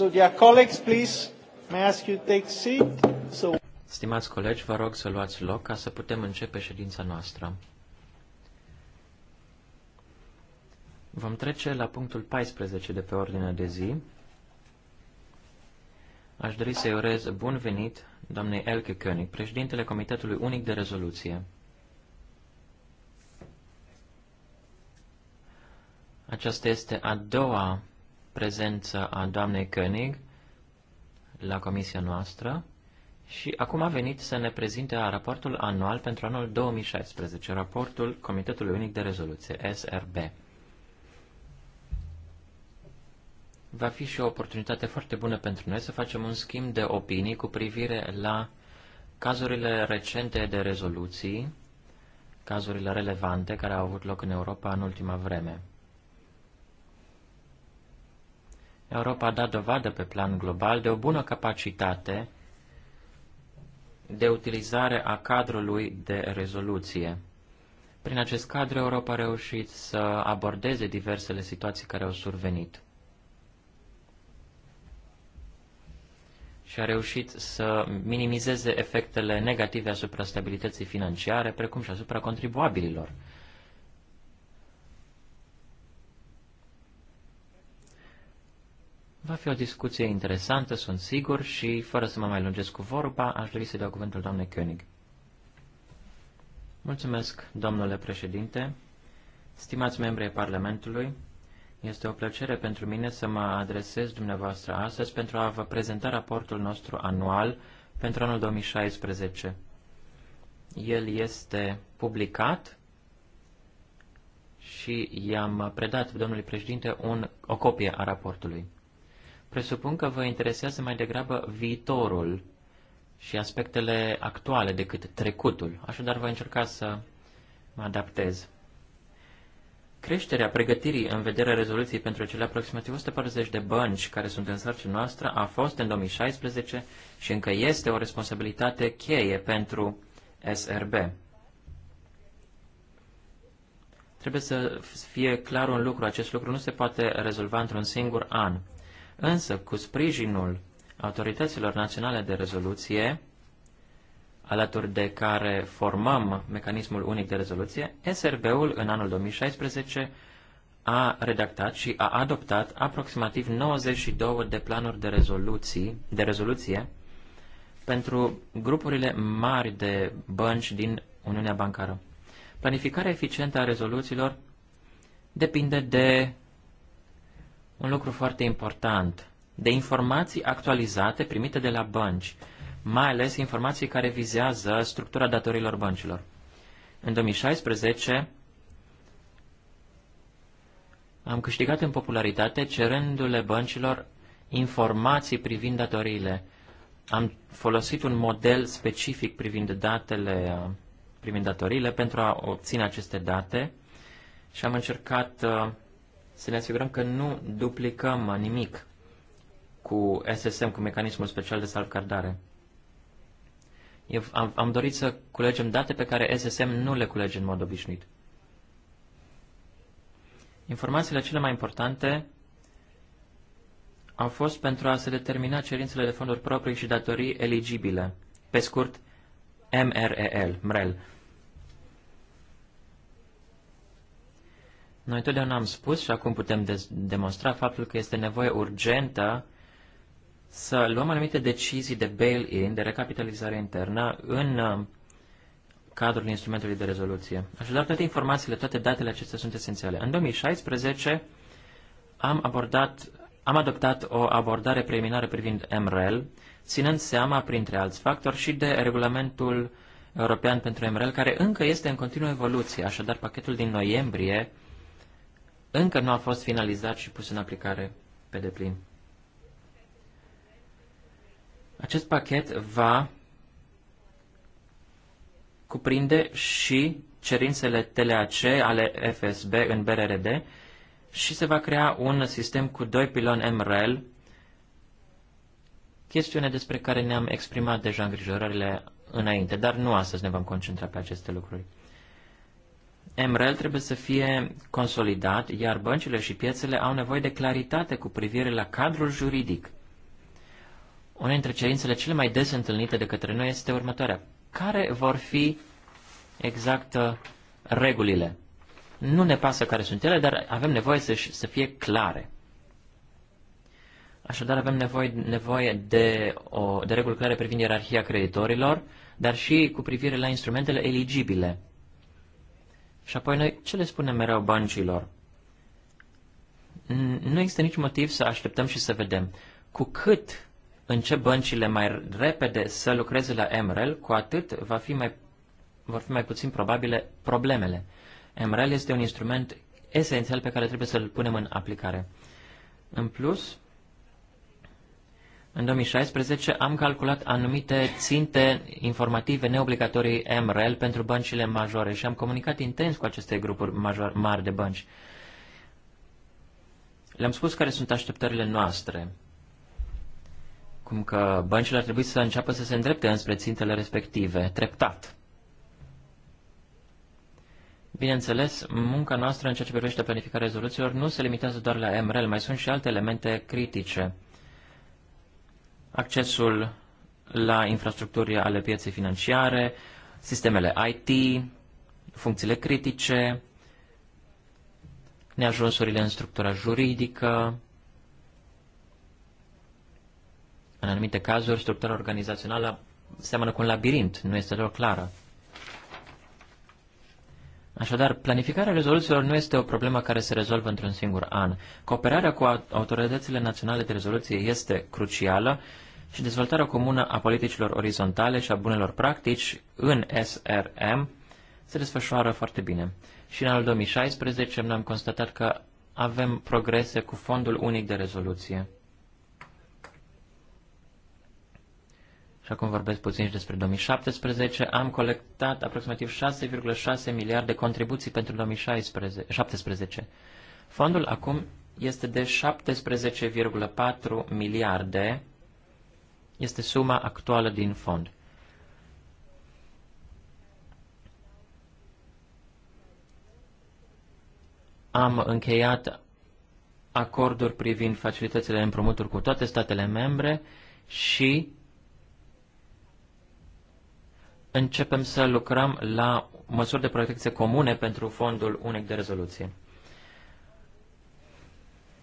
So, dear colleagues, please, may I ask you to take seat? So... Stimați colegi, vă rog să luați loc ca să putem începe ședința noastră. Vom trece la punctul 14 de pe ordinea de zi. Aș dori să-i urez bun venit doamnei Elke König, președintele Comitetului Unic de Rezoluție. Aceasta este a doua prezență a doamnei König la comisia noastră și acum a venit să ne prezinte raportul anual pentru anul 2016, raportul Comitetului Unic de Rezoluție, SRB. Va fi și o oportunitate foarte bună pentru noi să facem un schimb de opinii cu privire la cazurile recente de rezoluții, cazurile relevante care au avut loc în Europa în ultima vreme. Europa a dat dovadă pe plan global de o bună capacitate de utilizare a cadrului de rezoluție. Prin acest cadru, Europa a reușit să abordeze diversele situații care au survenit. și a reușit să minimizeze efectele negative asupra stabilității financiare, precum și asupra contribuabililor. Va fi o discuție interesantă, sunt sigur, și fără să mă mai lungesc cu vorba, aș dori să dau cuvântul doamnei König. Mulțumesc, domnule președinte, stimați membri ai Parlamentului, este o plăcere pentru mine să mă adresez dumneavoastră astăzi pentru a vă prezenta raportul nostru anual pentru anul 2016. El este publicat și i-am predat domnului președinte un, o copie a raportului. Presupun că vă interesează mai degrabă viitorul și aspectele actuale decât trecutul, așadar voi încerca să mă adaptez. Creșterea pregătirii în vederea rezoluției pentru cele aproximativ 140 de bănci care sunt în sarcina noastră a fost în 2016 și încă este o responsabilitate cheie pentru SRB. Trebuie să fie clar un lucru, acest lucru nu se poate rezolva într-un singur an. Însă, cu sprijinul autorităților naționale de rezoluție, alături de care formăm mecanismul unic de rezoluție, SRB-ul în anul 2016 a redactat și a adoptat aproximativ 92 de planuri de, rezoluții, de rezoluție pentru grupurile mari de bănci din Uniunea Bancară. Planificarea eficientă a rezoluțiilor depinde de un lucru foarte important, de informații actualizate primite de la bănci, mai ales informații care vizează structura datorilor băncilor. În 2016 am câștigat în popularitate cerându-le băncilor informații privind datoriile. Am folosit un model specific privind datele, privind datoriile pentru a obține aceste date și am încercat uh, să ne asigurăm că nu duplicăm nimic cu SSM, cu mecanismul special de salvgardare. Eu am, am dorit să culegem date pe care SSM nu le culege în mod obișnuit. Informațiile cele mai importante au fost pentru a se determina cerințele de fonduri proprii și datorii eligibile, pe scurt MREL, MREL. Noi totdeauna am spus și acum putem demonstra faptul că este nevoie urgentă să luăm anumite decizii de bail-in, de recapitalizare internă, în uh, cadrul instrumentului de rezoluție. Așadar, toate informațiile, toate datele acestea sunt esențiale. În 2016 am, abordat, am adoptat o abordare preliminară privind MREL, ținând seama, printre alți factori, și de regulamentul european pentru MREL, care încă este în continuă evoluție. Așadar, pachetul din noiembrie încă nu a fost finalizat și pus în aplicare pe deplin. Acest pachet va cuprinde și cerințele TLAC ale FSB în BRRD și se va crea un sistem cu doi piloni MRL. chestiune despre care ne-am exprimat deja îngrijorările înainte, dar nu astăzi ne vom concentra pe aceste lucruri. MREL trebuie să fie consolidat, iar băncile și piețele au nevoie de claritate cu privire la cadrul juridic. Una dintre cerințele cele mai des întâlnite de către noi este următoarea. Care vor fi exact uh, regulile? Nu ne pasă care sunt ele, dar avem nevoie să, să fie clare. Așadar, avem nevoie, nevoie de, o, de reguli clare privind ierarhia creditorilor, dar și cu privire la instrumentele eligibile și apoi noi ce le spunem mereu băncilor? Nu există nici motiv să așteptăm și să vedem. Cu cât încep băncile mai repede să lucreze la MREL, cu atât va fi mai, vor fi mai puțin probabile problemele. MREL este un instrument esențial pe care trebuie să-l punem în aplicare. În plus, în 2016 am calculat anumite ținte informative neobligatorii MREL pentru băncile majore și am comunicat intens cu aceste grupuri major, mari de bănci. Le-am spus care sunt așteptările noastre, cum că băncile ar trebui să înceapă să se îndrepte înspre țintele respective, treptat. Bineînțeles, munca noastră în ceea ce privește planificarea rezoluțiilor nu se limitează doar la MREL, mai sunt și alte elemente critice – accesul la infrastructuri ale pieței financiare, sistemele IT, funcțiile critice, neajunsurile în structura juridică, în anumite cazuri, structura organizațională seamănă cu un labirint, nu este deloc clară. Așadar, planificarea rezoluțiilor nu este o problemă care se rezolvă într-un singur an. Cooperarea cu autoritățile naționale de rezoluție este crucială și dezvoltarea comună a politicilor orizontale și a bunelor practici în SRM se desfășoară foarte bine. Și în anul 2016 ne-am constatat că avem progrese cu Fondul Unic de Rezoluție. Și acum vorbesc puțin și despre 2017. Am colectat aproximativ 6,6 miliarde de contribuții pentru 2017. Fondul acum este de 17,4 miliarde. Este suma actuală din fond. Am încheiat acorduri privind facilitățile împrumuturi cu toate statele membre și începem să lucrăm la măsuri de protecție comune pentru fondul unic de rezoluție.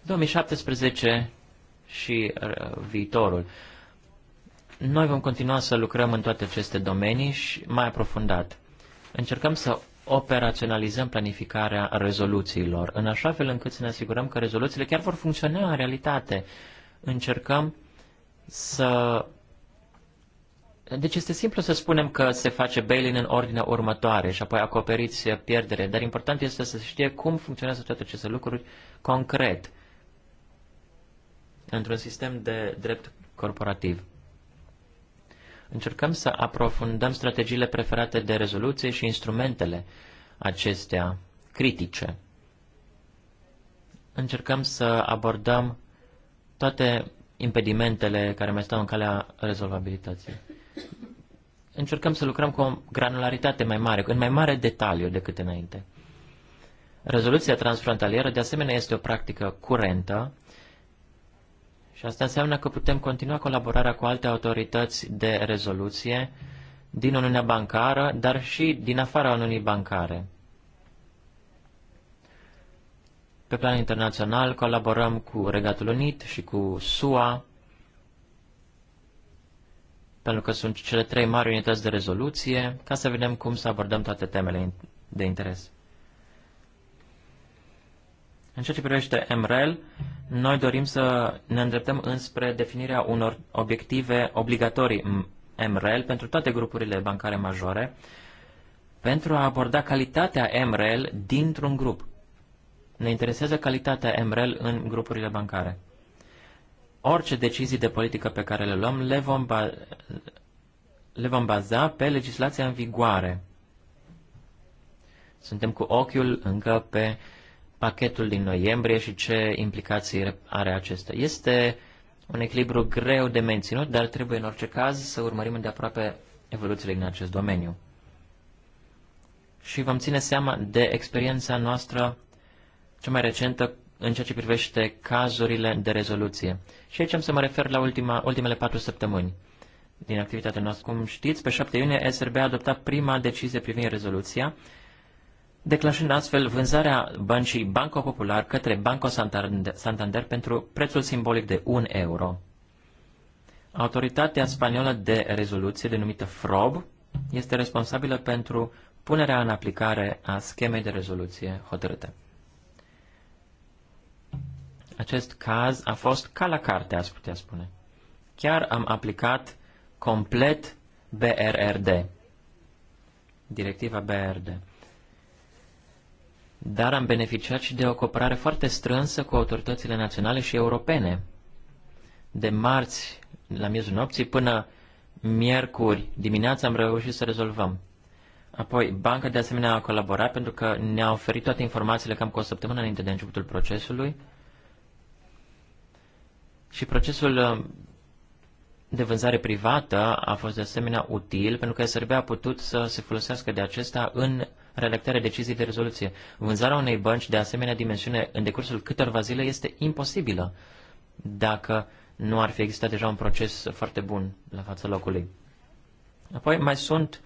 2017 și uh, viitorul. Noi vom continua să lucrăm în toate aceste domenii și mai aprofundat. Încercăm să operaționalizăm planificarea rezoluțiilor, în așa fel încât să ne asigurăm că rezoluțiile chiar vor funcționa în realitate. Încercăm să deci este simplu să spunem că se face bail-in în ordinea următoare și apoi acoperiți pierdere, dar important este să se știe cum funcționează toate aceste lucruri concret într-un sistem de drept corporativ. Încercăm să aprofundăm strategiile preferate de rezoluție și instrumentele acestea critice. Încercăm să abordăm toate impedimentele care mai stau în calea rezolvabilității încercăm să lucrăm cu o granularitate mai mare, în mai mare detaliu decât înainte. Rezoluția transfrontalieră, de asemenea, este o practică curentă și asta înseamnă că putem continua colaborarea cu alte autorități de rezoluție din Uniunea Bancară, dar și din afara Uniunii Bancare. Pe plan internațional colaborăm cu Regatul Unit și cu SUA, pentru că sunt cele trei mari unități de rezoluție, ca să vedem cum să abordăm toate temele de interes. În ceea ce privește MREL, noi dorim să ne îndreptăm înspre definirea unor obiective obligatorii MREL pentru toate grupurile bancare majore, pentru a aborda calitatea MREL dintr-un grup. Ne interesează calitatea MREL în grupurile bancare orice decizii de politică pe care le luăm le vom, ba- le vom baza pe legislația în vigoare. Suntem cu ochiul încă pe pachetul din noiembrie și ce implicații are acesta. Este un echilibru greu de menținut, dar trebuie în orice caz să urmărim de aproape evoluțiile din acest domeniu. Și vom ține seama de experiența noastră cea mai recentă în ceea ce privește cazurile de rezoluție. Și aici am să mă refer la ultima, ultimele patru săptămâni din activitatea noastră. Cum știți, pe 7 iunie SRB a adoptat prima decizie privind rezoluția, declanșând astfel vânzarea băncii Banco Popular către Banco Santander pentru prețul simbolic de 1 euro. Autoritatea spaniolă de rezoluție, denumită FROB, este responsabilă pentru punerea în aplicare a schemei de rezoluție hotărâte. Acest caz a fost ca la carte, aș putea spune. Chiar am aplicat complet BRRD, directiva BRD. Dar am beneficiat și de o cooperare foarte strânsă cu autoritățile naționale și europene. De marți, la miezul nopții, până miercuri dimineața am reușit să rezolvăm. Apoi, banca de asemenea a colaborat pentru că ne-a oferit toate informațiile cam cu o săptămână înainte de începutul procesului și procesul uh, de vânzare privată a fost de asemenea util pentru că SRB a putut să se folosească de acesta în redactarea decizii de rezoluție. Vânzarea unei bănci de asemenea dimensiune în decursul câtorva zile este imposibilă dacă nu ar fi existat deja un proces foarte bun la fața locului. Apoi mai sunt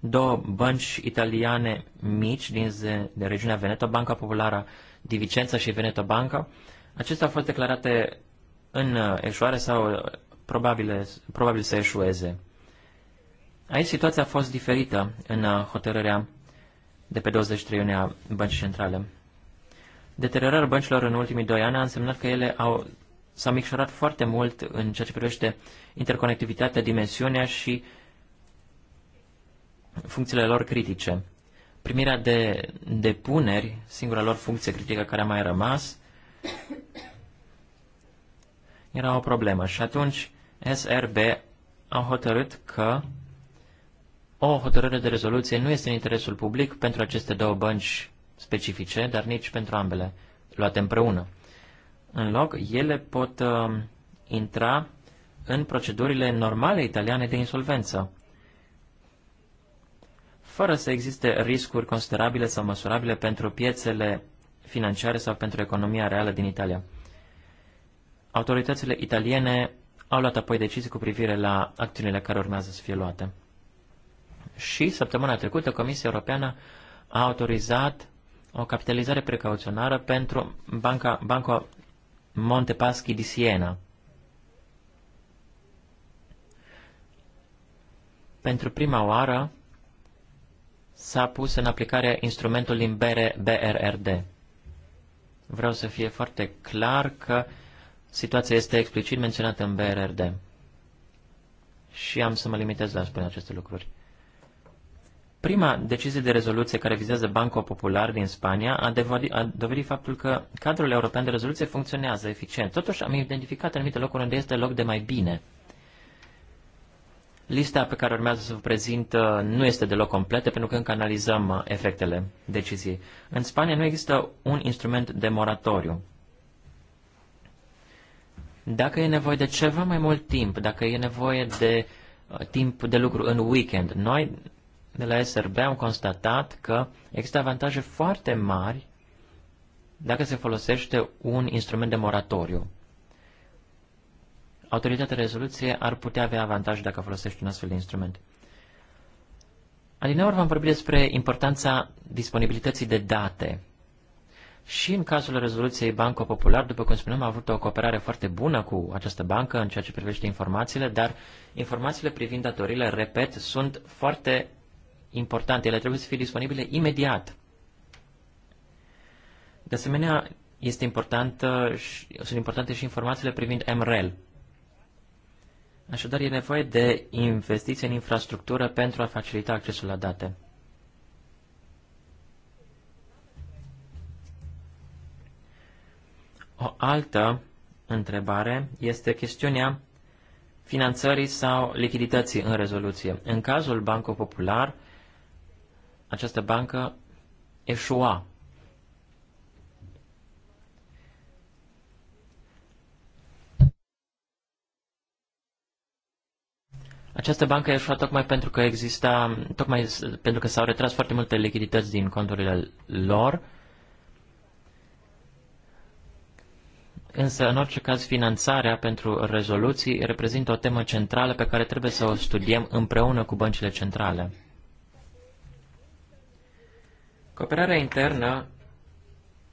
două bănci italiane mici din de, de regiunea Veneto, Banca Populară di Vicenza și Veneto Banca. Acestea au fost declarate în uh, eșuare sau uh, probabil, probabil să eșueze. Aici situația a fost diferită în uh, hotărârea de pe 23 iunie a Băncii Centrale. Deteriorarea băncilor în ultimii doi ani a însemnat că ele au, s-au micșorat foarte mult în ceea ce privește interconectivitatea, dimensiunea și funcțiile lor critice. Primirea de depuneri, singura lor funcție critică care a mai rămas, era o problemă și atunci SRB a hotărât că o hotărâre de rezoluție nu este în interesul public pentru aceste două bănci specifice, dar nici pentru ambele luate împreună. În loc, ele pot uh, intra în procedurile normale italiane de insolvență, fără să existe riscuri considerabile sau măsurabile pentru piețele financiare sau pentru economia reală din Italia autoritățile italiene au luat apoi decizii cu privire la acțiunile care urmează să fie luate. Și săptămâna trecută Comisia Europeană a autorizat o capitalizare precauționară pentru banca, Banco Montepaschi di Siena. Pentru prima oară s-a pus în aplicare instrumentul din BRRD. Vreau să fie foarte clar că uh, Situația este explicit menționată în BRRD. Și am să mă limitez la a spune aceste lucruri. Prima decizie de rezoluție care vizează Banco Popular din Spania a, devodi, a dovedit faptul că cadrul european de rezoluție funcționează eficient. Totuși am identificat anumite locuri unde este loc de mai bine. Lista pe care urmează să vă prezint uh, nu este deloc completă pentru că încă analizăm uh, efectele deciziei. În Spania nu există un instrument de moratoriu. Dacă e nevoie de ceva mai mult timp, dacă e nevoie de uh, timp de lucru în weekend, noi de la SRB am constatat că există avantaje foarte mari dacă se folosește un instrument de moratoriu. Autoritatea de rezoluție ar putea avea avantaje dacă folosește un astfel de instrument. Adineori v-am vorbit despre importanța disponibilității de date și în cazul rezoluției Banco Popular, după cum spuneam, a avut o cooperare foarte bună cu această bancă în ceea ce privește informațiile, dar informațiile privind datorile, repet, sunt foarte importante. Ele trebuie să fie disponibile imediat. De asemenea, este importantă, sunt importante și informațiile privind MREL. Așadar, e nevoie de investiții în infrastructură pentru a facilita accesul la date. O altă întrebare este chestiunea finanțării sau lichidității în rezoluție. În cazul Banco Popular, această bancă eșua. Această bancă ieșit tocmai pentru că exista, tocmai pentru că s-au retras foarte multe lichidități din conturile lor Însă, în orice caz, finanțarea pentru rezoluții reprezintă o temă centrală pe care trebuie să o studiem împreună cu băncile centrale. Cooperarea internă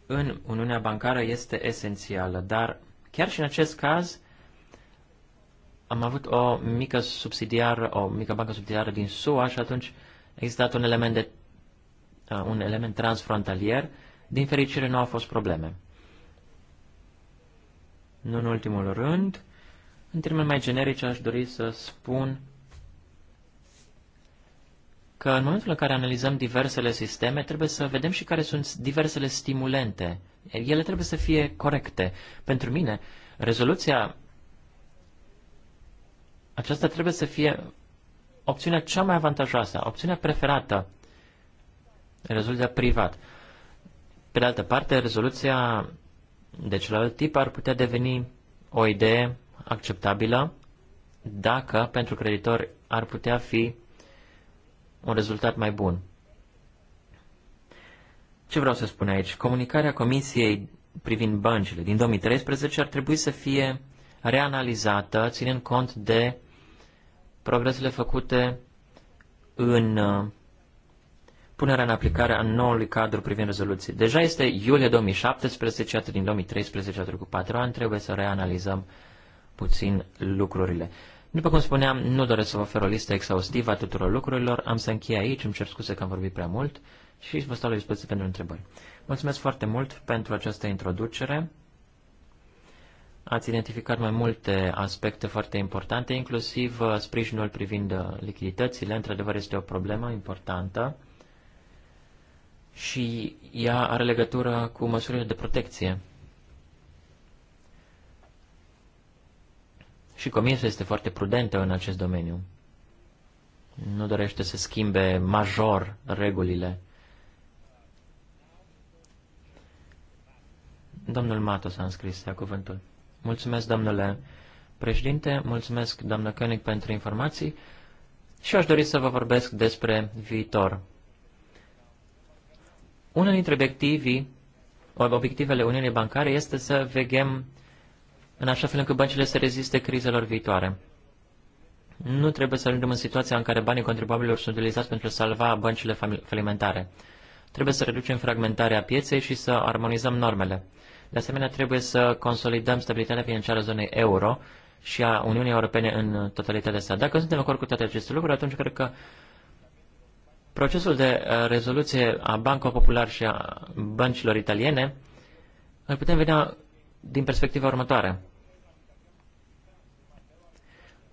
în Uniunea Bancară este esențială, dar chiar și în acest caz am avut o mică subsidiară, o mică bancă subsidiară din SUA și atunci a existat un element, de, uh, un element transfrontalier. Din fericire nu au fost probleme. Nu în ultimul rând, în termeni mai generici aș dori să spun că în momentul în care analizăm diversele sisteme, trebuie să vedem și care sunt diversele stimulente. Ele trebuie să fie corecte. Pentru mine, rezoluția aceasta trebuie să fie opțiunea cea mai avantajoasă, opțiunea preferată, rezoluția privat. Pe de altă parte, rezoluția de deci, celălalt tip ar putea deveni o idee acceptabilă dacă pentru creditor ar putea fi un rezultat mai bun. Ce vreau să spun aici? Comunicarea Comisiei privind băncile din 2013 ar trebui să fie reanalizată, ținând cont de progresele făcute în uh, punerea în aplicare a noului cadru privind rezoluții. Deja este iulie 2017, atât din 2013, a cu 4 ani, trebuie să reanalizăm puțin lucrurile. După cum spuneam, nu doresc să vă ofer o listă exhaustivă a tuturor lucrurilor, am să închei aici, îmi cer scuze că am vorbit prea mult și vă stau la dispoziție pentru întrebări. Mulțumesc foarte mult pentru această introducere. Ați identificat mai multe aspecte foarte importante, inclusiv uh, sprijinul privind uh, lichiditățile. Într-adevăr, este o problemă importantă și ea are legătură cu măsurile de protecție. Și comisia este foarte prudentă în acest domeniu. Nu dorește să schimbe major regulile. Domnul Matos a înscris la cuvântul. Mulțumesc, domnule președinte, mulțumesc, doamnă König, pentru informații și aș dori să vă vorbesc despre viitor. Unul dintre obiectivii, obiectivele Uniunii Bancare este să veghem în așa fel încât băncile să reziste crizelor viitoare. Nu trebuie să ajungem în situația în care banii contribuabililor sunt utilizați pentru a salva băncile falimentare. Trebuie să reducem fragmentarea pieței și să armonizăm normele. De asemenea, trebuie să consolidăm stabilitatea financiară zonei euro și a Uniunii Europene în totalitatea sa. Dacă suntem acord cu toate aceste lucruri, atunci cred că Procesul de uh, rezoluție a Banco Popular și a băncilor italiene îl putem vedea din perspectiva următoare.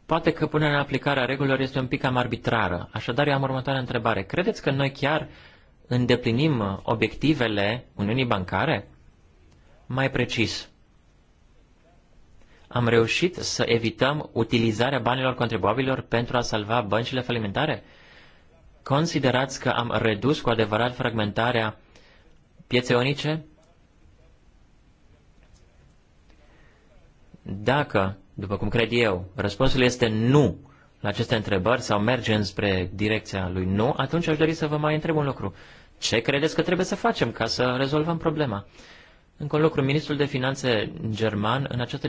Poate că punerea în aplicare a regulilor este un pic cam arbitrară. Așadar, eu am următoarea întrebare. Credeți că noi chiar îndeplinim obiectivele Uniunii Bancare? Mai precis, am reușit să evităm utilizarea banilor contribuabililor pentru a salva băncile falimentare? Considerați că am redus cu adevărat fragmentarea pieței unice? Dacă, după cum cred eu, răspunsul este nu la aceste întrebări sau mergem spre direcția lui nu, atunci aș dori să vă mai întreb un lucru. Ce credeți că trebuie să facem ca să rezolvăm problema? Încă un lucru, ministrul de finanțe german în această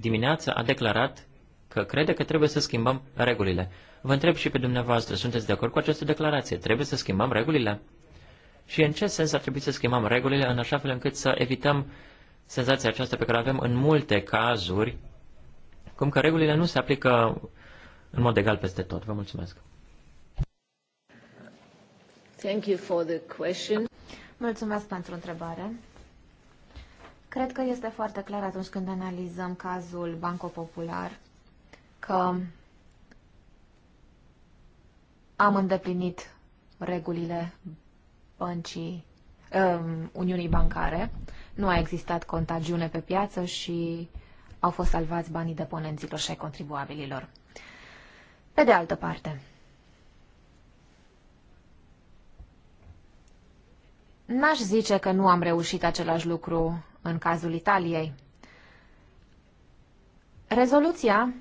dimineață a declarat că crede că trebuie să schimbăm regulile. Vă întreb și pe dumneavoastră, sunteți de acord cu această declarație? Trebuie să schimbăm regulile? Și în ce sens ar trebui să schimbăm regulile în așa fel încât să evităm senzația aceasta pe care o avem în multe cazuri, cum că regulile nu se aplică în mod egal peste tot. Vă mulțumesc. Thank you for the question. Mulțumesc pentru întrebare. Cred că este foarte clar atunci când analizăm cazul Banco Popular că am îndeplinit regulile băncii uh, Uniunii Bancare, nu a existat contagiune pe piață și au fost salvați banii deponenților și ai contribuabililor. Pe de altă parte, n-aș zice că nu am reușit același lucru în cazul Italiei. Rezoluția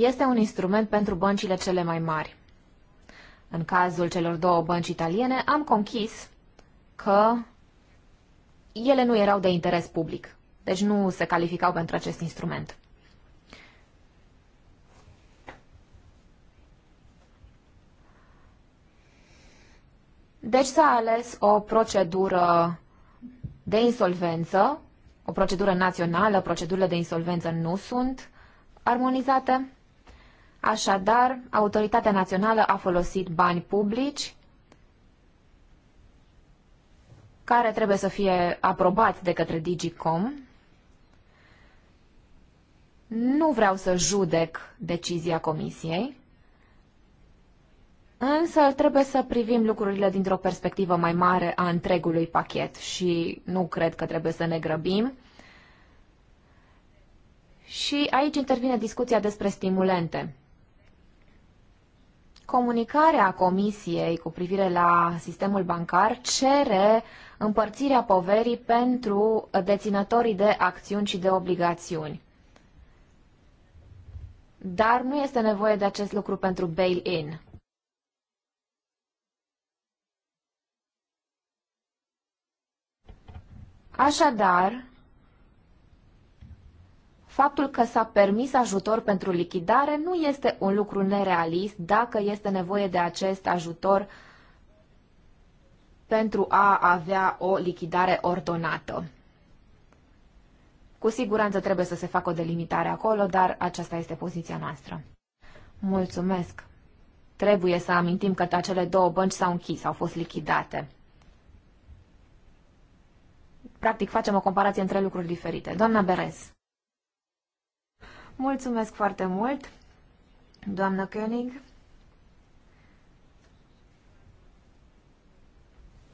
este un instrument pentru băncile cele mai mari. În cazul celor două bănci italiene, am conchis că ele nu erau de interes public, deci nu se calificau pentru acest instrument. Deci s-a ales o procedură de insolvență, o procedură națională, procedurile de insolvență nu sunt armonizate Așadar, autoritatea națională a folosit bani publici care trebuie să fie aprobat de către Digicom. Nu vreau să judec decizia comisiei, însă trebuie să privim lucrurile dintr-o perspectivă mai mare a întregului pachet și nu cred că trebuie să ne grăbim. Și aici intervine discuția despre stimulente. Comunicarea Comisiei cu privire la sistemul bancar cere împărțirea poverii pentru deținătorii de acțiuni și de obligațiuni. Dar nu este nevoie de acest lucru pentru bail-in. Așadar, Faptul că s-a permis ajutor pentru lichidare nu este un lucru nerealist dacă este nevoie de acest ajutor pentru a avea o lichidare ordonată. Cu siguranță trebuie să se facă o delimitare acolo, dar aceasta este poziția noastră. Mulțumesc! Trebuie să amintim că acele două bănci s-au închis, au fost lichidate. Practic facem o comparație între lucruri diferite. Doamna Beres. Mulțumesc foarte mult, doamnă König.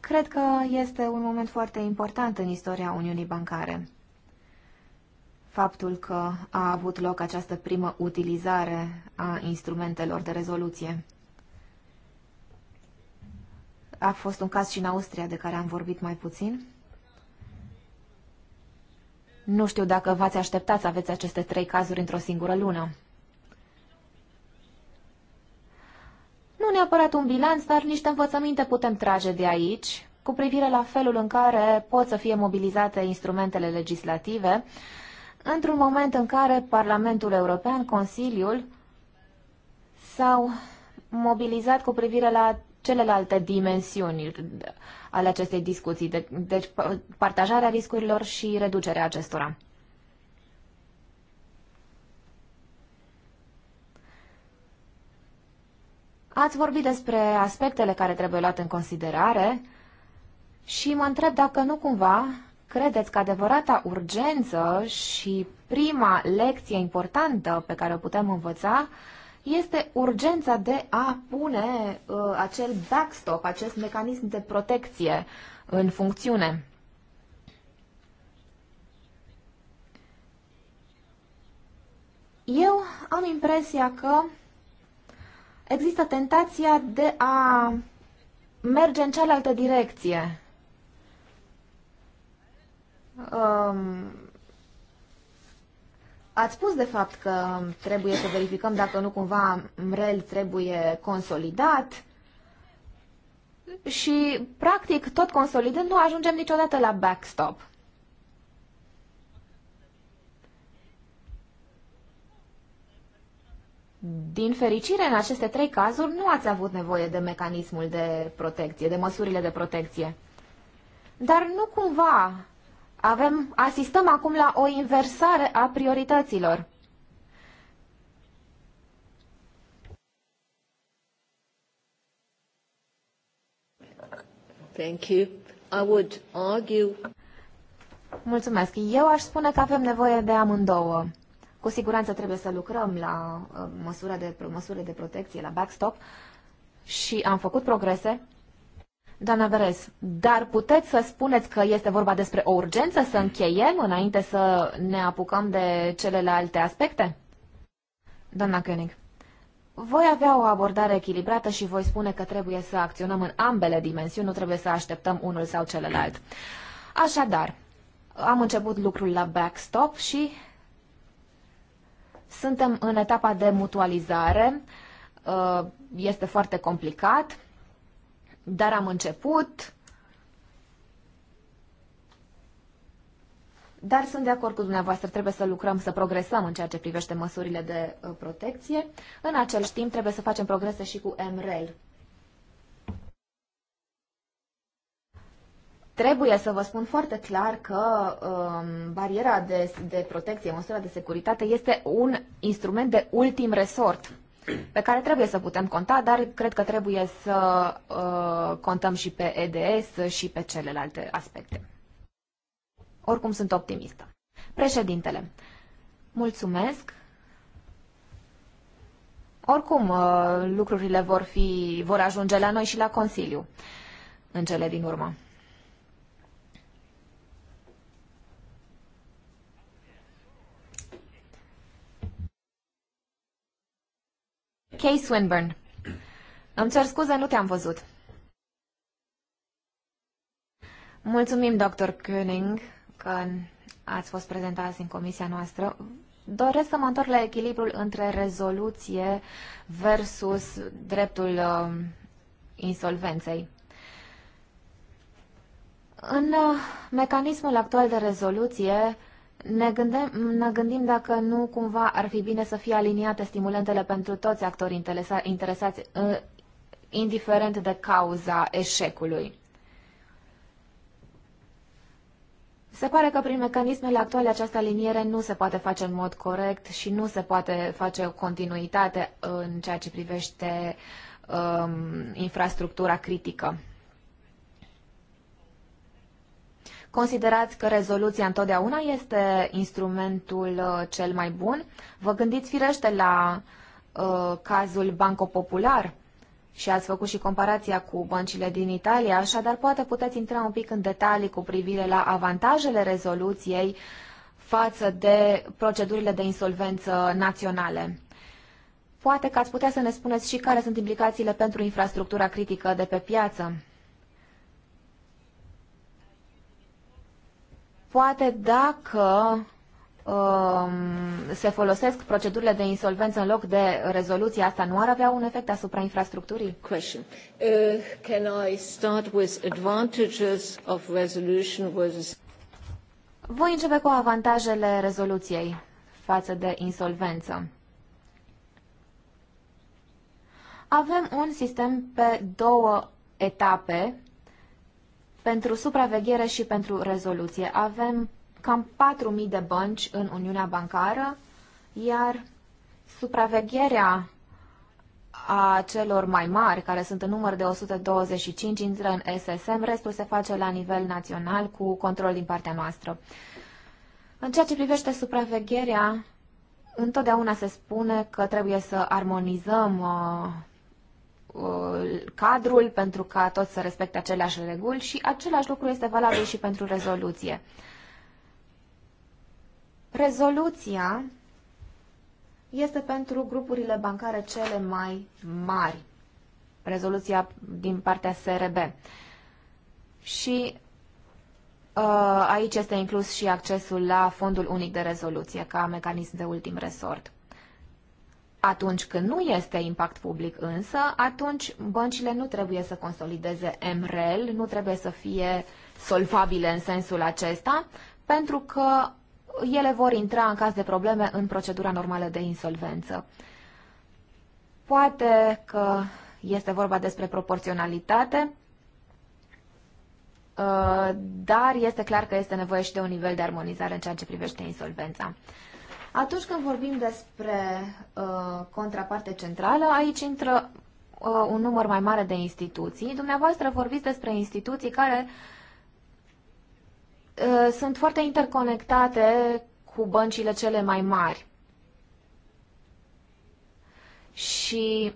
Cred că este un moment foarte important în istoria Uniunii Bancare. Faptul că a avut loc această primă utilizare a instrumentelor de rezoluție. A fost un caz și în Austria de care am vorbit mai puțin. Nu știu dacă v-ați așteptat să aveți aceste trei cazuri într-o singură lună. Nu neapărat un bilanț, dar niște învățăminte putem trage de aici cu privire la felul în care pot să fie mobilizate instrumentele legislative într-un moment în care Parlamentul European, Consiliul s-au mobilizat cu privire la celelalte dimensiuni ale acestei discuții, de, deci partajarea riscurilor și reducerea acestora. Ați vorbit despre aspectele care trebuie luate în considerare și mă întreb dacă nu cumva credeți că adevărata urgență și prima lecție importantă pe care o putem învăța este urgența de a pune uh, acel backstop, acest mecanism de protecție în funcțiune. Eu am impresia că există tentația de a merge în cealaltă direcție. Um, Ați spus, de fapt, că trebuie să verificăm dacă nu cumva MREL trebuie consolidat și, practic, tot consolidând, nu ajungem niciodată la backstop. Din fericire, în aceste trei cazuri, nu ați avut nevoie de mecanismul de protecție, de măsurile de protecție. Dar nu cumva avem, asistăm acum la o inversare a priorităților. Thank you. I would argue... Mulțumesc. Eu aș spune că avem nevoie de amândouă. Cu siguranță trebuie să lucrăm la uh, măsură de, măsură de protecție, la backstop și am făcut progrese, Doamna Veres, dar puteți să spuneți că este vorba despre o urgență să încheiem înainte să ne apucăm de celelalte aspecte? Doamna König, voi avea o abordare echilibrată și voi spune că trebuie să acționăm în ambele dimensiuni, nu trebuie să așteptăm unul sau celălalt. Așadar, am început lucrul la backstop și suntem în etapa de mutualizare. Uh, este foarte complicat dar am început. Dar sunt de acord cu dumneavoastră, trebuie să lucrăm, să progresăm în ceea ce privește măsurile de uh, protecție. În același timp, trebuie să facem progrese și cu MREL. Trebuie să vă spun foarte clar că um, bariera de, de protecție, măsura de securitate, este un instrument de ultim resort pe care trebuie să putem conta, dar cred că trebuie să uh, contăm și pe EDS și pe celelalte aspecte. Oricum sunt optimistă. Președintele, mulțumesc. Oricum, uh, lucrurile vor, fi, vor ajunge la noi și la Consiliu în cele din urmă. Kay Swinburne. Îmi cer scuze, nu te-am văzut. Mulțumim, Dr. Koenig, că ați fost prezentați în comisia noastră. Doresc să mă întorc la echilibrul între rezoluție versus dreptul uh, insolvenței. În uh, mecanismul actual de rezoluție, uh, ne gândim, ne gândim dacă nu cumva ar fi bine să fie aliniate stimulentele pentru toți actorii interesa, interesați, ă, indiferent de cauza eșecului. Se pare că prin mecanismele actuale această aliniere nu se poate face în mod corect și nu se poate face o continuitate în ceea ce privește um, infrastructura critică. Considerați că rezoluția întotdeauna este instrumentul uh, cel mai bun? Vă gândiți firește la uh, cazul Banco Popular și ați făcut și comparația cu băncile din Italia, așadar poate puteți intra un pic în detalii cu privire la avantajele rezoluției față de procedurile de insolvență naționale. Poate că ați putea să ne spuneți și care sunt implicațiile pentru infrastructura critică de pe piață. Poate dacă um, se folosesc procedurile de insolvență în loc de rezoluție, asta nu ar avea un efect asupra infrastructurii? Question. Uh, can I start with advantages of resolution versus... Voi începe cu avantajele rezoluției față de insolvență. Avem un sistem pe două etape pentru supraveghere și pentru rezoluție. Avem cam 4.000 de bănci în Uniunea Bancară, iar supravegherea a celor mai mari, care sunt în număr de 125, intră în SSM, restul se face la nivel național cu control din partea noastră. În ceea ce privește supravegherea, întotdeauna se spune că trebuie să armonizăm uh, Uh, cadrul pentru ca toți să respecte aceleași reguli și același lucru este valabil și pentru rezoluție. Rezoluția este pentru grupurile bancare cele mai mari. Rezoluția din partea SRB. Și uh, aici este inclus și accesul la fondul unic de rezoluție ca mecanism de ultim resort. Atunci când nu este impact public însă, atunci băncile nu trebuie să consolideze MREL, nu trebuie să fie solvabile în sensul acesta, pentru că ele vor intra în caz de probleme în procedura normală de insolvență. Poate că este vorba despre proporționalitate, uh, dar este clar că este nevoie și de un nivel de armonizare în ceea ce privește insolvența. Atunci când vorbim despre uh, contraparte centrală, aici intră uh, un număr mai mare de instituții. Dumneavoastră vorbiți despre instituții care uh, sunt foarte interconectate cu băncile cele mai mari. Și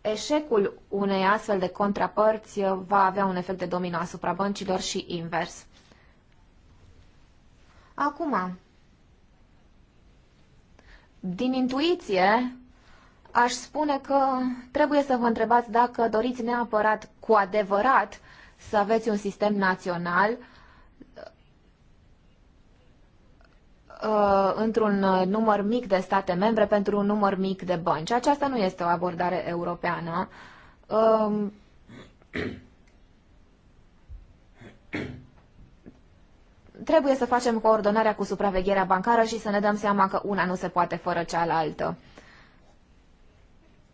eșecul unei astfel de contrapărți uh, va avea un efect de domino asupra băncilor și invers. Acum, din intuiție, aș spune că trebuie să vă întrebați dacă doriți neapărat cu adevărat să aveți un sistem național uh, într-un număr mic de state membre pentru un număr mic de bănci. Aceasta nu este o abordare europeană. Um, trebuie să facem coordonarea cu supravegherea bancară și să ne dăm seama că una nu se poate fără cealaltă.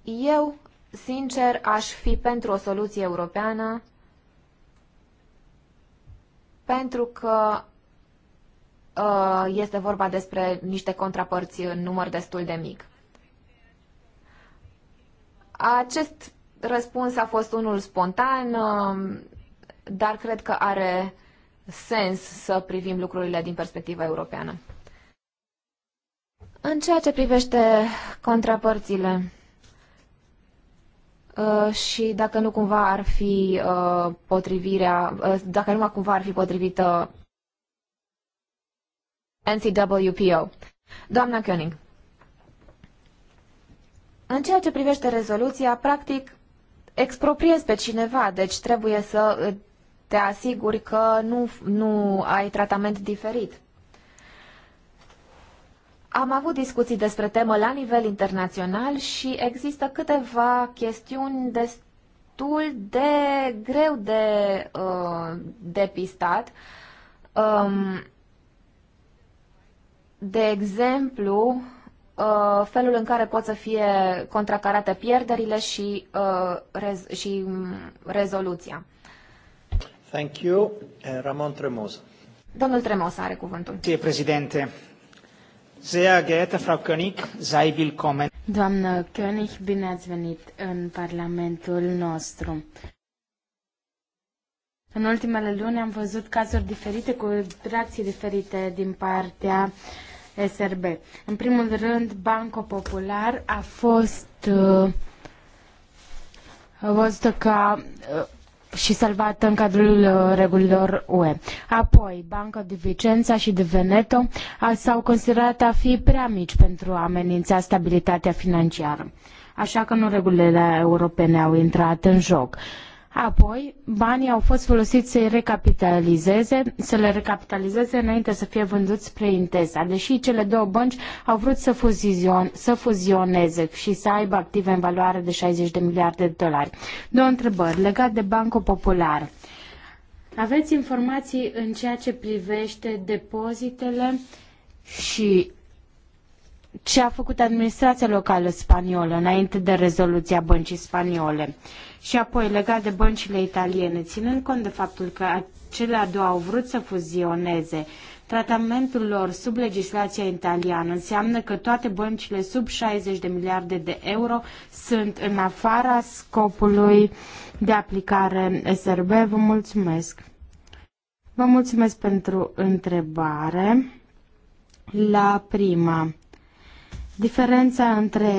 Eu, sincer, aș fi pentru o soluție europeană pentru că uh, este vorba despre niște contrapărți în număr destul de mic. Acest răspuns a fost unul spontan, uh, dar cred că are sens să privim lucrurile din perspectiva europeană. În ceea ce privește contrapărțile uh, și dacă nu cumva ar fi uh, potrivirea, uh, dacă nu cumva ar fi potrivită NCWPO. Doamna Koenig, în ceea ce privește rezoluția, practic expropriez pe cineva, deci trebuie să te asiguri că nu, nu ai tratament diferit. Am avut discuții despre temă la nivel internațional și există câteva chestiuni destul de greu de uh, depistat. Um, de exemplu, uh, felul în care pot să fie contracarate pierderile și, uh, rez- și mm, rezoluția. Thank you. Eh, Ramon Tremosa. Domnul Tremosa are cuvântul. Ție, președinte. Sehr geehrte Frau König, sei willkommen. Doamnă König, bine ați venit în Parlamentul nostru. În ultimele luni am văzut cazuri diferite cu reacții diferite din partea SRB. În primul rând, Banco Popular a fost uh, văzută ca uh, și salvată în cadrul uh, regulilor UE. Apoi, Banca de Vicenza și de Veneto s-au considerat a fi prea mici pentru a amenința stabilitatea financiară. Așa că nu regulile europene au intrat în joc. Uh, Apoi, banii au fost folosiți să-i recapitalizeze, să le recapitalizeze înainte să fie vânduți spre Intesa, deși cele două bănci au vrut să, fuzion, să fuzioneze și să aibă active în valoare de 60 de miliarde de dolari. Două întrebări legate de Banco Popular. Aveți informații în ceea ce privește depozitele și ce a făcut administrația locală spaniolă înainte de rezoluția băncii spaniole? Și apoi, legat de băncile italiene, ținând cont de faptul că acelea două au vrut să fuzioneze, tratamentul lor sub legislația italiană înseamnă că toate băncile sub 60 de miliarde de euro sunt în afara scopului de aplicare SRB. Vă mulțumesc! Vă mulțumesc pentru întrebare. La prima Diferența între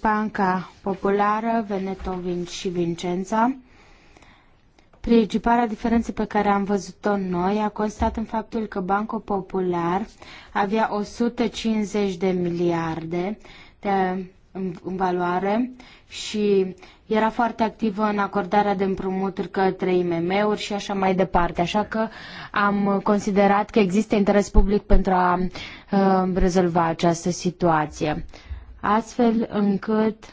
Banca Populară, Veneto și Vincența Principala diferență pe care am văzut-o noi a constat în faptul că Banco Popular avea 150 de miliarde de, în, în valoare și era foarte activă în acordarea de împrumuturi către IMM-uri și așa mai departe, așa că am considerat că există interes public pentru a uh, rezolva această situație. Astfel încât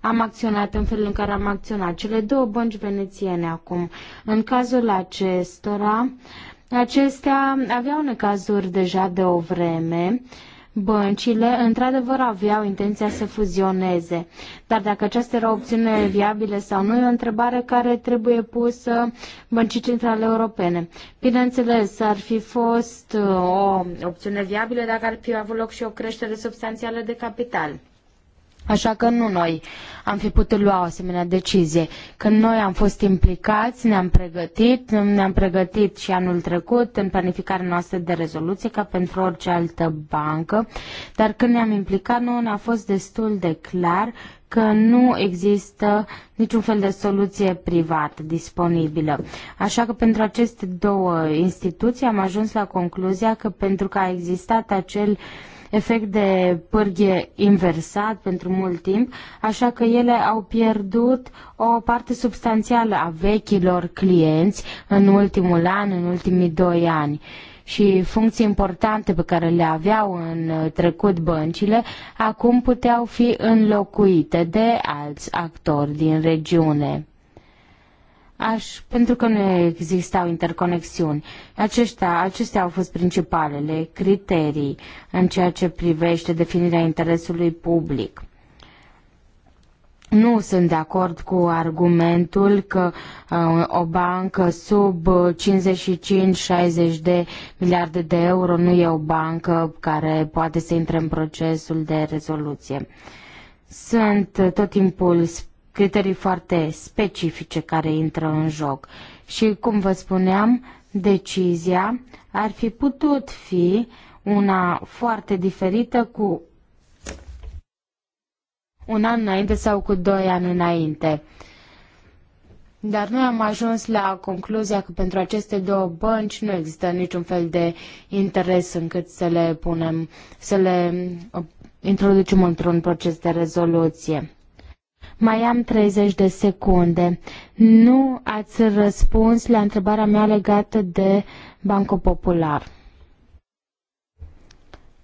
am acționat în felul în care am acționat cele două bănci venețiene acum. În cazul acestora, acestea aveau necazuri deja de o vreme. Uh, băncile într-adevăr aveau intenția să fuzioneze. Dar dacă aceasta era o opțiune viabilă sau nu, e o întrebare care trebuie pusă băncii centrale europene. Bineînțeles, ar fi fost uh, o opțiune viabilă dacă ar fi avut loc și o creștere substanțială de capital. Așa că nu noi am fi putut lua o asemenea decizie. Când noi am fost implicați, ne-am pregătit, ne-am pregătit și anul trecut în planificarea noastră de rezoluție, ca pentru orice altă bancă, dar când ne-am implicat, nu ne-a fost destul de clar că nu există niciun fel de soluție privată disponibilă. Așa că pentru aceste două instituții am ajuns la concluzia că pentru că a existat acel uh, efect de pârghie inversat pentru mult timp, așa că ele au pierdut o parte substanțială a vechilor clienți în ultimul an, în ultimii doi ani și funcții importante pe care le aveau în trecut băncile, acum puteau fi înlocuite de alți actori din regiune. Aș, pentru că nu existau interconexiuni. Aceștia, acestea au fost principalele criterii în ceea ce privește definirea interesului public. Nu sunt de acord cu argumentul că uh, o bancă sub 55-60 de miliarde de euro nu e o bancă care poate să intre în procesul de rezoluție. Sunt uh, tot timpul criterii foarte specifice care intră în joc. Și, cum vă spuneam, decizia ar fi putut fi una foarte diferită cu un an înainte sau cu doi ani înainte. Dar noi am ajuns la concluzia că pentru aceste două bănci nu există niciun fel de interes încât să le punem, să le uh, introducem într-un proces de rezoluție. Mai am 30 de secunde. Nu ați răspuns la întrebarea mea legată de Banco Popular.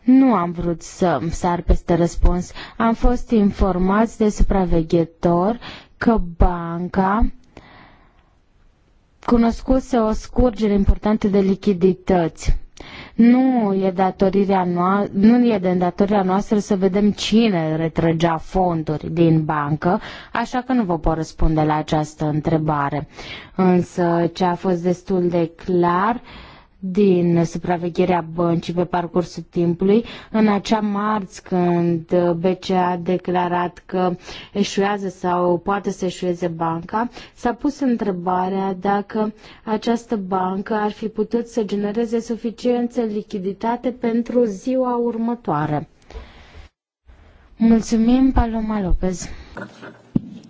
Nu am vrut să sar peste răspuns. Am fost informați de supraveghetor că banca cunoscuse o scurgere importantă de lichidități nu e, datorirea noastră, nu e de datoria noastră să vedem cine retrăgea fonduri din bancă, așa că nu vă pot răspunde la această întrebare. Însă ce a fost destul de clar uh, din supravegherea băncii pe parcursul timpului. În acea marți, când BCE a declarat că eșuează sau poate să eșueze banca, s-a pus întrebarea dacă această bancă ar fi putut să genereze suficientă lichiditate pentru ziua următoare. Mulțumim, Paloma Lopez.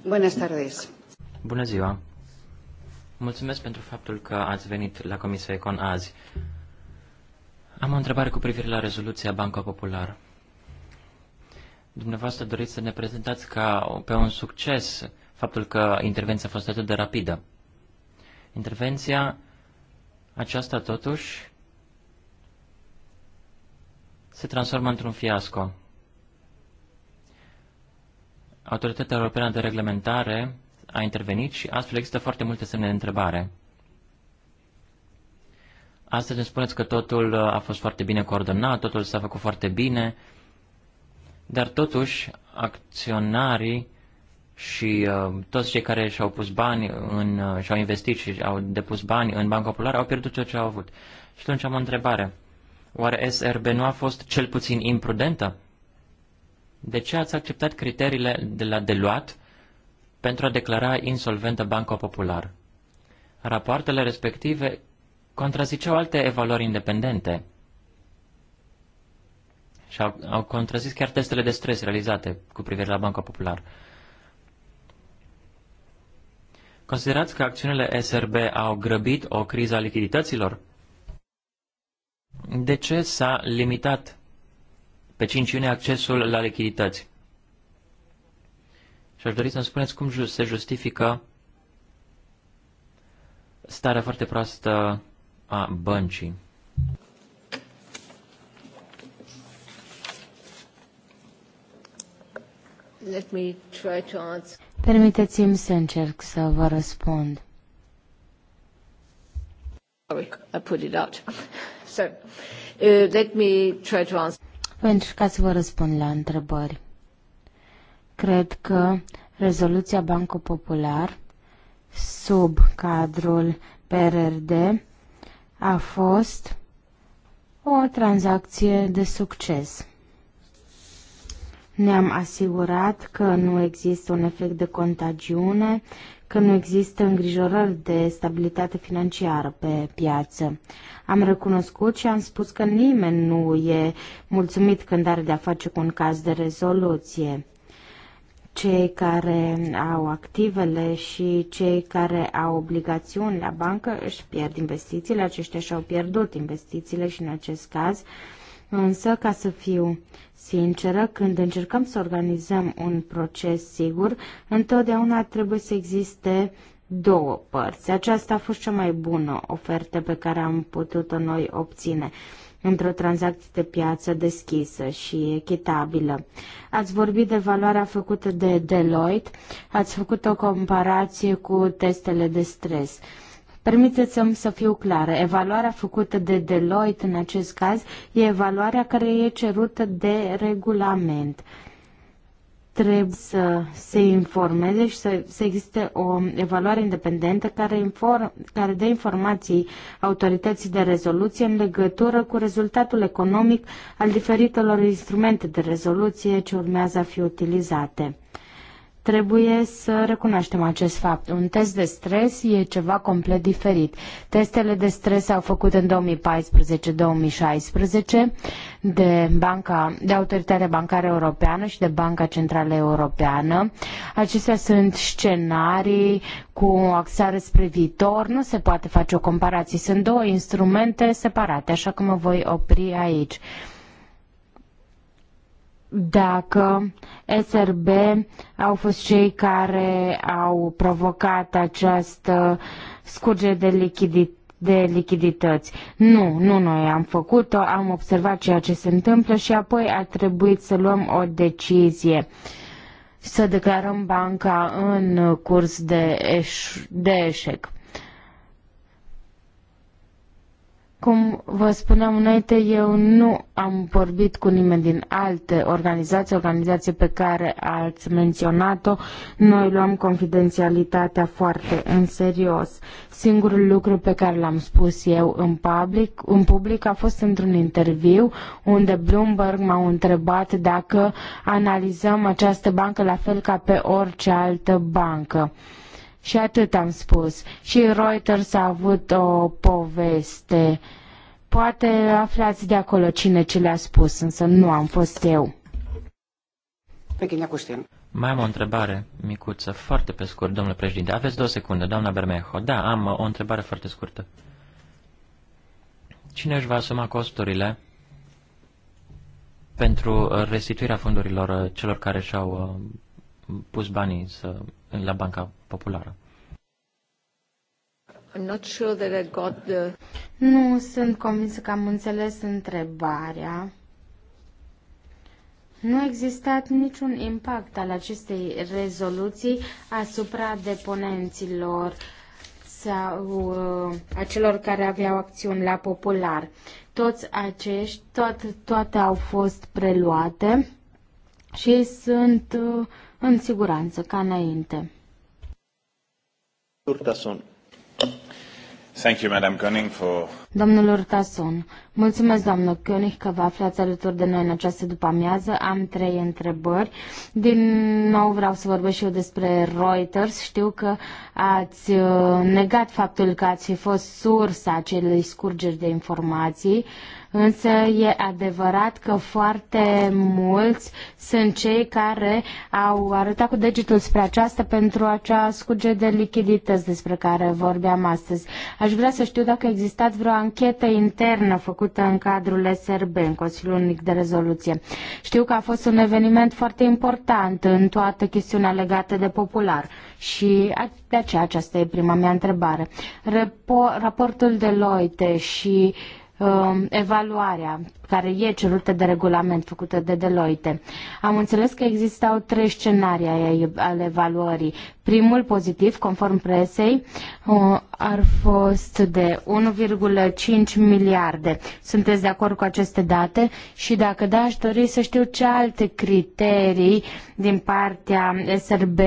Buenas Bună ziua. Mulțumesc pentru faptul că ați venit la Comisia Econ azi. Am o întrebare cu privire la rezoluția Banca Popular. Dumneavoastră doriți să ne prezentați ca pe un succes faptul că intervenția a fost atât de rapidă. Intervenția aceasta, totuși, se transformă într-un fiasco. Autoritatea Europeană de Reglementare a intervenit și astfel există foarte multe semne de întrebare. Astăzi îmi spuneți că totul uh, a fost foarte bine coordonat, totul s-a făcut foarte bine, dar totuși acționarii și uh, toți cei care și-au pus bani în, uh, și-au investit și au depus bani în Banca Populară au pierdut tot ce au avut. Și atunci am o întrebare. Oare SRB nu a fost cel puțin imprudentă? De ce ați acceptat criteriile de la deluat pentru a declara insolventă Banca Popular. Rapoartele respective contraziceau alte evaluări independente și au, au contrazis chiar testele de stres realizate cu privire la Banca Popular. Considerați că acțiunile SRB au grăbit o criză a lichidităților? De ce s-a limitat pe 5 iunie accesul la lichidități? Și aș dori să-mi spuneți cum se justifică starea foarte proastă a băncii. Let me try to Permiteți-mi să încerc să vă răspund. Sorry, I put it out. So, uh, let me try to answer. Pentru ca să vă răspund la întrebări. Cred că rezoluția Banco Popular sub cadrul PRRD a fost o tranzacție de succes. Ne-am asigurat că nu există un efect de contagiune, că nu există îngrijorări de stabilitate financiară pe piață. Am recunoscut și am spus că nimeni nu e mulțumit când are de-a face cu un caz de rezoluție cei care au activele și cei care au obligațiuni la bancă își pierd investițiile, aceștia și-au pierdut investițiile și în acest caz. Însă, ca să fiu sinceră, când încercăm să organizăm un proces sigur, întotdeauna trebuie să existe două părți. Aceasta a fost cea mai bună ofertă pe care am putut-o noi obține într-o tranzacție de piață deschisă și echitabilă. Ați vorbit de valoarea făcută de Deloitte, ați făcut o comparație cu testele de stres. Permiteți-mi să fiu clară. Evaluarea făcută de Deloitte în acest caz e evaluarea care e cerută de regulament trebuie să se informeze și să, să existe o evaluare independentă care, inform, care dă informații autorității de rezoluție în legătură cu rezultatul economic al diferitelor instrumente de rezoluție ce urmează a fi utilizate. Trebuie să recunoaștem acest fapt. Un test de stres e ceva complet diferit. Testele de stres au făcut în 2014-2016 de, banca, de Autoritatea Bancară Europeană și de Banca Centrală Europeană. Acestea sunt scenarii cu o axare spre viitor. Nu se poate face o comparație. Sunt două instrumente separate, așa că mă voi opri aici dacă SRB au fost cei care au provocat această scurgere de lichidit de lichidități. Nu, nu noi am făcut-o, am observat ceea ce se întâmplă și apoi a trebuit să luăm o decizie să declarăm banca în curs de, eș- de eșec. Cum vă spuneam înainte, eu nu am vorbit cu nimeni din alte organizații, organizații pe care ați menționat-o. Noi luăm confidențialitatea foarte în serios. Singurul lucru pe care l-am spus eu în public, în public a fost într-un interviu unde Bloomberg m-a întrebat dacă analizăm această bancă la fel ca pe orice altă bancă. Și atât am spus. Și Reuters a avut o poveste. Poate aflați de acolo cine ce le-a spus, însă nu am fost eu. Mai am o întrebare micuță, foarte pe scurt, domnule președinte. Aveți două secunde, doamna Bermejo. Da, am o întrebare foarte scurtă. Cine își va asuma costurile pentru restituirea fondurilor uh, celor care și-au uh, pus banii să, la Banca Populară. I'm not sure that I got the... Nu sunt convinsă că am înțeles întrebarea. Nu a existat niciun impact al acestei rezoluții asupra deponenților sau uh, acelor care aveau acțiuni la popular. Toți acești, toate, toate au fost preluate și sunt uh, în siguranță, ca înainte. Thank you, Madam Koenig, for... Domnul Urtason, mulțumesc, domnul Koenig, că vă aflați alături de noi în această după-amiază. Am trei întrebări. Din nou vreau să vorbesc și eu despre Reuters. Știu că ați uh, negat faptul că ați fi fost sursa acelei scurgeri de informații. Uh, Însă e adevărat că foarte mulți sunt cei care au arătat cu degetul spre aceasta pentru acea scuge de lichidități despre care vorbeam astăzi. Aș vrea să știu dacă a existat vreo anchetă internă făcută în cadrul SRB, în Consiliul Unic de Rezoluție. Știu că a fost un eveniment foarte important în toată chestiunea legată de popular și de aceea aceasta e prima mea întrebare. Repo- raportul Deloitte și uh, Um, evaluarea care e cerută de regulament făcută de Deloitte. Am înțeles că existau trei scenarii ale evaluării. Primul pozitiv, conform presei, uh, ar fost de 1,5 miliarde. Sunteți de acord cu aceste date? Și dacă da, aș dori să știu ce alte criterii din partea SRB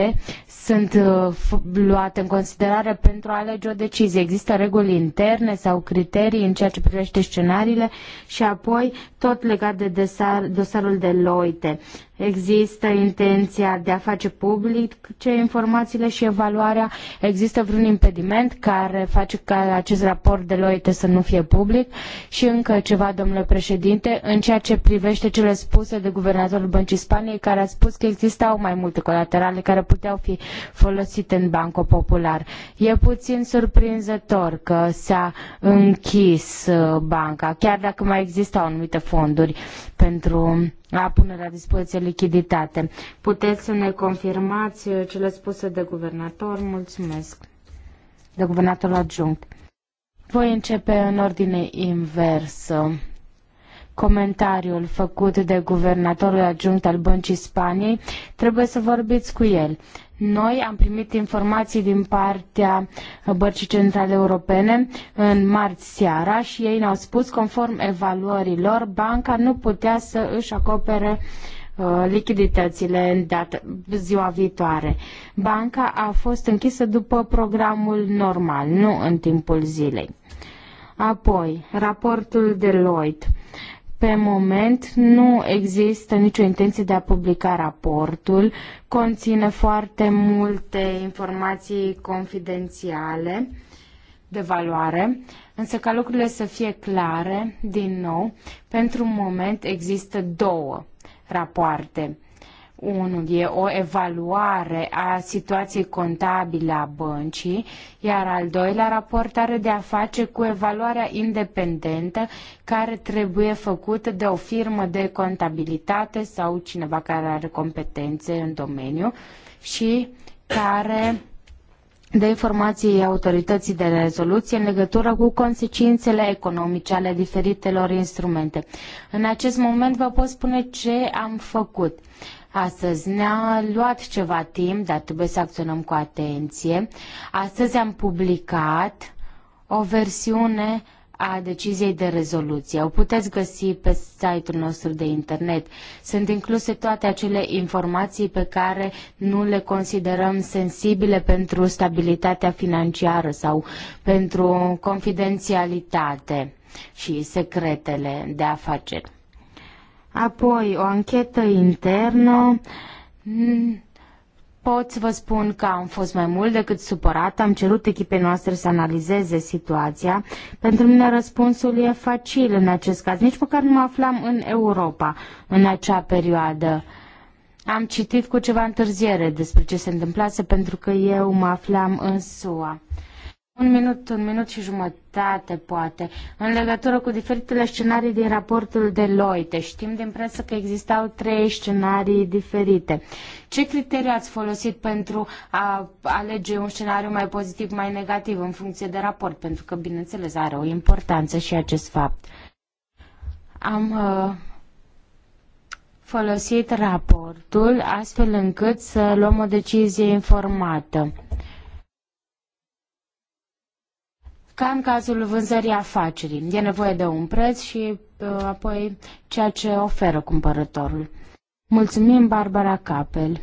sunt uh, luate în considerare pentru a alege o decizie. Există reguli interne sau criterii în ceea ce privește scenariile și apoi tot legat de dosarul de Loite. Există intenția de a face public ce informațiile și evaluarea? Există vreun impediment care face ca acest raport de loite să nu fie public? Și încă ceva, domnule președinte, în ceea ce privește cele spuse de guvernatorul Băncii Spaniei, care a spus că existau mai multe colaterale care puteau fi folosite în Banco Popular. E puțin surprinzător că s-a închis uh, banca, chiar dacă mai existau anumite fonduri pentru a pune la dispoziție lichiditate. Puteți să ne confirmați uh, cele spuse de guvernator? Mulțumesc. De guvernatorul adjunct. Voi începe în ordine inversă. Comentariul făcut de guvernatorul adjunct al Băncii Spaniei, trebuie să vorbiți cu el. Noi am primit informații din partea Bărcii Centrale Europene în marți seara și ei ne-au spus, conform evaluărilor, banca nu putea să își acopere uh, lichiditățile în dată, ziua viitoare. Banca a fost închisă după programul normal, nu în timpul zilei. Apoi, raportul Deloitte. Pe moment nu există nicio intenție de a publica raportul, conține foarte multe informații confidențiale de valoare, însă ca lucrurile să fie clare, din nou, pentru moment există două rapoarte unul e o evaluare a situației contabile a băncii, iar al doilea raport are de a face cu evaluarea independentă care trebuie făcută de o firmă de contabilitate sau cineva care are competențe în domeniu și care de informații autorității de rezoluție în legătură cu consecințele economice ale diferitelor instrumente. În acest moment vă pot spune ce am făcut. Uh, Astăzi ne-a luat ceva timp, dar trebuie să acționăm cu atenție. Astăzi am publicat o versiune a deciziei de rezoluție. O puteți găsi pe site-ul nostru de internet. Sunt incluse toate acele informații pe care nu le considerăm sensibile pentru stabilitatea financiară sau pentru confidențialitate și secretele de afaceri. Apoi, o anchetă internă. Pot să vă spun că am fost mai mult decât supărat, am cerut echipei noastre să analizeze situația. Pentru mine răspunsul e facil în acest caz, nici măcar nu mă aflam în Europa în acea perioadă. Am citit cu ceva întârziere despre ce se întâmplase pentru că eu mă aflam în SUA. Un minut, un minut și jumătate, poate. În legătură cu diferitele scenarii din raportul Deloitte, știm din presă că existau trei scenarii diferite. Ce criterii ați folosit pentru a alege un scenariu mai pozitiv, mai negativ în funcție de raport? Pentru că, bineînțeles, are o importanță și acest fapt. Am uh, folosit raportul astfel încât să luăm o decizie informată ca în cazul vânzării afacerii. E nevoie de un preț și uh, apoi ceea ce oferă cumpărătorul. Mulțumim, Barbara Capel.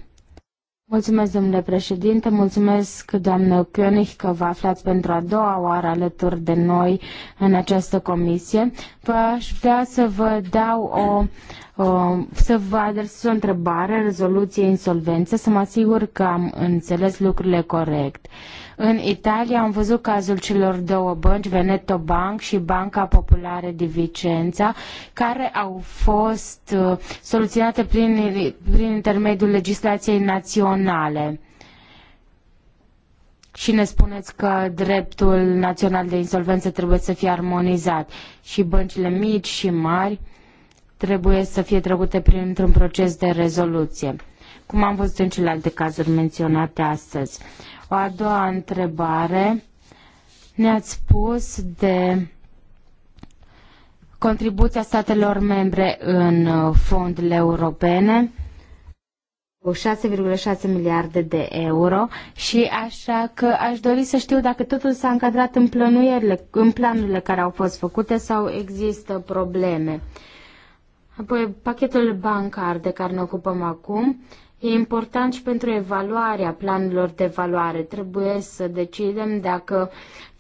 Mulțumesc, domnule președinte, mulțumesc, doamnă König, că vă aflați pentru a doua oară alături de noi în această comisie. Vă aș vrea să vă dau o Um, să vă adresez o întrebare, rezoluție insolvență, să mă asigur că am înțeles lucrurile corect. În Italia am văzut cazul celor două bănci, Veneto Bank și Banca Populară de Vicenza, care au fost uh, soluționate prin, prin intermediul legislației naționale. Și ne spuneți că dreptul național de insolvență trebuie să fie armonizat și băncile mici și mari trebuie să fie trecute printr-un proces de rezoluție, cum am văzut în celelalte cazuri menționate astăzi. O a doua întrebare, ne-ați spus de contribuția statelor membre în fondurile europene cu 6,6 miliarde de euro și așa că aș dori să știu dacă totul s-a încadrat în, în planurile care au fost făcute sau există probleme. Uh, Apoi, pachetul bancar de care ne ocupăm acum e important și pentru evaluarea planurilor de valoare. Trebuie să decidem dacă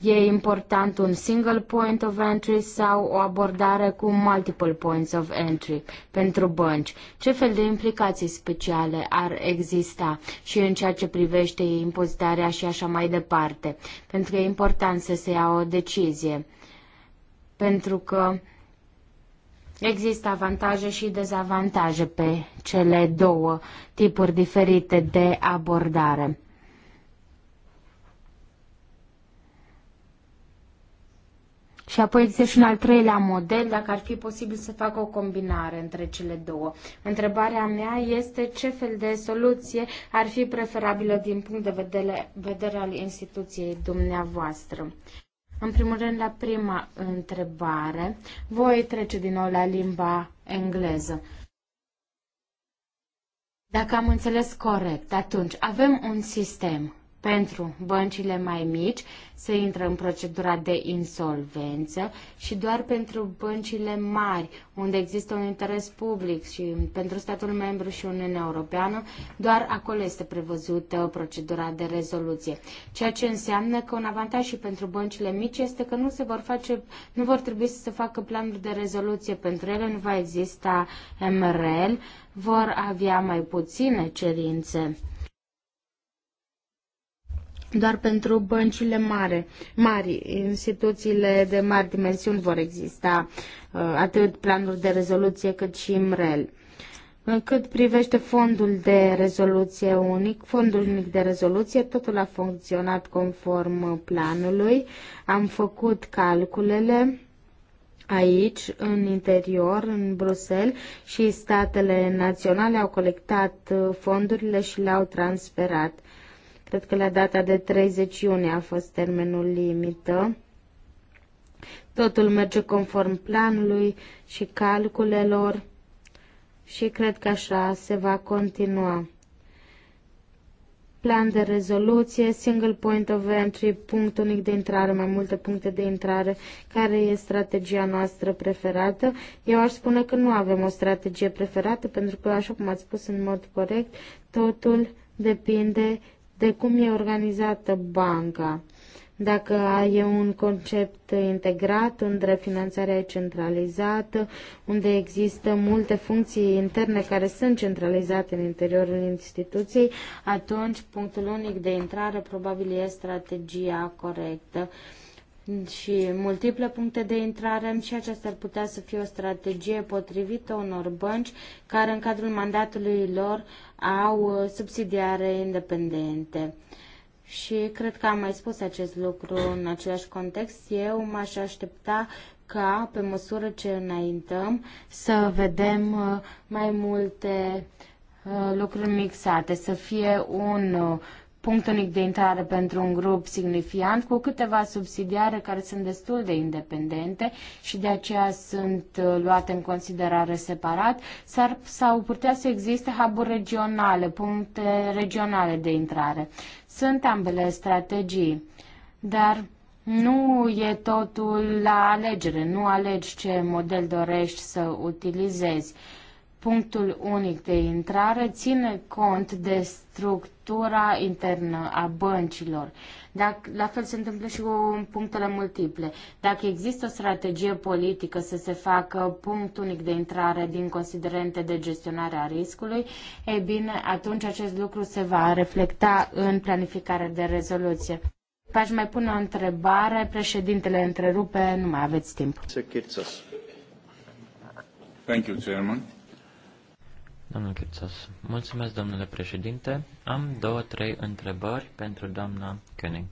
e important un single point of entry sau o abordare cu multiple points of entry pentru bănci. Ce fel de implicații speciale ar exista și în ceea ce privește impozitarea și așa mai departe? Pentru că e important să se ia o decizie. Pentru că Există avantaje și dezavantaje pe cele două tipuri diferite de abordare. Și apoi există și un al treilea model, dacă ar fi posibil să facă o combinare între cele două. Întrebarea mea este ce fel de soluție ar fi preferabilă din punct de vedere, vedere al instituției dumneavoastră. În primul rând, la prima întrebare, voi trece din nou la limba engleză. Dacă am înțeles corect, atunci avem un sistem pentru băncile mai mici să intră în procedura de insolvență și doar pentru băncile mari, unde există un interes public și pentru statul membru și Uniunea Europeană, doar acolo este prevăzută procedura de rezoluție. Ceea ce înseamnă că un avantaj și pentru băncile mici este că nu se vor face, nu vor trebui să se facă planuri de rezoluție pentru ele, nu va exista MRL, vor avea mai puține cerințe doar pentru băncile mare, mari, instituțiile de mari dimensiuni vor exista, uh, atât planuri de rezoluție cât și MREL. Cât privește fondul de rezoluție unic, fondul unic de rezoluție, totul a funcționat conform planului. Am făcut calculele aici, în interior, în Bruxelles și statele naționale au colectat uh, fondurile și le-au transferat. Cred că la data de 30 iunie a fost termenul limită. Totul merge conform planului și calculelor și cred că așa se va continua. Plan de rezoluție, single point of entry, punct unic de intrare, mai multe puncte de intrare, care e strategia noastră preferată. Eu aș spune că nu avem o strategie preferată, pentru că, așa cum ați spus în mod corect, totul depinde de cum e organizată banca, dacă e un concept integrat unde finanțarea e centralizată, unde există multe funcții interne care sunt centralizate în interiorul instituției, atunci punctul unic de intrare probabil e strategia corectă. Uh, și multiple puncte de intrare și aceasta ar putea să fie o strategie potrivită unor bănci care în cadrul mandatului lor au subsidiare independente. Și cred că am mai spus acest lucru în același context. Eu m-aș aștepta ca, pe măsură ce înaintăm, să vedem uh, mai multe uh, lucruri mixate, să fie un uh, punct unic de intrare pentru un grup signifiant, cu câteva subsidiare care sunt destul de independente și de aceea sunt uh, luate în considerare separat, s-ar, sau putea să existe hub regionale, puncte regionale de intrare. Sunt ambele strategii, dar nu e totul la alegere, nu alegi ce model dorești să utilizezi. Uh, Punctul unic de intrare ține cont de structura internă a băncilor. Dacă, la fel se întâmplă și cu punctele multiple. Dacă există o strategie politică să se facă punct unic de intrare din considerente de gestionare a riscului, e bine, atunci acest lucru se va reflecta în planificarea de rezoluție. aș mai pune o întrebare, președintele întrerupe, nu mai aveți timp. Thank you, Chairman. Domnul mulțumesc, domnule președinte. Am două, trei întrebări pentru doamna Koenig.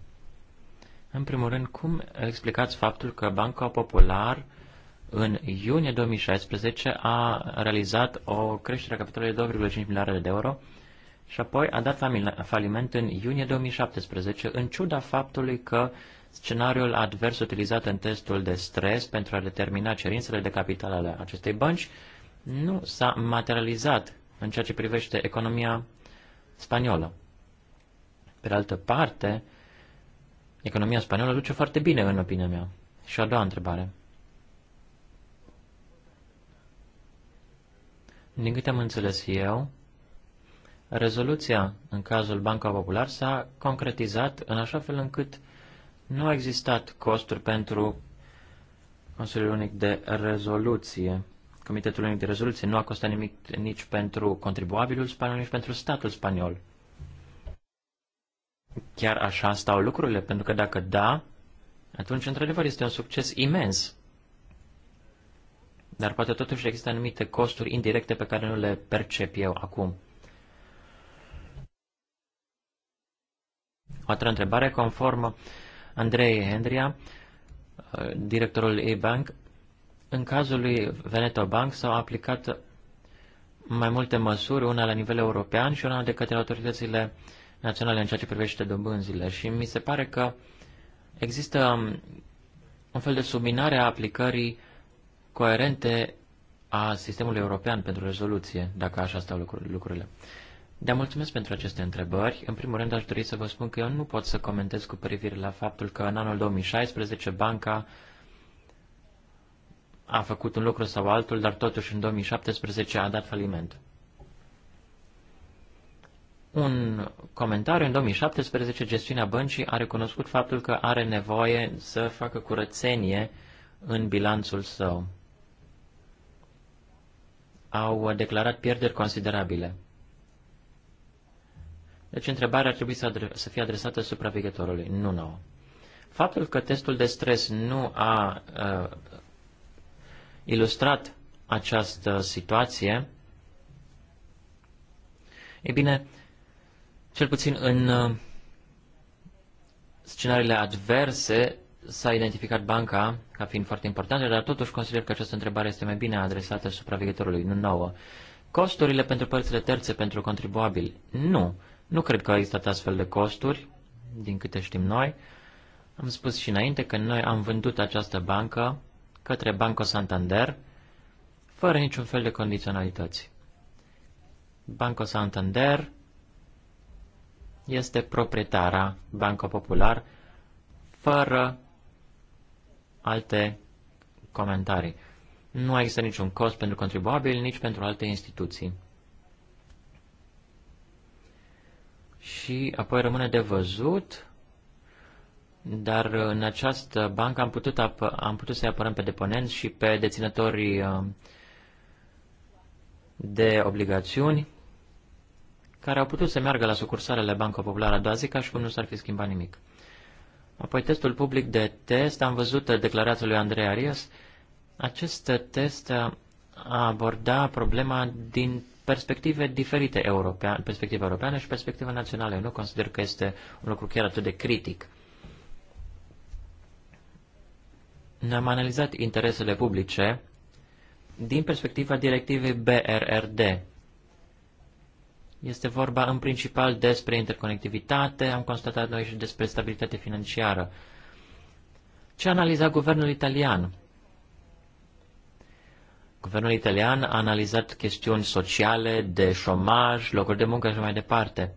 În primul rând, cum explicați faptul că Banca Popular în iunie 2016 a realizat o creștere a capitalului de 2,5 miliarde de euro și apoi a dat faliment în iunie 2017, în ciuda faptului că scenariul advers utilizat în testul de stres pentru a determina cerințele de capital ale acestei bănci nu s-a materializat în ceea ce privește economia spaniolă. Pe de altă parte, economia spaniolă duce foarte bine, în opinia mea. Și a doua întrebare. Din câte am înțeles eu, rezoluția în cazul Banca Popular s-a concretizat în așa fel încât nu a existat costuri pentru Consiliul Unic de Rezoluție. Comitetul Unic de Rezoluție nu a costat nimic nici pentru contribuabilul spaniol, nici pentru statul spaniol. Chiar așa stau lucrurile, pentru că dacă da, atunci într-adevăr este un succes imens. Dar poate totuși există anumite costuri indirecte pe care nu le percep eu acum. O altă întrebare conform Andrei Hendria, directorul e-bank, în cazul lui Veneto Bank s-au aplicat mai multe măsuri, una la nivel european și una de către autoritățile naționale în ceea ce privește dobânzile. Și mi se pare că există um, un fel de subminare a aplicării coerente a sistemului european pentru rezoluție, dacă așa stau lucrurile. De De-a mulțumesc pentru aceste întrebări. În primul rând aș dori să vă spun că eu nu pot să comentez cu privire la faptul că în anul 2016 banca a făcut un lucru sau altul, dar totuși în 2017 a dat faliment. Un comentariu, în 2017 gestiunea băncii a recunoscut faptul că are nevoie să facă curățenie în bilanțul său. Au declarat pierderi considerabile. Deci întrebarea ar trebui să, adre- să fie adresată supraveghetorului, nu nouă. Faptul că testul de stres nu a uh, ilustrat această situație, e bine, cel puțin în uh, scenariile adverse s-a identificat banca ca fiind foarte importantă, dar totuși consider că această întrebare este mai bine adresată supraveghetorului, nu nouă. Costurile pentru părțile terțe pentru contribuabili? Nu. Nu cred că au existat astfel de costuri, din câte știm noi. Am spus și înainte că noi am vândut această bancă către Banco Santander, fără niciun fel de condiționalități. Banco Santander este proprietara Banco Popular, fără alte comentarii. Nu există niciun cost pentru contribuabil, nici pentru alte instituții. Și apoi rămâne de văzut dar în această bancă am putut, ap am putut să-i apărăm pe deponenți și pe deținătorii uh, de obligațiuni care au putut să meargă la sucursalele Banca Populară a doua zi ca și cum nu s-ar fi schimbat nimic. Apoi testul public de test, am văzut declarația lui Andrei Arias, acest test a aborda problema din perspective diferite, europeane, perspectiva europeană și perspectiva națională. Eu nu consider că este un lucru chiar atât de critic. Ne-am analizat interesele publice din perspectiva directivei BRRD. Este vorba în principal despre interconectivitate, am constatat noi și despre stabilitate financiară. Ce analiza guvernul italian? Guvernul italian a analizat chestiuni sociale, de șomaj, locuri de muncă și mai departe.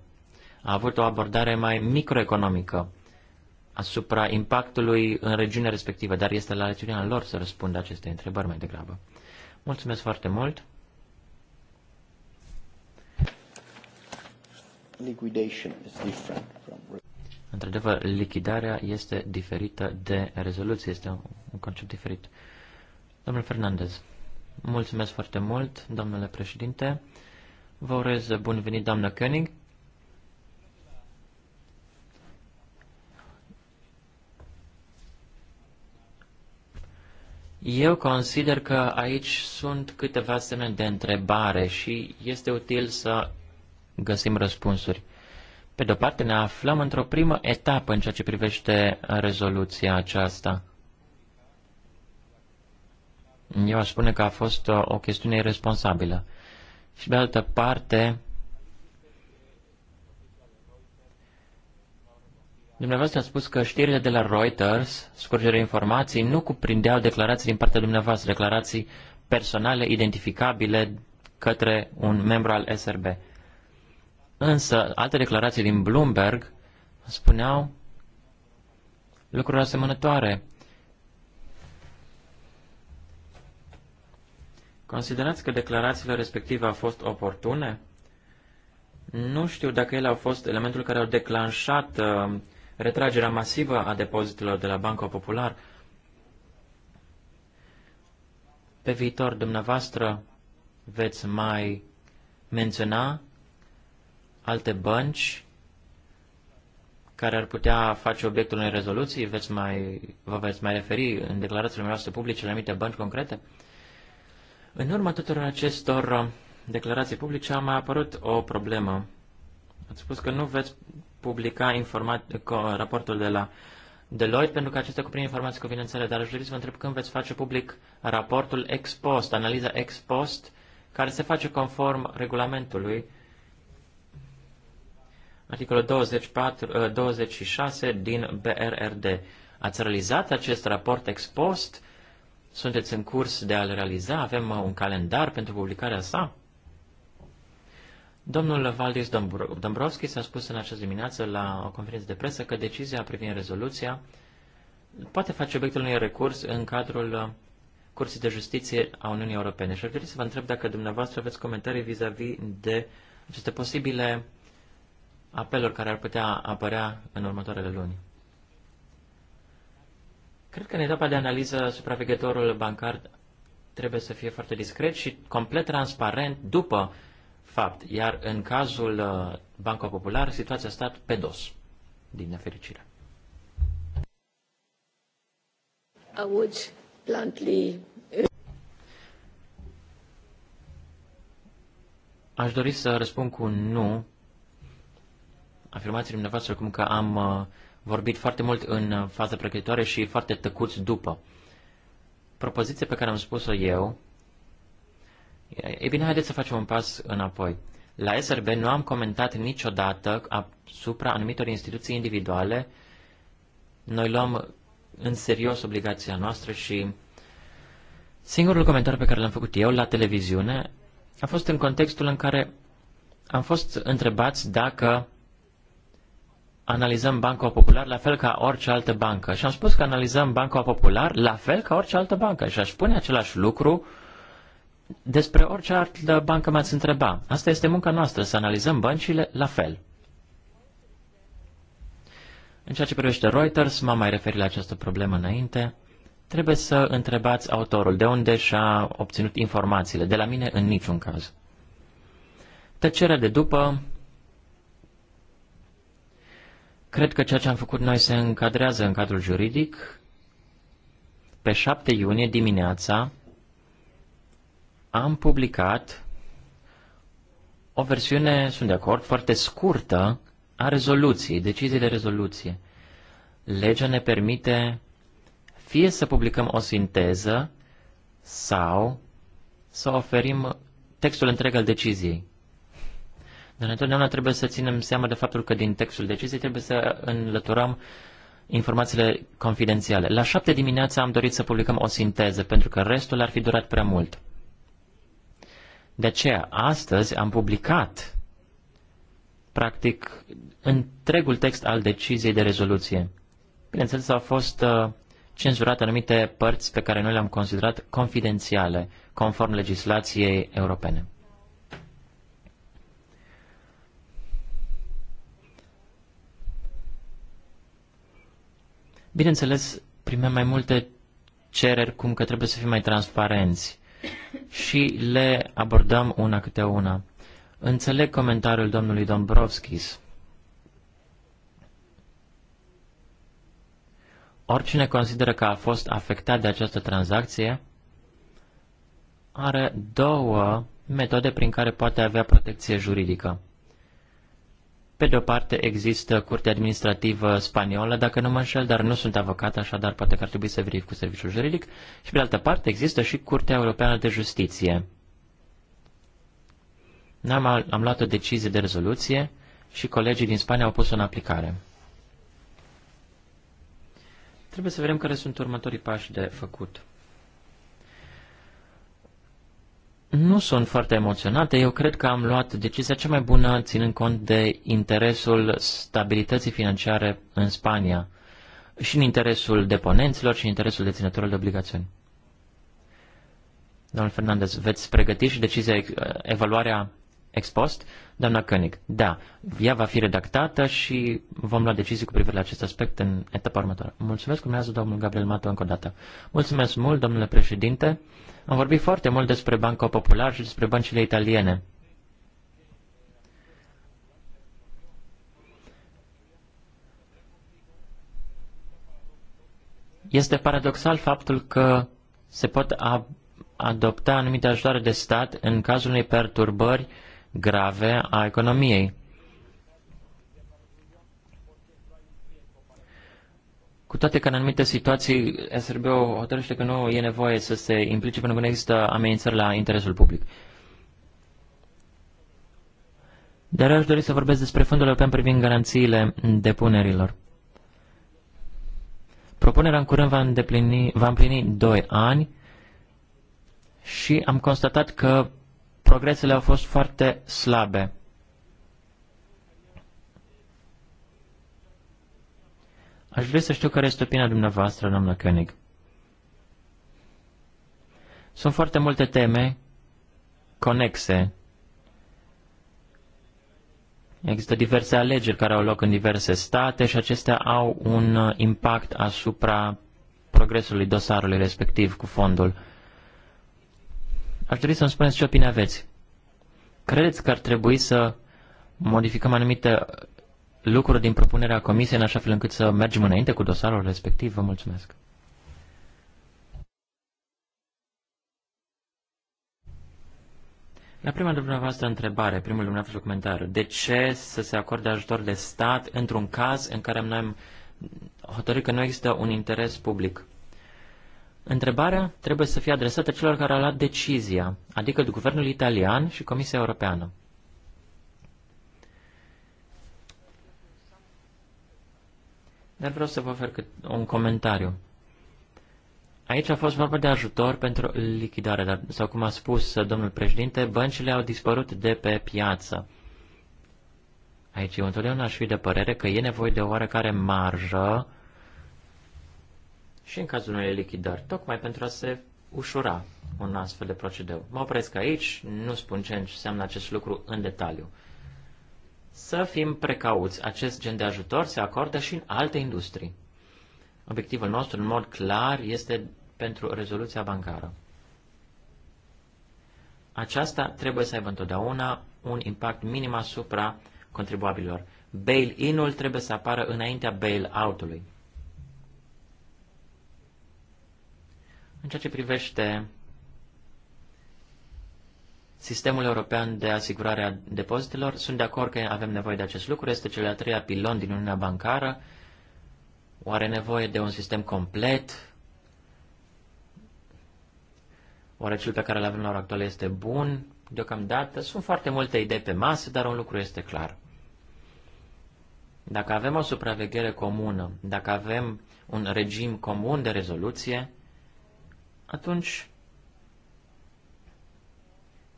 A avut o abordare mai microeconomică asupra impactului în regiunea respectivă, dar este la latitudinea lor să răspundă aceste întrebări mai degrabă. Mulțumesc foarte mult! Liquidation is different from... Într-adevăr, lichidarea este diferită de rezoluție, este un concept diferit. Domnul Fernandez, mulțumesc foarte mult, domnule președinte. Vă urez bun venit, doamnă König. Eu consider că aici sunt câteva semne de întrebare și este util să găsim răspunsuri. Pe de-o parte, ne aflăm într-o primă etapă în ceea ce privește rezoluția aceasta. Eu aș spune că a fost o chestiune irresponsabilă. Și pe altă parte, Dumneavoastră a spus că știrile de la Reuters, scurgerea informații, nu cuprindeau declarații din partea dumneavoastră, declarații personale identificabile către un membru al SRB. Însă, alte declarații din Bloomberg spuneau lucruri asemănătoare. Considerați că declarațiile respective au fost oportune? Nu știu dacă ele au fost elementul care au declanșat uh, retragerea masivă a depozitelor de la Banco Popular. Pe viitor, dumneavoastră, veți mai menționa alte bănci care ar putea face obiectul unei rezoluții? Veți mai, vă veți mai referi în declarațiile noastre publice la anumite bănci concrete? În urma tuturor acestor uh, declarații publice a mai apărut o problemă. Ați spus că nu veți publica informat, raportul de la Deloitte, pentru că acestea cuprind informații confidențiale, dar aș dori să vă întreb când veți face public raportul ex post, analiza ex post, care se face conform regulamentului articolul 24, 26 ă, din BRRD. Ați realizat acest raport ex post? Sunteți în curs de a-l realiza? Avem ă, un calendar pentru publicarea sa? Domnul Valdis Dombrovski s-a spus în această dimineață la o conferință de presă că decizia privind rezoluția poate face obiectul unui recurs în cadrul uh, Curții de Justiție a Uniunii Europene. Și aș dori să vă întreb dacă dumneavoastră aveți comentarii vis-a-vis -vis de aceste posibile apeluri care ar putea apărea în următoarele luni. Cred că în etapa de analiză, supraveghetorul bancar trebuie să fie foarte discret și complet transparent după fapt. Iar în cazul uh, Banca Popular, situația a stat pe dos, din nefericire. bluntly... Aș dori să răspund cu nu afirmațiile dumneavoastră cum că am uh, vorbit foarte mult în uh, faza pregătitoare și foarte tăcuți după. Propoziția pe care am spus-o eu E bine, haideți să facem un pas înapoi. La SRB nu am comentat niciodată asupra anumitor instituții individuale. Noi luăm în serios obligația noastră și singurul comentariu pe care l-am făcut eu la televiziune a fost în contextul în care am fost întrebați dacă analizăm Banca Popular la fel ca orice altă bancă. Și am spus că analizăm Banca Popular la fel ca orice altă bancă. Și aș spune același lucru uh, despre orice altă bancă m-ați întreba. Asta este munca noastră, să analizăm băncile la fel. În ceea ce privește Reuters, m-am mai referit la această problemă înainte, trebuie să întrebați autorul de unde și-a obținut informațiile. De la mine, în niciun caz. Tăcerea de după, cred că ceea ce am făcut noi se încadrează în cadrul juridic. Pe 7 iunie dimineața, am publicat o versiune, sunt de acord, foarte scurtă a rezoluției, decizii de rezoluție. Legea ne permite fie să publicăm o sinteză sau să oferim textul întreg al deciziei. Dar întotdeauna trebuie să ținem seama de faptul că din textul deciziei trebuie să înlăturăm informațiile confidențiale. La șapte dimineața am dorit să publicăm o sinteză, pentru că restul ar fi durat prea mult. De aceea, astăzi am publicat, practic, întregul text al deciziei de rezoluție. Bineînțeles, au fost uh, cenzurate anumite părți pe care noi le-am considerat confidențiale, conform legislației europene. Bineînțeles, primeam mai multe cereri cum că trebuie să fim mai transparenți și le abordăm una câte una. Înțeleg comentariul domnului Dombrovskis. Oricine consideră că a fost afectat de această tranzacție are două metode prin care poate avea protecție juridică. Pe de o parte există Curtea Administrativă Spaniolă, dacă nu mă înșel, dar nu sunt avocat, așadar poate că ar trebui să verific cu serviciul juridic. Și pe de altă parte există și Curtea Europeană de Justiție. N-am, am luat o decizie de rezoluție și colegii din Spania au pus-o în aplicare. Trebuie să vedem care sunt următorii pași de făcut. nu sunt foarte emoționată. Eu cred că am luat decizia cea mai bună ținând cont de interesul stabilității financiare în Spania și în interesul deponenților și în interesul deținătorilor de obligațiuni. Domnul Fernandez, veți pregăti și decizia, evaluarea ex post? Doamna König, da, ea va fi redactată și vom lua decizii cu privire la acest aspect în etapa următoare. Mulțumesc, urmează domnul Gabriel Mato încă o dată. Mulțumesc mult, domnule președinte. Am vorbit foarte mult despre Banca Popular și despre băncile italiene. Este paradoxal faptul că se pot adopta anumite ajutoare de stat în cazul unei perturbări grave a economiei. Cu toate că în anumite situații SRB hotărăște că nu e nevoie să se implice pentru că nu există amenințări la interesul public. Dar aș dori să vorbesc despre fondul european privind garanțiile depunerilor. Propunerea în curând va, îndeplini, va împlini 2 ani și am constatat că progresele au fost foarte slabe. Aș vrea să știu care este opinia dumneavoastră, doamnă König. Sunt foarte multe teme conexe. Există diverse alegeri care au loc în diverse state și acestea au un impact asupra progresului dosarului respectiv cu fondul. Aș dori să-mi spuneți ce opinie aveți. Credeți că ar trebui să modificăm anumite lucruri din propunerea comisiei în așa fel încât să mergem înainte cu dosarul respectiv. Vă mulțumesc. La prima dumneavoastră întrebare, primul dumneavoastră comentariu, de ce să se acorde ajutor de stat într-un caz în care noi am hotărât că nu există un interes public? Întrebarea trebuie să fie adresată celor care au luat decizia, adică de guvernul italian și Comisia Europeană. Dar vreau să vă ofer cât un comentariu. Aici a fost vorba de ajutor pentru lichidare, dar, sau cum a spus domnul președinte, băncile au dispărut de pe piață. Aici eu întotdeauna aș fi de părere că e nevoie de o oarecare marjă și în cazul unei lichidări, tocmai pentru a se ușura un astfel de procedeu. Mă opresc aici, nu spun ce înseamnă acest lucru în detaliu să fim precauți. Acest gen de ajutor se acordă și în alte industrii. Obiectivul nostru, în mod clar, este pentru rezoluția bancară. Aceasta trebuie să aibă întotdeauna un impact minim asupra contribuabililor. Bail-in-ul trebuie să apară înaintea bail-out-ului. În ceea ce privește Sistemul European de Asigurare a Depozitelor, sunt de acord că avem nevoie de acest lucru, este cel de-al treia pilon din Uniunea Bancară. Oare nevoie de un sistem complet? Oare cel pe care îl avem la ora actuală este bun? Deocamdată sunt foarte multe idei pe masă, dar un lucru este clar. Dacă avem o supraveghere comună, dacă avem un regim comun de rezoluție, atunci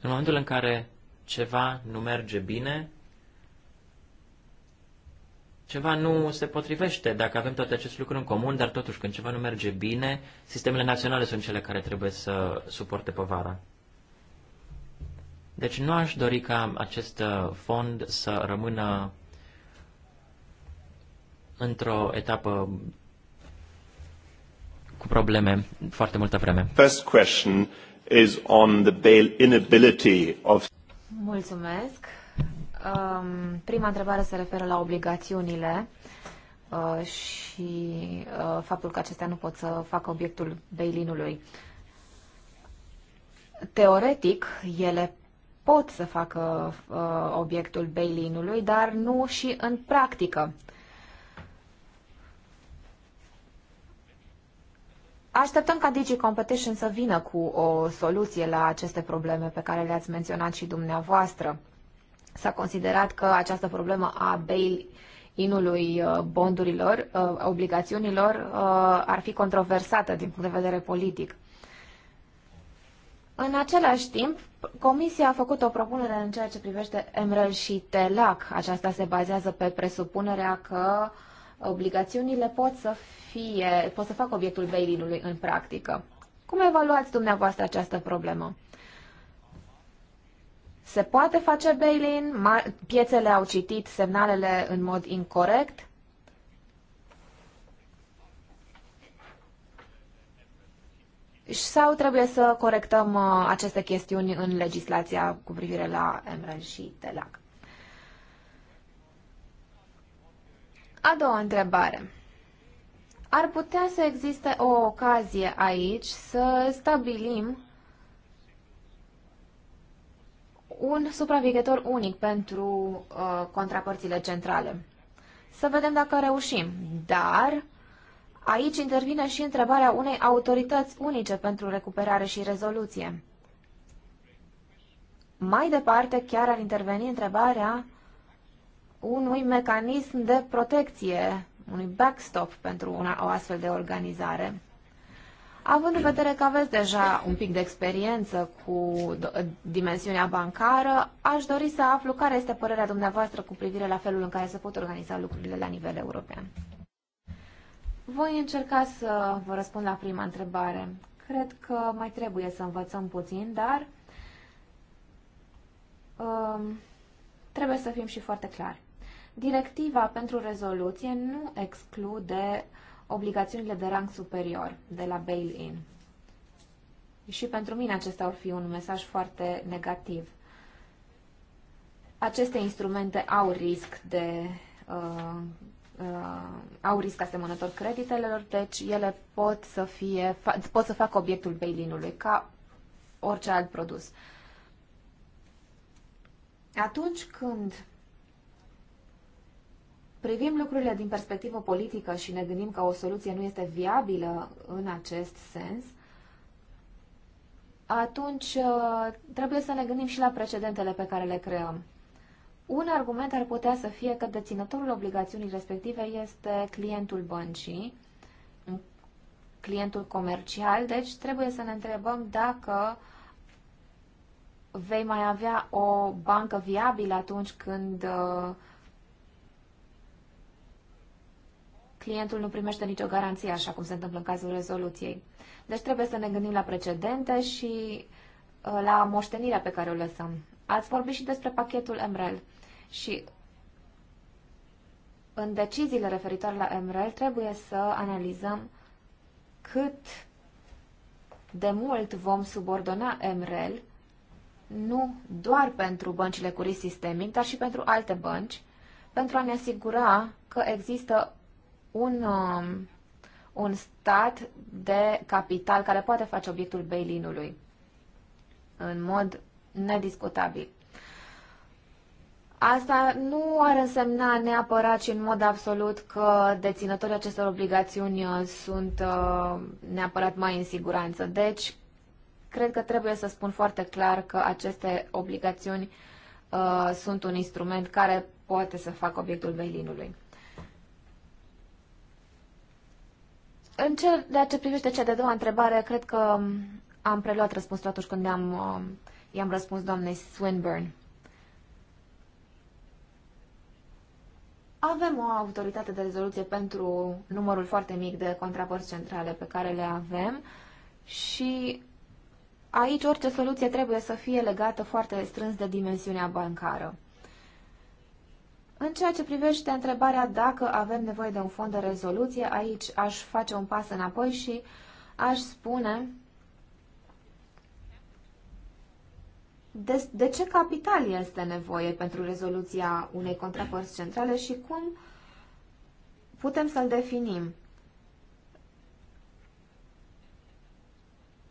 în momentul în care ceva nu merge bine, ceva nu se potrivește. Dacă avem toate aceste lucruri în comun, dar totuși când ceva nu merge bine, sistemele naționale sunt cele care trebuie să suporte povara. Deci nu aș dori ca acest uh, fond să rămână într-o etapă cu probleme foarte multă vreme. First question is on the bail inability of Mulțumesc. Um, prima întrebare se referă la obligațiunile uh, și uh, faptul că acestea nu pot să facă obiectul bailinului. Teoretic, ele pot să facă uh, obiectul bailinului, dar nu și în practică. Uh, Așteptăm ca Digi Competition să vină cu o soluție la aceste probleme pe care le-ați menționat și dumneavoastră. S-a considerat că această problemă a bail-inului uh, bondurilor, uh, obligațiunilor, uh, ar fi controversată din punct de vedere politic. În același timp, Comisia a făcut o propunere în ceea ce privește MREL și TELAC. Aceasta se bazează pe presupunerea că uh, obligațiunile pot să, fie, pot să facă obiectul bail ului în practică. Cum evaluați dumneavoastră această problemă? Se poate face bail-in? Piețele au citit semnalele în mod incorrect? Sau trebuie să corectăm uh, aceste chestiuni în legislația cu privire la MREL și TELAC? A doua întrebare. Ar putea să existe o ocazie aici să stabilim un supraveghetor unic pentru uh, contrapărțile centrale. Să vedem dacă reușim. Dar aici intervine și întrebarea unei autorități unice pentru recuperare și rezoluție. Mai departe, chiar ar interveni întrebarea unui mecanism de protecție, unui backstop pentru una, o astfel de organizare. Având în vedere că aveți deja un pic de experiență cu dimensiunea bancară, aș dori să aflu care este părerea dumneavoastră cu privire la felul în care se pot organiza lucrurile la nivel european. Voi încerca să vă răspund la prima întrebare. Cred că mai trebuie să învățăm puțin, dar um, trebuie să fim și foarte clari. Directiva pentru rezoluție nu exclude obligațiunile de rang superior de la bail-in. Și pentru mine acesta ar fi un mesaj foarte negativ. Aceste instrumente au risc de uh, uh, au risc asemănător creditelor, deci ele pot să fie pot să facă obiectul bail-in-ului ca orice alt produs. Atunci când privim lucrurile din perspectivă politică și ne gândim că o soluție nu este viabilă în acest sens, atunci uh, trebuie să ne gândim și la precedentele pe care le creăm. Un argument ar putea să fie că deținătorul obligațiunii respective este clientul băncii, clientul comercial, deci trebuie să ne întrebăm dacă vei mai avea o bancă viabilă atunci când uh, clientul nu primește nicio garanție, așa cum se întâmplă în cazul rezoluției. Deci trebuie să ne gândim la precedente și uh, la moștenirea pe care o lăsăm. Ați vorbit și despre pachetul MREL și în deciziile referitoare la MREL trebuie să analizăm cât de mult vom subordona MREL nu doar pentru băncile cu risc sistemic, dar și pentru alte bănci, pentru a ne asigura că există un, um, un stat de capital care poate face obiectul bailinului în mod nediscutabil. Asta nu ar însemna neapărat și în mod absolut că deținătorii acestor obligațiuni uh, sunt uh, neapărat mai în siguranță. Deci, cred că trebuie să spun foarte clar că aceste obligațiuni uh, sunt un instrument care poate să facă obiectul bailinului. În ceea ce privește cea de-a doua întrebare, cred că um, am preluat răspunsul atunci când am, um, i-am răspuns doamnei Swinburne. Avem o autoritate de rezoluție pentru numărul foarte mic de contrapărți centrale pe care le avem și aici orice soluție trebuie să fie legată foarte strâns de dimensiunea bancară. În ceea ce privește întrebarea dacă avem nevoie de un fond de rezoluție, aici aș face un pas înapoi și aș spune de, de ce capital este nevoie pentru rezoluția unei contrapărți centrale și cum putem să-l definim.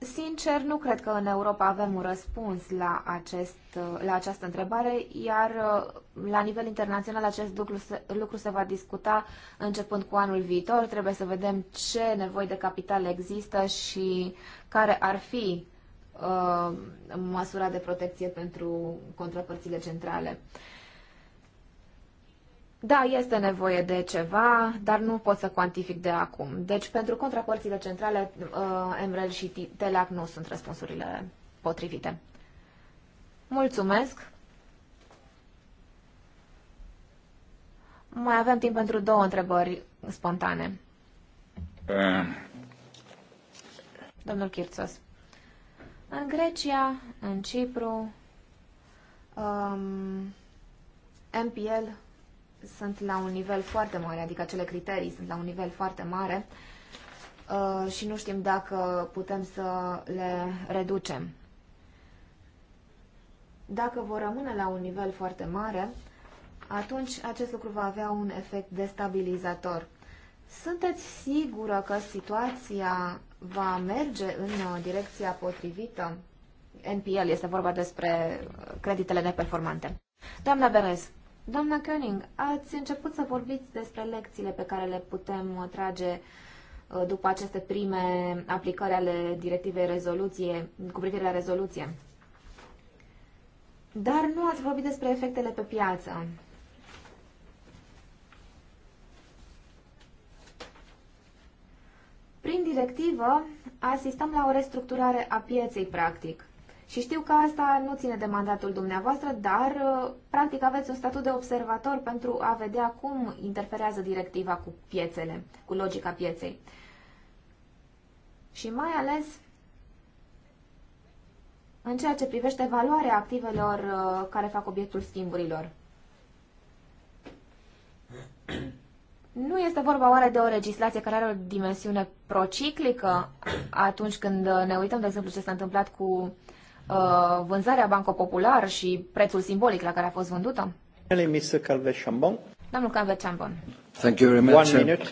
Sincer, nu cred că în Europa avem un răspuns la, acest, la această întrebare, iar uh, la nivel internațional acest lucru se, lucru se va discuta începând cu anul viitor. Trebuie să vedem ce nevoi de capital există și care ar fi uh, măsura de protecție pentru contrapărțile centrale. Uh, da, este nevoie de ceva, dar nu pot să cuantific de acum. Deci, pentru contrapărțile centrale, uh, MREL și TELAC nu sunt răspunsurile potrivite. Mulțumesc! Mai avem timp pentru două întrebări spontane. Um. Domnul Chirțos. În Grecia, în Cipru, um, MPL sunt la un nivel foarte mare, adică acele criterii sunt la un nivel foarte mare uh, și nu știm dacă putem să le reducem. Dacă vor rămâne la un nivel foarte mare, atunci acest lucru va avea un efect destabilizator. Sunteți sigură că situația va merge în uh, direcția potrivită? NPL este vorba despre uh, creditele neperformante. Doamna Berez, Doamna Koenig, ați început să vorbiți despre lecțiile pe care le putem uh, trage uh, după aceste prime aplicări ale directivei rezoluție, cu privire la rezoluție. Dar nu ați vorbit despre efectele pe piață. Prin directivă, asistăm la o restructurare a pieței, practic. Și știu că asta nu ține de mandatul dumneavoastră, dar uh, practic aveți un statut de observator pentru a vedea cum interferează directiva cu piețele, cu logica pieței. Și mai ales în ceea ce privește valoarea activelor uh, care fac obiectul schimburilor. Nu este vorba oare de o legislație care are o dimensiune prociclică atunci când uh, ne uităm, de exemplu, ce s-a întâmplat cu Uh, vânzarea Banco Popular și prețul simbolic la care a fost vândută? Mr. Calvet Chambon. Domnul Calvet Chambon. Thank you very much. One minute.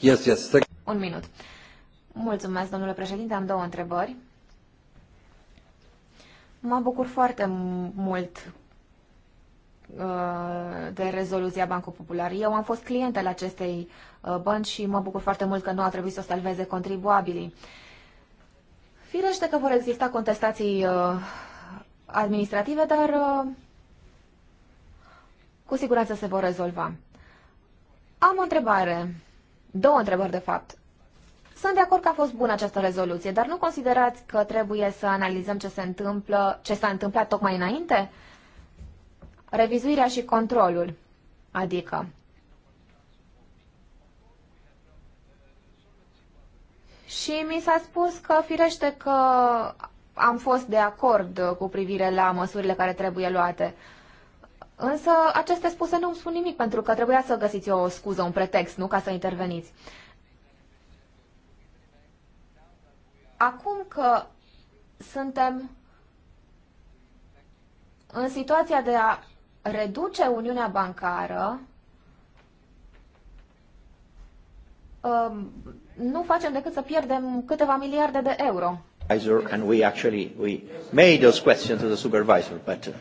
Yes, yes. Thank Un minut. Mulțumesc, domnule președinte. Am două întrebări. Mă bucur foarte mult uh, de rezoluția Banco Popular. Eu am fost client al acestei uh, bănci și mă bucur foarte mult că nu a trebuit să o salveze contribuabilii. Uh, Firește că vor exista contestații uh, administrative, dar uh, cu siguranță se vor rezolva. Am o întrebare, două întrebări de fapt. Sunt de acord că a fost bună această rezoluție, dar nu considerați că trebuie să analizăm ce se întâmplă, ce s-a întâmplat tocmai înainte? Revizuirea și controlul, adică Și mi s-a spus că, firește că am fost de acord cu privire la măsurile care trebuie luate. Însă aceste spuse nu îmi spun nimic, pentru că trebuia să găsiți o scuză, un pretext, nu ca să interveniți. Acum că suntem în situația de a reduce Uniunea Bancară, um, nu facem decât să pierdem câteva miliarde de euro. And we actually we made those questions to the supervisor, but uh,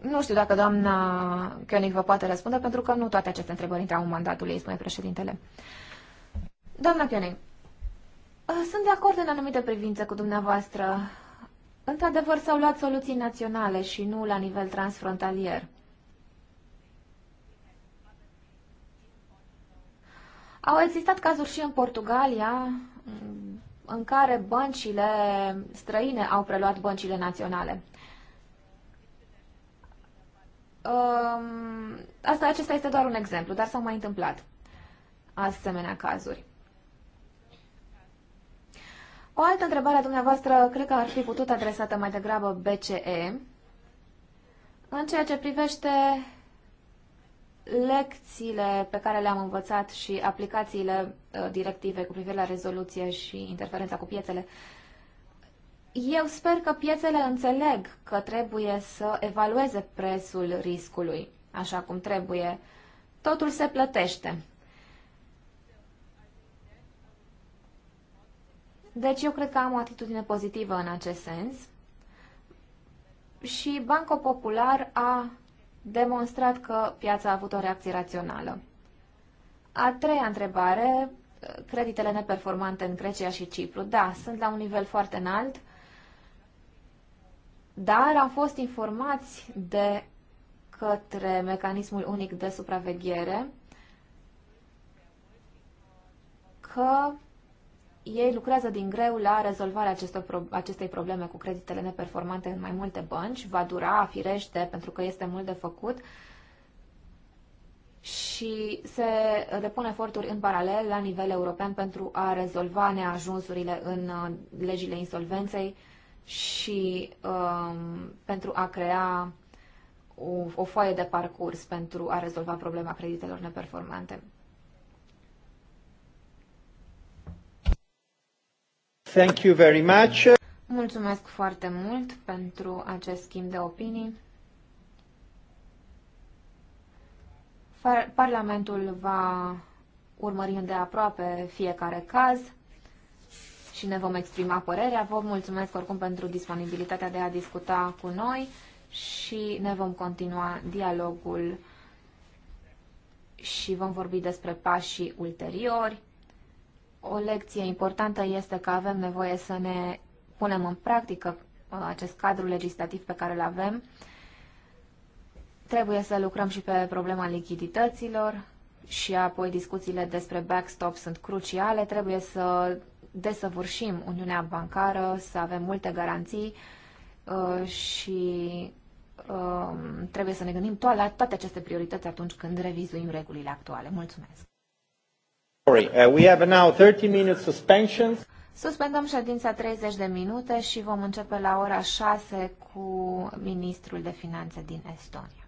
nu știu dacă doamna Koenig vă poate răspunde, pentru că nu toate aceste întrebări intrau în mandatul ei, spune președintele. Doamna Koenig, uh, sunt de acord în anumite privințe cu dumneavoastră. Într-adevăr, s-au luat soluții naționale și nu la nivel transfrontalier. Au existat cazuri și în Portugalia în care băncile străine au preluat băncile naționale. Asta, acesta este doar un exemplu, dar s-au mai întâmplat asemenea cazuri. O altă întrebare a dumneavoastră cred că ar fi putut adresată mai degrabă BCE în ceea ce privește lecțiile pe care le-am învățat și aplicațiile uh, directive cu privire la rezoluție și interferența cu piețele. Eu sper că piețele înțeleg că trebuie să evalueze prețul riscului așa cum trebuie. Totul se plătește. Deci eu cred că am o atitudine pozitivă în acest sens. Și Banco Popular a demonstrat că piața a avut o reacție rațională. A treia întrebare, creditele neperformante în Grecia și Cipru. Da, sunt la un nivel foarte înalt, dar am fost informați de către mecanismul unic de supraveghere că ei lucrează din greu la rezolvarea acestor pro- acestei probleme cu creditele neperformante în mai multe bănci. Va dura, firește, pentru că este mult de făcut și se depun eforturi în paralel la nivel european pentru a rezolva neajunsurile în uh, legile insolvenței și um, pentru a crea o, o foaie de parcurs pentru a rezolva problema creditelor neperformante. Thank you very much. Mulțumesc foarte mult pentru acest schimb de opinii. Parlamentul va urmări aproape fiecare caz și ne vom exprima părerea. Vă mulțumesc oricum pentru disponibilitatea de a discuta cu noi și ne vom continua dialogul și vom vorbi despre pașii ulteriori o lecție importantă este că avem nevoie să ne punem în practică uh, acest cadru legislativ pe care îl avem. Trebuie să lucrăm și pe problema lichidităților și apoi discuțiile despre backstop sunt cruciale. Trebuie să desăvârșim Uniunea Bancară, să avem multe garanții uh, și uh, trebuie să ne gândim to- la toate aceste priorități atunci când revizuim regulile actuale. Mulțumesc! Uh, we have now 30 minutes suspension. Suspendăm ședința 30 de minute și vom începe la ora 6 cu ministrul de finanțe din Estonia.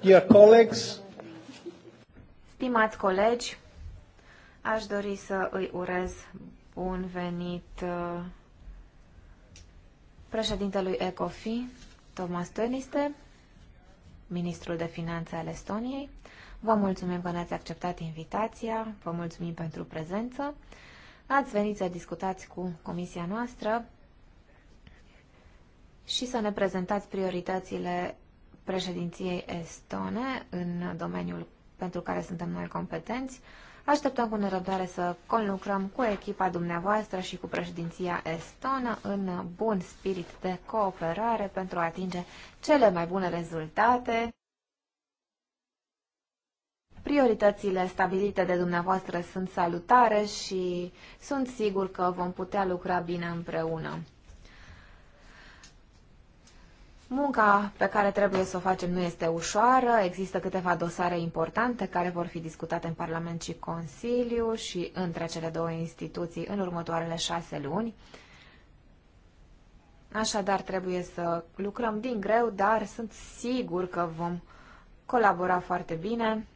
Dear colleagues, Stimați colegi, aș dori să îi urez bun venit uh, președintelui ECOFI, Thomas Töniste, ministrul de finanțe al Estoniei. Vă mulțumim că ne-ați acceptat invitația, vă mulțumim pentru prezență. Ați venit să discutați cu comisia noastră și să ne prezentați prioritățile președinției estone în domeniul pentru care suntem noi competenți. Așteptăm cu nerăbdare să conlucrăm cu echipa dumneavoastră și cu președinția estonă în bun spirit de cooperare pentru a atinge cele mai bune rezultate. Prioritățile stabilite de dumneavoastră sunt salutare și sunt sigur că vom putea lucra bine împreună. Munca pe care trebuie să o facem nu este ușoară, există câteva dosare importante care vor fi discutate în Parlament și Consiliu și între cele două instituții în următoarele șase luni. Așadar, trebuie să lucrăm din greu, dar sunt sigur că vom colabora foarte bine,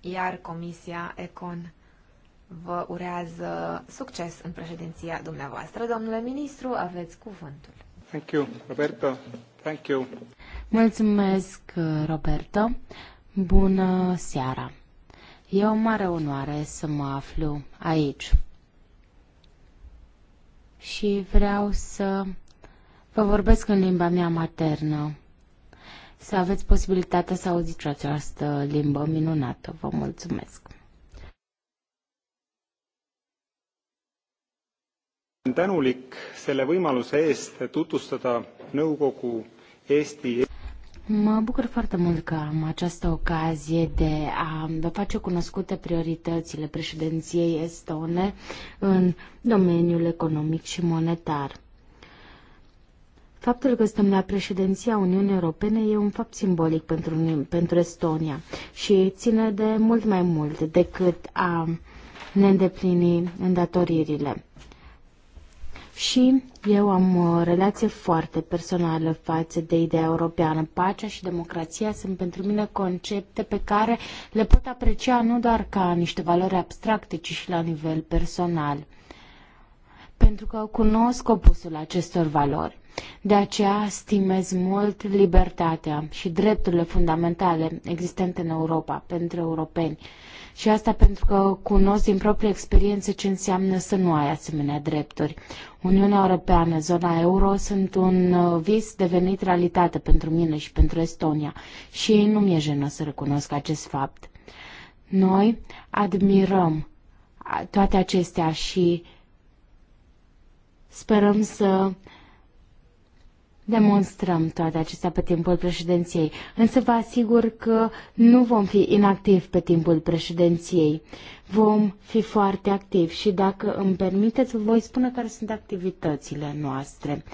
iar Comisia Econ vă urează succes în președinția dumneavoastră. Domnule ministru, aveți cuvântul. Thank you, Roberto. Thank you. Mulțumesc, Roberto. Bună seara. E o mare onoare să mă aflu aici. Și vreau să vă vorbesc în limba mea maternă. Să aveți posibilitatea să auziți această limbă minunată. Vă mulțumesc. tänulik selle võimaluse eest tutvustada nõukogu Eesti Mă bucur foarte mult că am această ocazie de a vă face cunoscute prioritățile președinției estone în domeniul economic și monetar. Faptul că suntem la președinția Uniunii Europene e un fapt simbolic pentru, pentru Estonia și ține de mult mai mult decât a ne îndeplini îndatoririle și eu am o uh, relație foarte personală față de ideea europeană. Pacea și democrația sunt pentru mine concepte pe care le pot aprecia nu doar ca niște valori abstracte, ci și la nivel personal. Pentru că cunosc opusul acestor valori. De aceea stimez mult libertatea și drepturile fundamentale existente în Europa pentru europeni. Și asta pentru că cunosc din proprie experiență ce înseamnă să nu ai asemenea drepturi. Uniunea Europeană, zona euro, sunt un uh, vis devenit realitate pentru mine și pentru Estonia și nu mi-e jenă să recunosc acest fapt. Noi admirăm uh, toate acestea și sperăm să demonstrăm toate acestea pe timpul președinției, însă vă asigur că nu vom fi inactivi pe timpul președinției. Vom fi foarte activi și dacă îmi permiteți, vă voi spune care sunt activitățile noastre.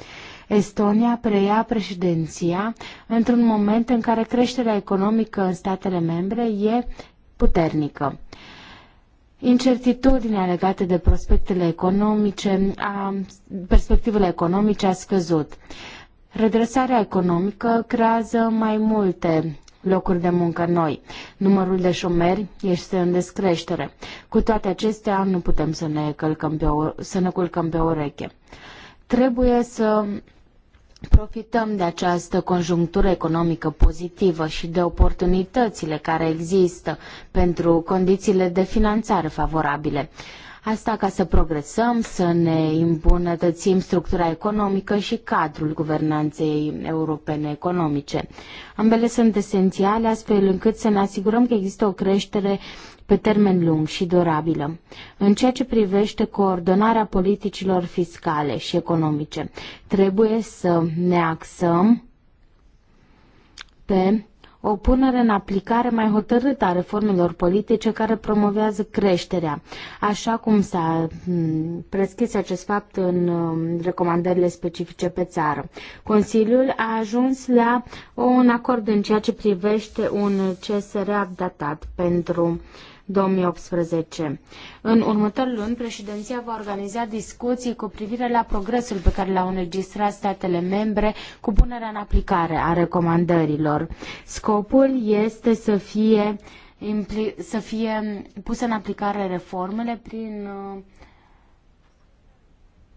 Estonia preia președinția într-un moment în care creșterea economică în statele membre e puternică. Incertitudinea legată de prospectele economice, a, perspectivele economice a scăzut. Redresarea economică creează mai multe locuri de muncă noi. Numărul de șomeri este în descreștere. Cu toate acestea, nu putem să ne, călcăm pe o, să ne culcăm pe ureche. Trebuie să profităm de această conjunctură economică pozitivă și de oportunitățile care există pentru condițiile de finanțare favorabile. Asta ca să progresăm, să ne îmbunătățim structura economică și cadrul guvernanței europene economice. Ambele sunt esențiale astfel încât să ne asigurăm că există o creștere pe termen lung și durabilă. În ceea ce privește coordonarea politicilor fiscale și economice, trebuie să ne axăm pe o punere în aplicare mai hotărâtă a reformelor politice care promovează creșterea, așa cum s-a prescris acest fapt în um, recomandările specifice pe țară. Consiliul a ajuns la un acord în ceea ce privește un CSR updatat pentru uh, 2018. În următor luni, președinția va organiza discuții cu privire la progresul pe care l-au înregistrat statele membre cu punerea în aplicare a recomandărilor. Scopul este să fie, să fie puse în aplicare reformele prin uh,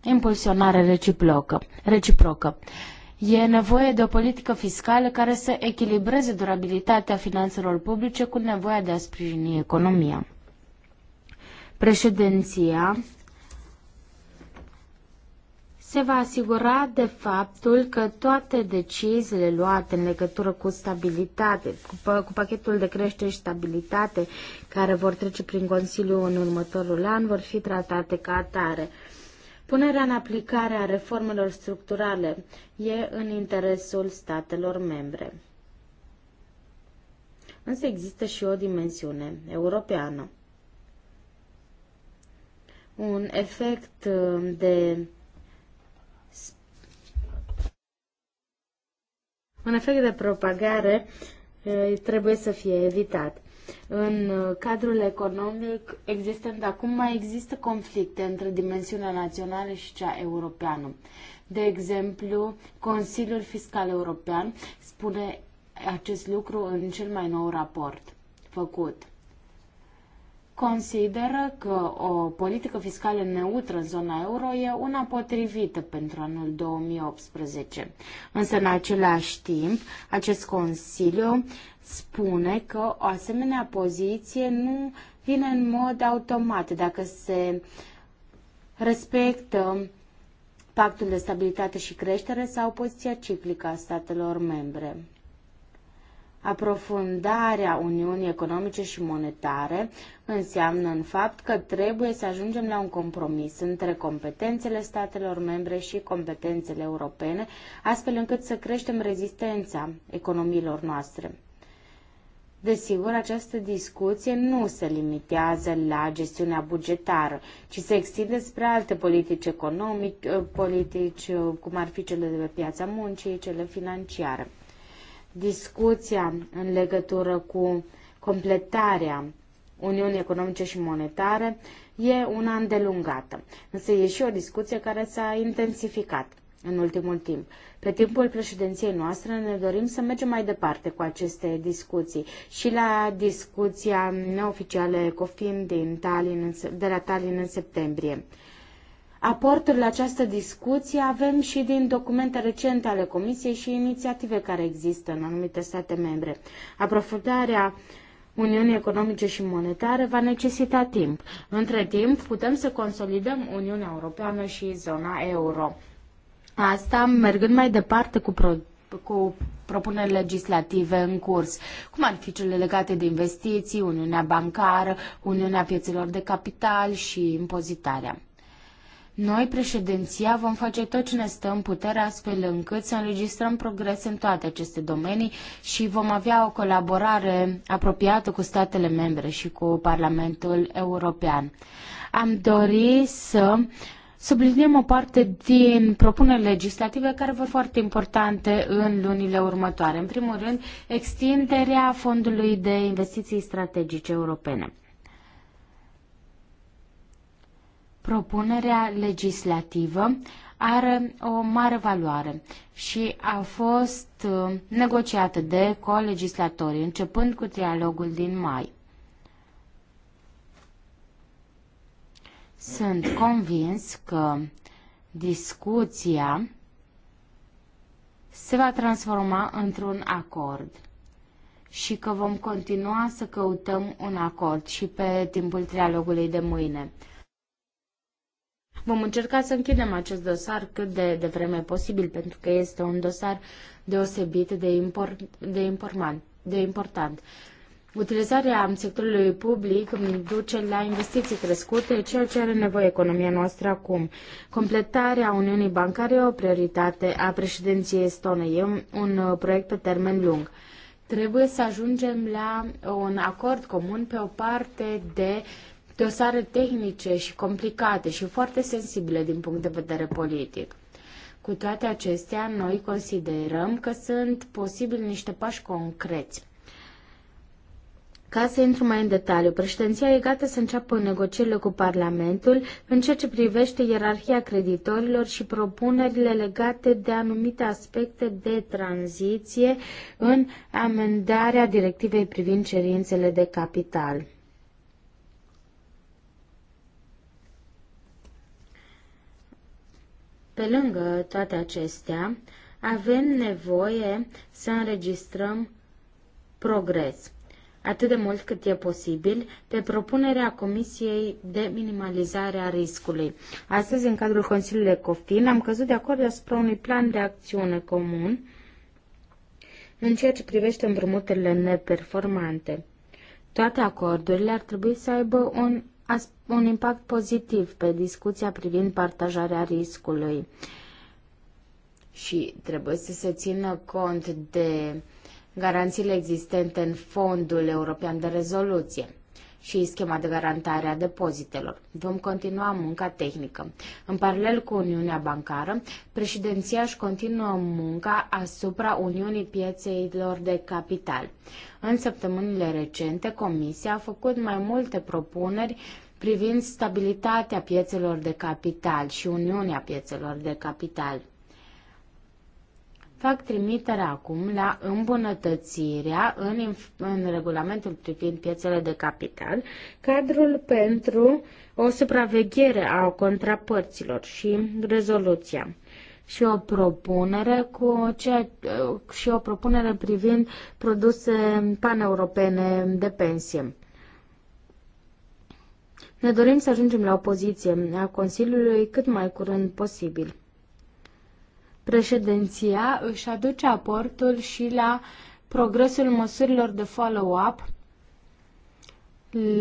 impulsionare reciprocă. reciprocă. E nevoie de o politică fiscală care să echilibreze durabilitatea finanțelor publice cu nevoia de a sprijini economia. Președinția se va asigura de faptul că toate deciziile luate în legătură cu stabilitate, cu, cu pachetul de creștere și stabilitate care vor trece prin Consiliu în următorul an, vor fi tratate ca atare. Punerea în aplicare a reformelor structurale e în interesul statelor membre. Însă există și o dimensiune europeană. Un efect uh, de un efect de propagare uh, trebuie să fie evitat. În uh, cadrul economic existent acum mai există conflicte între dimensiunea națională și cea europeană. De exemplu, Consiliul Fiscal European spune acest lucru în cel mai nou raport făcut consideră că o politică fiscală neutră în zona euro e una potrivită pentru anul 2018. Însă, în același timp, acest Consiliu spune că o asemenea poziție nu vine în mod automat dacă se respectă pactul de stabilitate și creștere sau poziția ciclică a statelor membre. Aprofundarea Uniunii Economice și Monetare înseamnă în fapt că trebuie să ajungem la un compromis între competențele statelor membre și competențele europene, astfel încât să creștem rezistența economiilor noastre. Desigur, această discuție nu se limitează la gestiunea bugetară, ci se extinde spre alte politici economice, politici cum ar fi cele de pe piața muncii, cele financiare discuția în legătură cu completarea Uniunii Economice și Monetare e una îndelungată, însă e și o discuție care s-a intensificat în ultimul timp. Pe timpul președinției noastre ne dorim să mergem mai departe cu aceste discuții și la discuția neoficială COFIN din Tallinn, de la Tallinn în septembrie. Aportul la această discuție avem și din documente recente ale Comisiei și inițiative care există în anumite state membre. Aprofundarea Uniunii Economice și Monetare va necesita timp. Între timp, putem să consolidăm Uniunea Europeană și zona euro. Asta mergând mai departe cu, pro- cu propuneri legislative în curs, cum ar fi cele legate de investiții, Uniunea Bancară, Uniunea Piețelor de Capital și impozitarea. Noi, președinția, vom face tot ce ne stă în putere astfel încât să înregistrăm progrese în toate aceste domenii și vom avea o colaborare apropiată cu statele membre și cu Parlamentul European. Am dorit să subliniem o parte din propuneri legislative care vor foarte importante în lunile următoare. În primul rând, extinderea Fondului de Investiții Strategice Europene. Propunerea legislativă are o mare valoare și a fost uh, negociată de colegislatorii începând cu trialogul din mai. Sunt convins că discuția se va transforma într-un acord și că vom continua să căutăm un acord și pe timpul trialogului de mâine. Vom încerca să închidem acest dosar cât de devreme posibil, pentru că este un dosar deosebit de, import, de, important, de important. Utilizarea sectorului public duce la investiții crescute, ceea ce are nevoie economia noastră acum. Completarea Uniunii Bancare e o prioritate a președinției estone. E un uh, proiect pe termen lung trebuie să ajungem la un acord comun pe o parte de dosare tehnice și complicate și foarte sensibile din punct de vedere politic. Cu toate acestea, noi considerăm că sunt posibili niște pași concreți. Ca să intru mai în detaliu, președinția e gata să înceapă negocierile cu Parlamentul în ceea ce privește ierarhia creditorilor și propunerile legate de anumite aspecte de tranziție în amendarea directivei privind cerințele de capital. Pe lângă toate acestea, avem nevoie să înregistrăm progres, atât de mult cât e posibil, pe propunerea Comisiei de minimalizare a riscului. Astăzi, în cadrul Consiliului COFIN, am căzut de acord asupra unui plan de acțiune comun în ceea ce privește împrumuturile neperformante. Toate acordurile ar trebui să aibă un un impact pozitiv pe discuția privind partajarea riscului și trebuie să se țină cont de garanțiile existente în Fondul European de Rezoluție și schema de garantare a depozitelor. Vom continua munca tehnică. În paralel cu Uniunea Bancară, președinția își continuă munca asupra Uniunii Piețeilor de Capital. În săptămânile recente, Comisia a făcut mai multe propuneri privind stabilitatea piețelor de capital și Uniunea piețelor de capital. Fac trimitere acum la îmbunătățirea în, în regulamentul privind piețele de capital, cadrul pentru o supraveghere a contrapărților și rezoluția și o propunere cu ceea, și o propunere privind produse paneuropene de pensie. Ne dorim să ajungem la o poziție a Consiliului cât mai curând posibil. Președinția își aduce aportul și la progresul măsurilor de follow-up,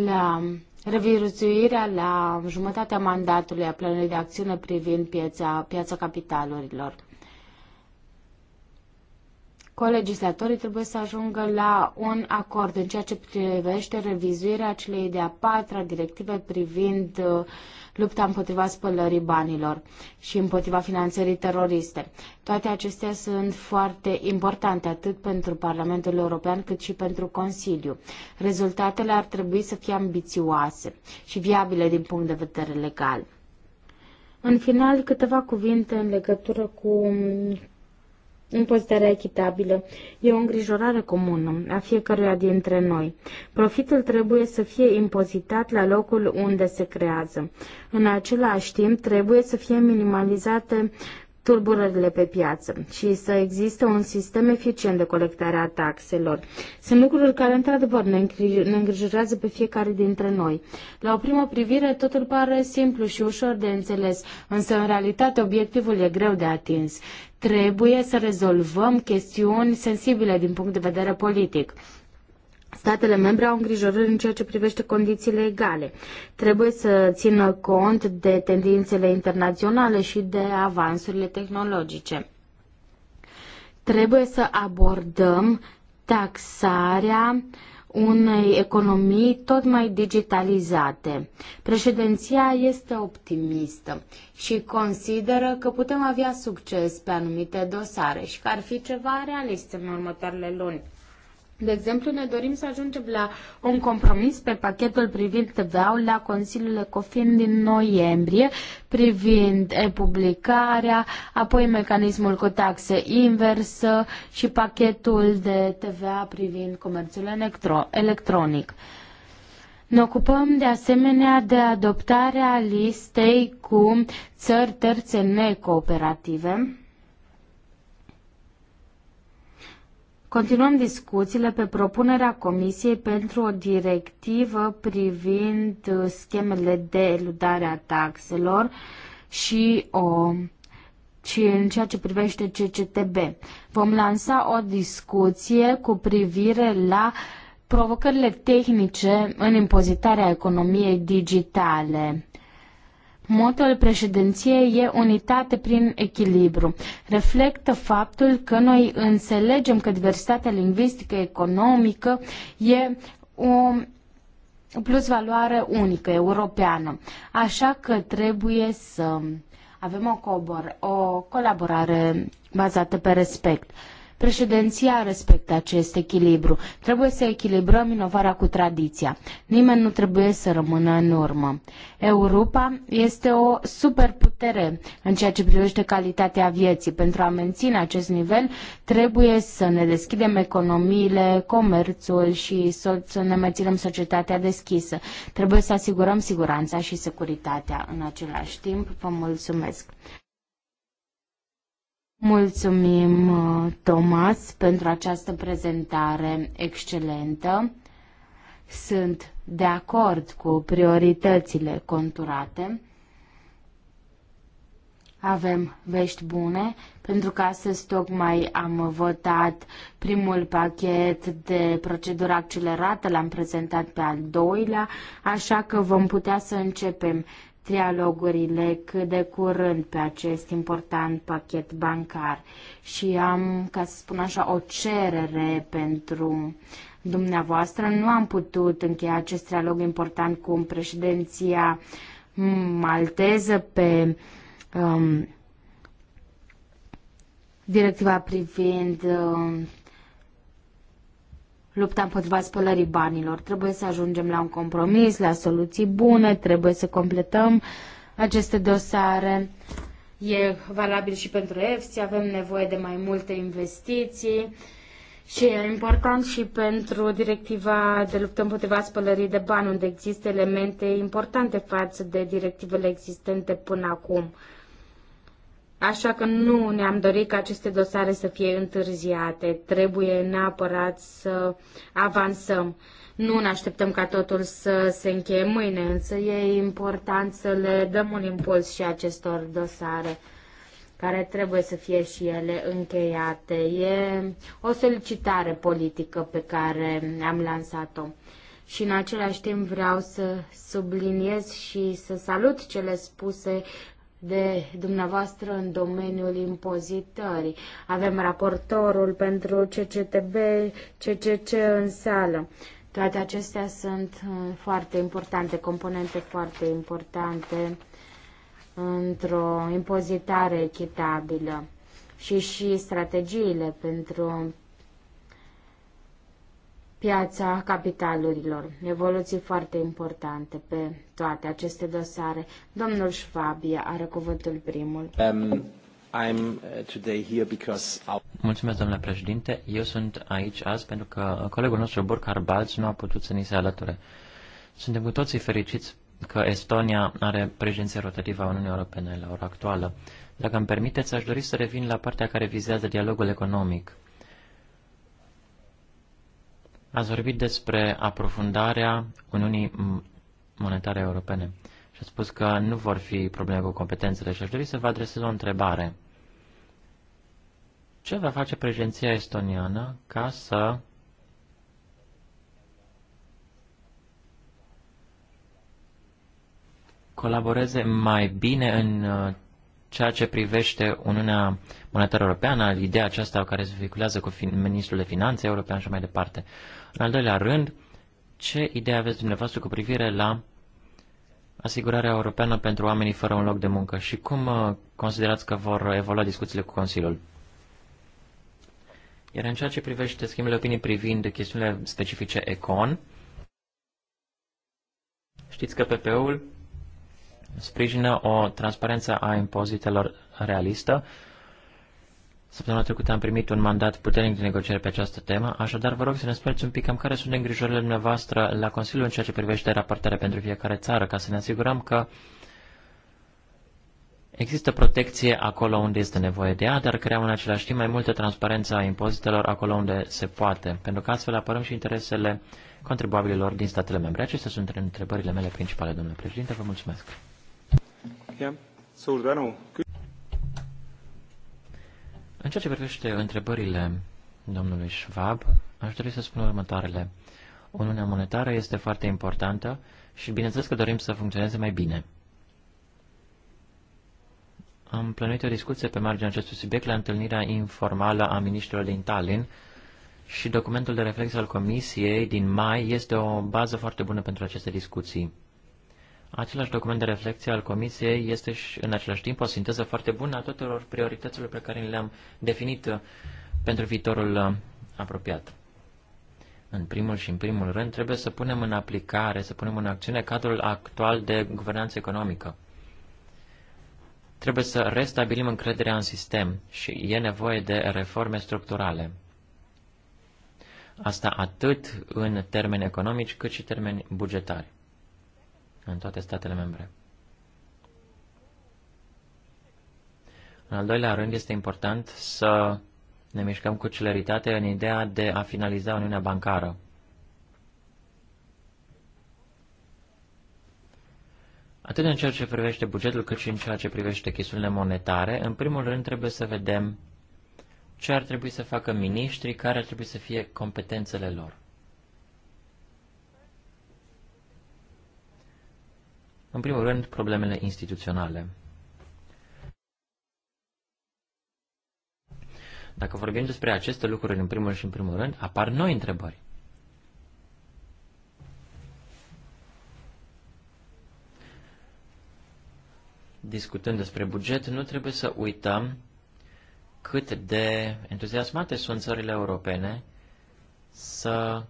la revizuirea la jumătatea mandatului a planului de acțiune privind piața, piața capitalurilor colegislatorii trebuie să ajungă la un acord în ceea ce privește revizuirea celei de-a patra directive privind uh, lupta împotriva spălării banilor și împotriva finanțării teroriste. Toate acestea sunt foarte importante atât pentru Parlamentul European cât și pentru Consiliu. Rezultatele ar trebui să fie ambițioase și viabile din punct de vedere legal. În final, câteva cuvinte în legătură cu Impozitarea echitabilă e o îngrijorare comună a fiecăruia dintre noi. Profitul trebuie să fie impozitat la locul unde se creează. În același timp, trebuie să fie minimalizate tulburările pe piață și să existe un sistem eficient de colectare a taxelor. Sunt lucruri care, într-adevăr, ne îngrijorează pe fiecare dintre noi. La o primă privire, totul pare simplu și ușor de înțeles, însă, în realitate, obiectivul e greu de atins. Trebuie să rezolvăm chestiuni sensibile din punct de vedere politic. Statele membre au îngrijorări în ceea ce privește condițiile egale. Trebuie să țină cont de tendințele internaționale și de avansurile tehnologice. Trebuie să abordăm taxarea uh, unei economii tot mai digitalizate. Președinția este optimistă și consideră că putem avea succes pe anumite dosare și că ar fi ceva realist în următoarele luni. De exemplu, ne dorim să ajungem la un compromis pe pachetul privind TVA-ul la Consiliul Ecofin din noiembrie, privind e-publicarea, apoi mecanismul cu taxe inversă și pachetul de TVA privind comerțul electro- electronic. Ne ocupăm de asemenea de adoptarea listei cu țări terțe necooperative Continuăm discuțiile pe propunerea Comisiei pentru o directivă privind uh, schemele de eludare a taxelor și o și în ceea ce privește CCTB. Vom lansa o discuție cu privire la provocările tehnice în impozitarea economiei digitale Motul președinției e unitate prin echilibru. Reflectă faptul că noi înțelegem că diversitatea lingvistică, economică e o plus valoare unică, europeană. Așa că trebuie să avem o, cobor, o colaborare bazată pe respect. Președinția respectă acest echilibru. Trebuie să echilibrăm inovarea cu tradiția. Nimeni nu trebuie să rămână în urmă. Europa este o superputere în ceea ce privește calitatea vieții. Pentru a menține acest nivel, trebuie să ne deschidem economiile, comerțul și să ne menținem societatea deschisă. Trebuie să asigurăm siguranța și securitatea în același timp. Vă mulțumesc! Mulțumim, uh, Thomas, pentru această prezentare excelentă. Sunt de acord cu prioritățile conturate. Avem vești bune, pentru că astăzi tocmai am votat primul pachet de procedură accelerată, l-am prezentat pe al doilea, așa că vom putea să începem trialogurile cât de curând pe acest important pachet bancar și am, ca să spun așa, o cerere pentru dumneavoastră. Nu am putut încheia acest trialog important cu președinția malteză pe um, directiva privind um, lupta împotriva spălării banilor. Trebuie să ajungem la un compromis, la soluții bune, trebuie să completăm aceste dosare. E valabil și pentru EFSI, avem nevoie de mai multe investiții și e important și pentru directiva de luptă împotriva spălării de bani, unde există elemente importante față de directivele existente până acum. Așa că nu ne-am dorit ca aceste dosare să fie întârziate. Trebuie neapărat să avansăm. Nu ne așteptăm ca totul să se încheie mâine, însă e important să le dăm un impuls și acestor dosare care trebuie să fie și ele încheiate. E o solicitare politică pe care am lansat-o. Și în același timp vreau să subliniez și să salut cele spuse de dumneavoastră în domeniul impozitării. Avem raportorul pentru CCTB, CCC în sală. Toate acestea sunt uh, foarte importante, componente foarte importante într-o impozitare echitabilă și și strategiile pentru piața capitalurilor. Evoluții foarte importante pe toate aceste dosare. Domnul Schwabia are cuvântul primul. Um, I'm uh, today here because... Mulțumesc, domnule președinte. Eu sunt aici azi pentru că colegul nostru Burkhard Balz nu a putut să ni se alăture. Suntem cu toții fericiți că Estonia are președinția rotativă a Uniunii Europene la ora actuală. Dacă îmi permiteți, aș dori să revin la partea care vizează dialogul economic Ați vorbit despre aprofundarea Uniunii Monetare Europene și ați spus că nu vor fi probleme cu competențele și aș dori să vă adresez o întrebare. Ce va face președinția estoniană ca să colaboreze mai bine în uh, ceea ce privește Uniunea Monetară Europeană, ideea aceasta care se vehiculează cu ministrul de finanțe european și mai departe. În al doilea rând, ce idee aveți dumneavoastră cu privire la asigurarea europeană pentru oamenii fără un loc de muncă și cum uh, considerați că vor evolua discuțiile cu Consiliul? Iar în ceea ce privește schimbele opinii privind chestiunile specifice ECON, știți că ppu ul sprijină o transparență a impozitelor realistă Săptămâna trecută am primit un mandat puternic de negociere pe această temă, așadar vă rog să ne spuneți un pic cam care sunt îngrijorările dumneavoastră la Consiliu în ceea ce privește raportarea pentru fiecare țară, ca să ne asigurăm că există protecție acolo unde este nevoie de ea, dar creăm în același timp mai multă transparență a impozitelor acolo unde se poate, pentru că astfel apărăm și interesele contribuabililor din statele membre. Acestea sunt întrebările mele principale, domnule președinte. Vă mulțumesc. Yeah. So, în ceea ce privește întrebările domnului Schwab, aș dori să spun următoarele. Uniunea monetară este foarte importantă și bineînțeles că dorim să funcționeze mai bine. Am plănuit o discuție pe marginea acestui subiect la întâlnirea informală a ministrilor din Tallinn și documentul de reflex al Comisiei din mai este o bază foarte bună pentru aceste discuții. Același document de reflexie al Comisiei este și, în același timp, o sinteză foarte bună a tuturor priorităților pe care le-am definit uh, pentru viitorul uh, apropiat. În primul și în primul rând, trebuie să punem în aplicare, să punem în acțiune cadrul actual de guvernanță economică. Trebuie să restabilim încrederea în sistem și e nevoie de reforme structurale. Asta atât în termeni economici cât și termeni bugetari în toate statele membre. În al doilea rând, este important să ne mișcăm cu celeritate în ideea de a finaliza Uniunea Bancară. Atât în ceea ce privește bugetul, cât și în ceea ce privește chestiunile monetare, în primul rând trebuie să vedem ce ar trebui să facă miniștrii, care ar trebui să fie competențele lor. În primul rând, problemele instituționale. Dacă vorbim despre aceste lucruri în primul și în primul rând, apar noi întrebări. Discutând despre buget, nu trebuie să uităm cât de entuziasmate sunt țările europene să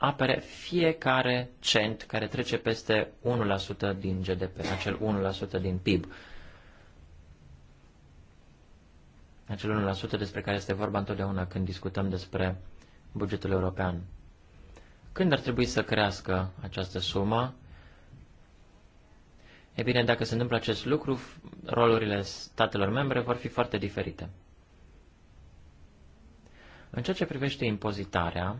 apere fiecare cent care trece peste 1% din GDP, acel 1% din PIB. Acel 1% despre care este vorba întotdeauna când discutăm despre bugetul european. Când ar trebui să crească această sumă? E bine, dacă se întâmplă acest lucru, rolurile statelor membre vor fi foarte diferite. În ceea ce privește impozitarea,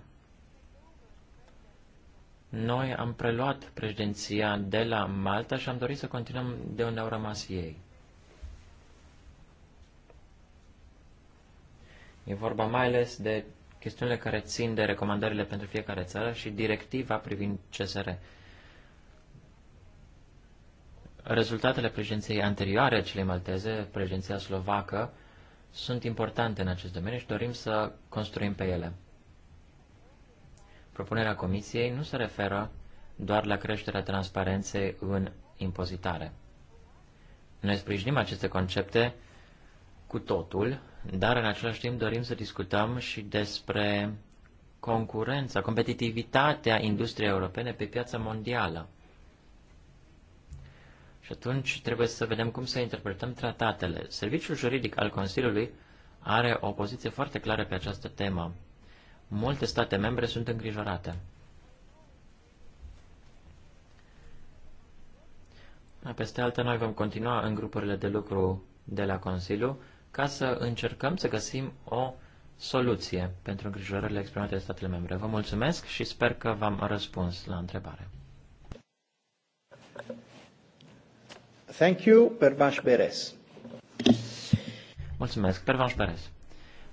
noi am preluat președinția de la Malta și am dorit să continuăm de unde au rămas ei. E vorba mai ales de chestiunile care țin de recomandările pentru fiecare țară și directiva privind CSR. Rezultatele președinției anterioare celei malteze, președinția slovacă, sunt importante în acest domeniu și dorim să construim pe ele. Propunerea Comisiei nu se referă doar la creșterea transparenței în impozitare. Noi sprijinim aceste concepte cu totul, dar în același timp dorim să discutăm și despre concurența, competitivitatea industriei europene pe piața mondială. Și atunci trebuie să vedem cum să interpretăm tratatele. Serviciul juridic al Consiliului are o poziție foarte clară pe această temă. Multe state membre sunt îngrijorate. Peste altă, noi vom continua în grupurile de lucru de la Consiliu ca să încercăm să găsim o soluție pentru îngrijorările exprimate de statele membre. Vă mulțumesc și sper că v-am răspuns la întrebare. Thank you, Pervanș Beres. Mulțumesc, Pervanș Beres.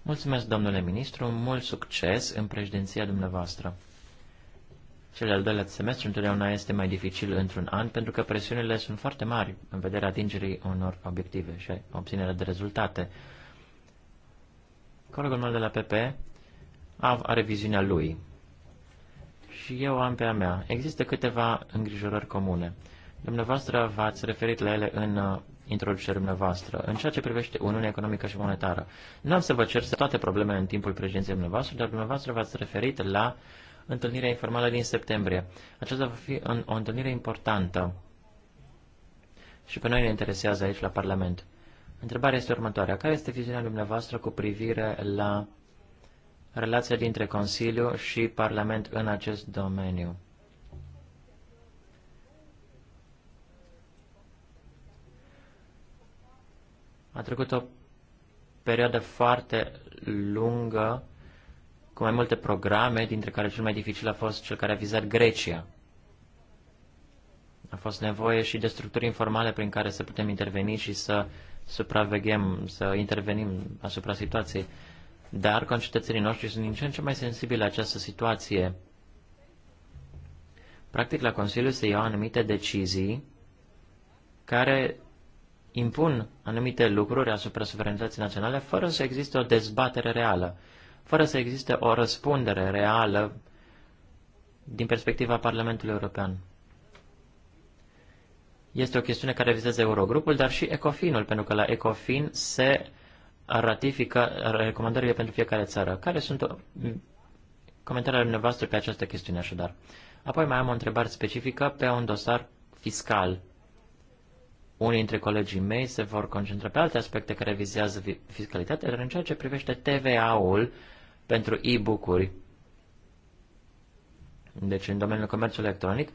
Mulțumesc, domnule ministru, mult succes în președinția dumneavoastră. Cel de-al doilea semestru întotdeauna este mai dificil într-un an pentru că presiunile sunt foarte mari în vederea atingerii unor obiective și obținerea de rezultate. Colegul meu de la PP are viziunea lui și eu am pe a mea. Există câteva îngrijorări comune. Dumneavoastră v-ați referit la ele în uh, introducerea dumneavoastră. În ceea ce privește Uniunea Economică și Monetară, nu am să vă cer să toate problemele în timpul președinției dumneavoastră, dar dumneavoastră v-ați referit la întâlnirea informală din septembrie. Aceasta va fi o întâlnire importantă și pe noi ne interesează aici la Parlament. Întrebarea este următoarea. Care este viziunea dumneavoastră cu privire la relația dintre Consiliu și Parlament în acest domeniu? A trecut o perioadă foarte lungă cu mai multe programe, dintre care cel mai dificil a fost cel care a vizat Grecia. A fost nevoie și de structuri informale prin care să putem interveni și să supraveghem, să intervenim asupra situației. Dar concetățenii noștri sunt din ce în ce mai sensibili la această situație. Practic, la Consiliu se iau anumite decizii care impun anumite lucruri asupra suverenității naționale fără să existe o dezbatere reală, fără să existe o răspundere reală din perspectiva Parlamentului European. Este o chestiune care vizează Eurogrupul, dar și Ecofinul, pentru că la Ecofin se ratifică recomandările pentru fiecare țară. Care sunt uh, comentariile dumneavoastră pe această chestiune, așadar? Apoi mai am o întrebare specifică pe un dosar fiscal unii dintre colegii mei se vor concentra pe alte aspecte care vizează fiscalitatea, dar în ceea ce privește TVA-ul pentru e-book-uri, deci în domeniul comerțului electronic,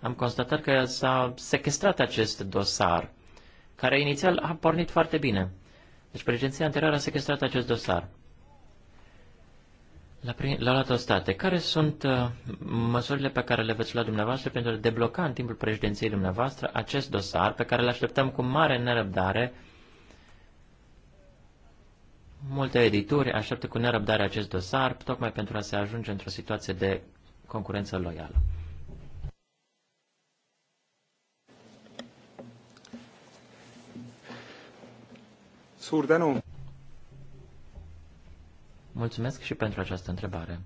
am constatat că s-a sequestrat acest dosar, care inițial a pornit foarte bine. Deci președinția anterioară a sequestrat acest dosar la, prim, la toate state, care sunt uh, măsurile pe care le veți lua dumneavoastră pentru a debloca în timpul președinției dumneavoastră acest dosar pe care îl așteptăm cu mare nerăbdare? Multe edituri așteaptă cu nerăbdare acest dosar, tocmai pentru a se ajunge într-o situație de concurență loială. Suur tänu Mulțumesc și pentru această întrebare.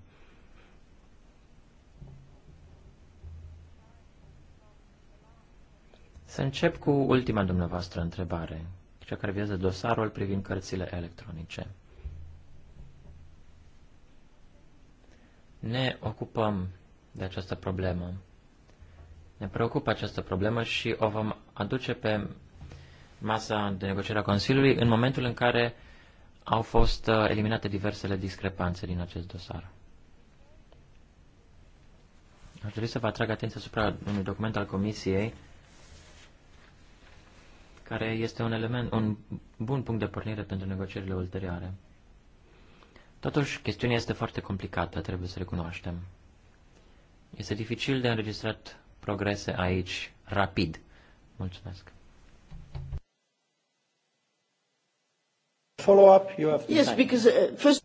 Să încep cu ultima dumneavoastră întrebare, cea care vizează dosarul privind cărțile electronice. Ne ocupăm de această problemă. Ne preocupă această problemă și o vom aduce pe masa de negociere a Consiliului în momentul în care au fost uh, eliminate diversele discrepanțe din acest dosar. Aș dori să vă atrag atenția asupra unui document al Comisiei care este un element, un bun punct de pornire pentru negocierile ulterioare. Totuși, chestiunea este foarte complicată, trebuie să recunoaștem. Este dificil de înregistrat progrese aici, rapid. Mulțumesc. follow-up? You have yes, because uh, first...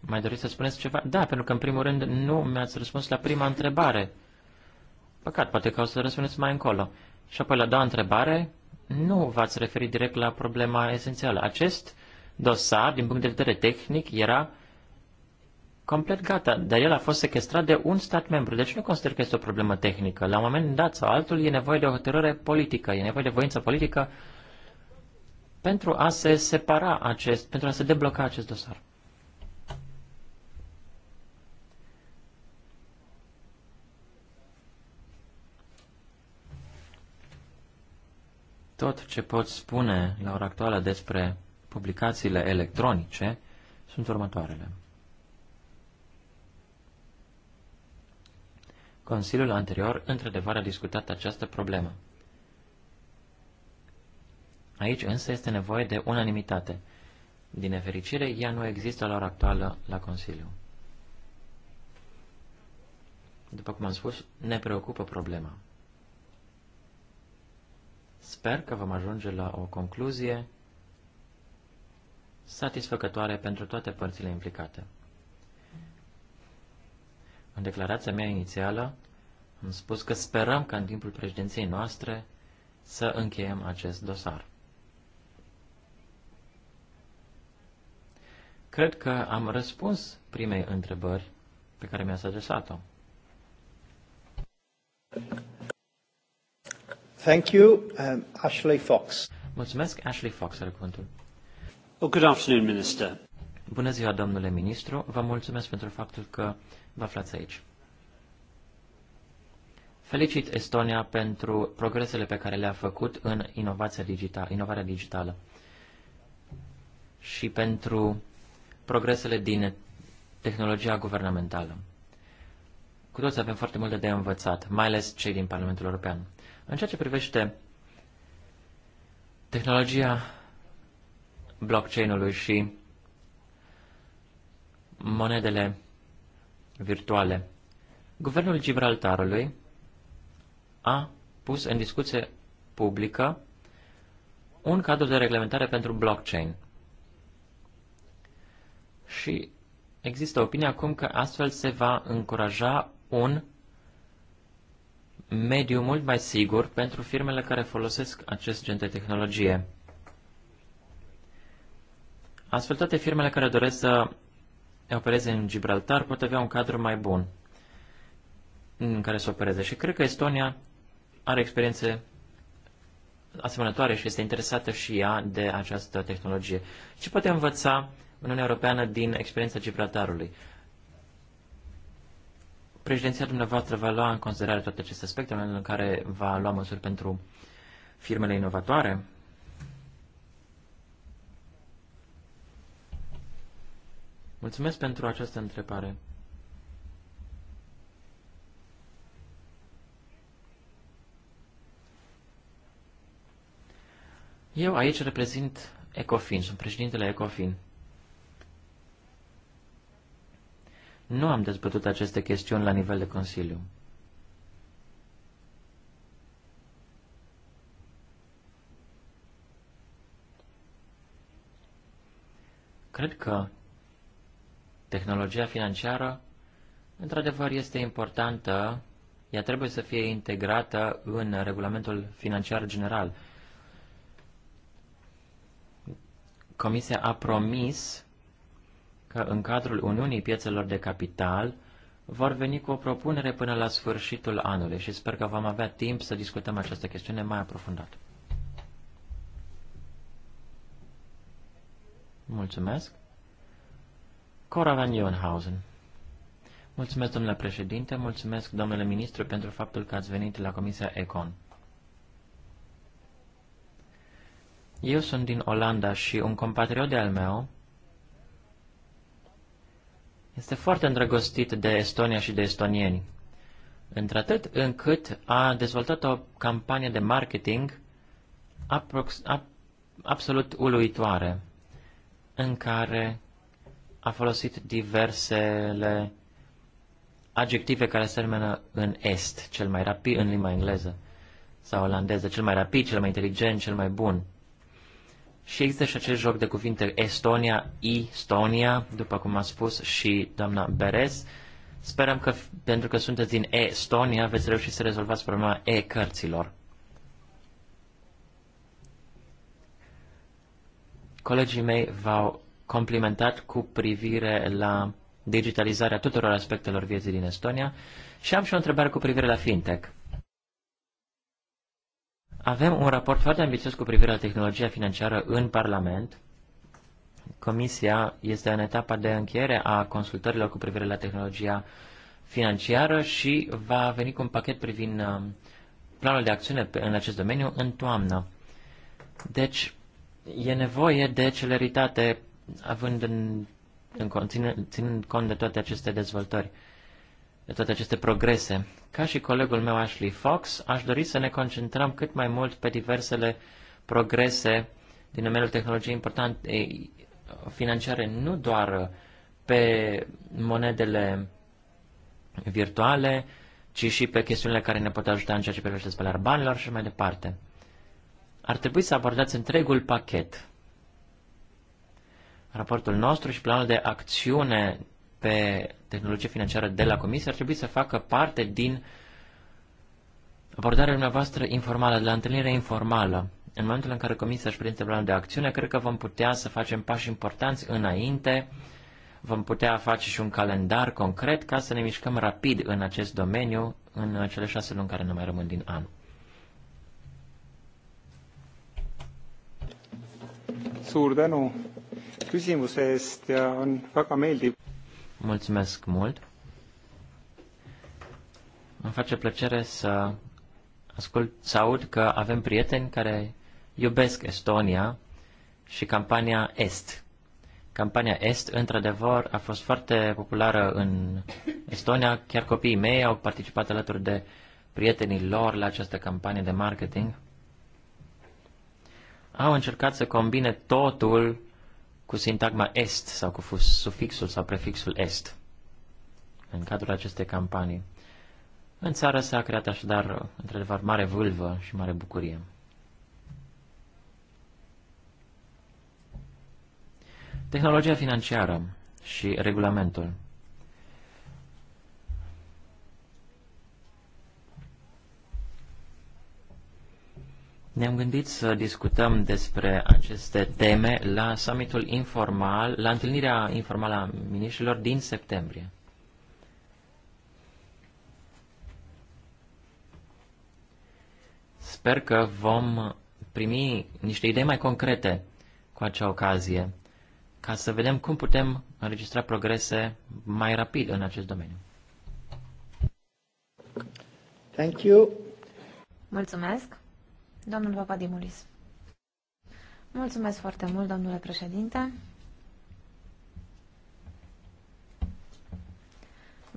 Mai doriți să spuneți ceva? Da, pentru că în primul rând nu mi-ați răspuns la prima întrebare. Păcat, poate că o să răspundeți mai încolo. Și apoi la doua întrebare, nu v-ați referit direct la problema esențială. Acest dosar, din punct de vedere tehnic, era complet gata, dar el a fost sequestrat de un stat membru, deci nu consider că este o problemă tehnică. La un moment dat sau altul e nevoie de o hotărâre politică, e nevoie de voință politică pentru a se separa acest, pentru a se debloca acest dosar. Tot ce pot spune la ora actuală despre publicațiile electronice sunt următoarele. Consiliul anterior, într-adevăr, a discutat această problemă. Aici însă este nevoie de unanimitate. Din nefericire, ea nu există la ora actuală la Consiliu. După cum am spus, ne preocupă problema. Sper că vom ajunge la o concluzie satisfăcătoare pentru toate părțile implicate. În declarația mea inițială am spus că sperăm ca în timpul președinției noastre să încheiem acest dosar. Cred că am răspuns primei întrebări pe care mi-ați adresat-o. Thank you, um, Ashley Fox. Mulțumesc, Ashley Fox, are cuvântul. Oh, good afternoon, Minister. Bună ziua, domnule ministru. Vă mulțumesc pentru faptul că vă aflați aici. Felicit Estonia pentru progresele pe care le-a făcut în inovația digitală, inovarea digitală și pentru progresele din tehnologia guvernamentală. Cu toți avem foarte multe de învățat, mai ales cei din Parlamentul European. În ceea ce privește tehnologia blockchain-ului și monedele virtuale, guvernul Gibraltarului a pus în discuție publică un cadru de reglementare pentru blockchain și există opinia acum că astfel se va încuraja un mediu mult mai sigur pentru firmele care folosesc acest gen de tehnologie. Astfel, toate firmele care doresc să opereze în Gibraltar pot avea un cadru mai bun în care să opereze. Și cred că Estonia are experiențe asemănătoare și este interesată și ea de această tehnologie. Ce poate învăța Uniunea Europeană din experiența Gibraltarului. Președinția dumneavoastră va lua în considerare toate aceste aspecte, în în care va lua măsuri pentru firmele inovatoare? Mulțumesc pentru această întrebare. Eu aici reprezint Ecofin, sunt președintele Ecofin. Nu am dezbătut aceste chestiuni la nivel de Consiliu. Cred că tehnologia financiară, într-adevăr, este importantă. Ea trebuie să fie integrată în regulamentul financiar general. Comisia a promis că în cadrul Uniunii Piețelor de Capital vor veni cu o propunere până la sfârșitul anului și sper că vom avea timp să discutăm această chestiune mai aprofundat. Mulțumesc. Cora van Jonhausen. Mulțumesc, domnule președinte, mulțumesc, domnule ministru, pentru faptul că ați venit la Comisia Econ. Eu sunt din Olanda și un compatriot de-al meu este foarte îndrăgostit de Estonia și de estonieni, într-atât încât a dezvoltat o campanie de marketing absolut uluitoare, în care a folosit diversele adjective care se termină în est, cel mai rapid, în limba engleză sau olandeză, cel mai rapid, cel mai inteligent, cel mai bun. Și există și acest joc de cuvinte Estonia, Estonia, după cum a spus și doamna Beres. Sperăm că, pentru că sunteți din Estonia, veți reuși să rezolvați problema e-cărților. Colegii mei v-au complimentat cu privire la digitalizarea tuturor aspectelor vieții din Estonia și am și o întrebare cu privire la fintech. Avem un raport foarte ambițios cu privire la tehnologia financiară în Parlament. Comisia este în etapa de încheiere a consultărilor cu privire la tehnologia financiară și va veni cu un pachet privind um, planul de acțiune în acest domeniu în toamnă. Deci, e nevoie de celeritate, având în, în ținând cont de toate aceste dezvoltări de toate aceste progrese. Ca și colegul meu Ashley Fox, aș dori să ne concentrăm cât mai mult pe diversele progrese din domeniul tehnologiei importante financiare, nu doar pe monedele virtuale, ci și pe chestiunile care ne pot ajuta în ceea ce privește spălarea banilor și mai departe. Ar trebui să abordați întregul pachet. Raportul nostru și planul de acțiune pe tehnologie financiară de la Comisie ar trebui să facă parte din abordarea dumneavoastră informală, de la întâlnirea informală. În momentul în care Comisia își prezinte planul de acțiune, cred că vom putea să facem pași importanți înainte, vom putea face și un calendar concret ca să ne mișcăm rapid în acest domeniu în cele șase luni care ne mai rămân din an. suur tänu küsimuse eest ja on väga meeldiv Mulțumesc mult. Îmi face plăcere să ascult, să aud că avem prieteni care iubesc Estonia și campania Est. Campania Est, într-adevăr, a fost foarte populară în Estonia. Chiar copiii mei au participat alături de prietenii lor la această campanie de marketing. Au încercat să combine totul cu sintagma est sau cu sufixul sau prefixul est în cadrul acestei campanii. În țară s-a creat așadar, într-adevăr, mare vâlvă și mare bucurie. Tehnologia financiară și regulamentul Ne-am gândit să discutăm despre aceste teme la summitul informal, la întâlnirea informală a miniștrilor din septembrie. Sper că vom primi niște idei mai concrete cu acea ocazie, ca să vedem cum putem înregistra progrese mai rapid în acest domeniu. Thank you. Mulțumesc. Domnul Papadimulis. Mulțumesc foarte mult, domnule președinte.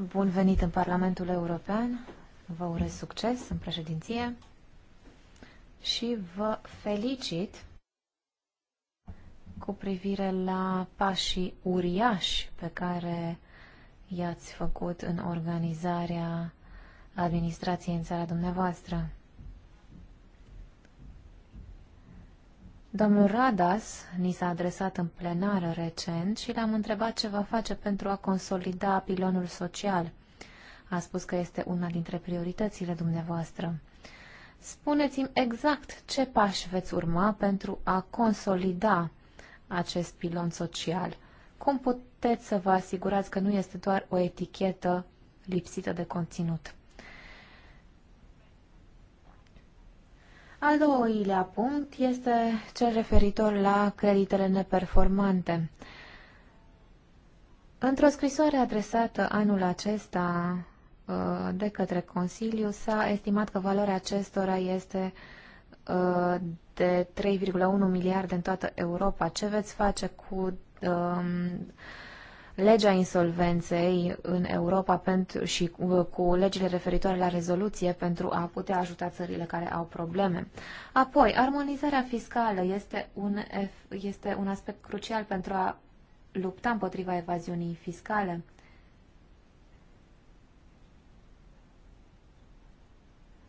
Bun venit în Parlamentul European. Vă urez succes în președinție și vă felicit cu privire la pașii uriași pe care i-ați făcut în organizarea administrației în țara dumneavoastră. Domnul Radas ni s-a adresat în plenară recent și l-am întrebat ce va face pentru a consolida pilonul social. A spus că este una dintre prioritățile dumneavoastră. Spuneți-mi exact ce pași veți urma pentru a consolida acest pilon social. Cum puteți să vă asigurați că nu este doar o etichetă lipsită de conținut? Al doilea punct este cel referitor la creditele neperformante. Într-o scrisoare adresată anul acesta uh, de către Consiliu s-a estimat că valoarea acestora este uh, de 3,1 miliarde în toată Europa. Ce veți face cu um, legea insolvenței în Europa pentru, și uh, cu legile referitoare la rezoluție pentru a putea ajuta țările care au probleme. Apoi, armonizarea fiscală este un, este un aspect crucial pentru a lupta împotriva evaziunii fiscale.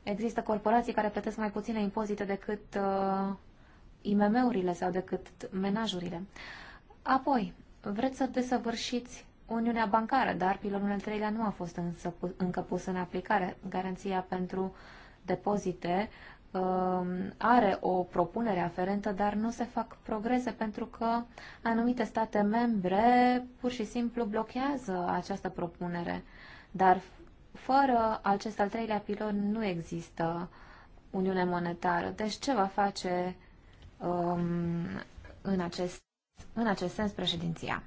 Există corporații care plătesc mai puține impozite decât uh, IMM-urile sau decât menajurile. Apoi, Vreți să desăvârșiți Uniunea Bancară, dar pilonul al treilea nu a fost însă pu- încă pus în aplicare. Garanția pentru depozite uh, are o propunere aferentă, dar nu se fac progrese pentru că anumite state membre pur și simplu blochează această propunere. Dar fără acest al treilea pilon nu există Uniune Monetară. Deci ce va face um, în acest în acest sens președinția.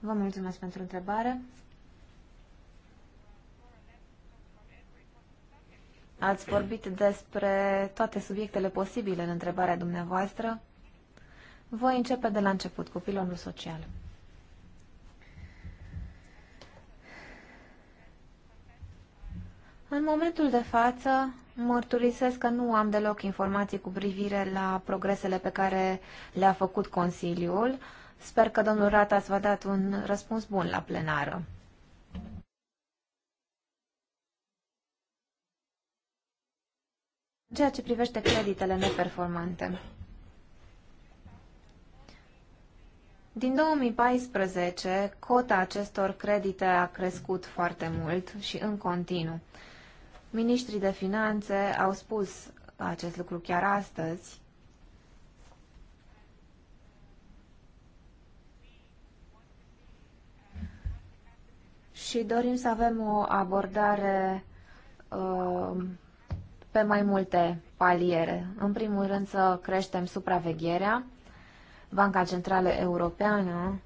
Vă mulțumesc pentru întrebare. Ați vorbit despre toate subiectele posibile în întrebarea dumneavoastră. Voi începe de la început cu pilonul social. În momentul de față, mărturisesc că nu am deloc informații cu privire la progresele pe care le-a făcut Consiliul. Sper că domnul Rata ați a dat un răspuns bun la plenară. ceea ce privește creditele neperformante. Din 2014, cota acestor credite a crescut foarte mult și în continuu. Ministrii de finanțe au spus acest lucru chiar astăzi. Și dorim să avem o abordare uh, pe mai multe paliere. În primul rând să creștem supravegherea. Banca Centrală Europeană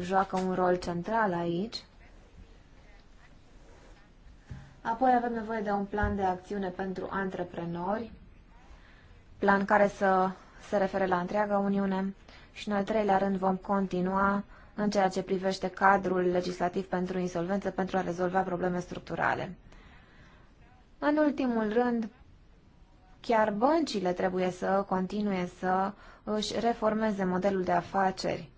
joacă un rol central aici. Apoi avem nevoie de un plan de acțiune pentru antreprenori, plan care să se refere la întreaga Uniune și în al treilea rând vom continua în ceea ce privește cadrul legislativ pentru insolvență pentru a rezolva probleme structurale. În ultimul rând, chiar băncile trebuie să continue să își reformeze modelul de afaceri.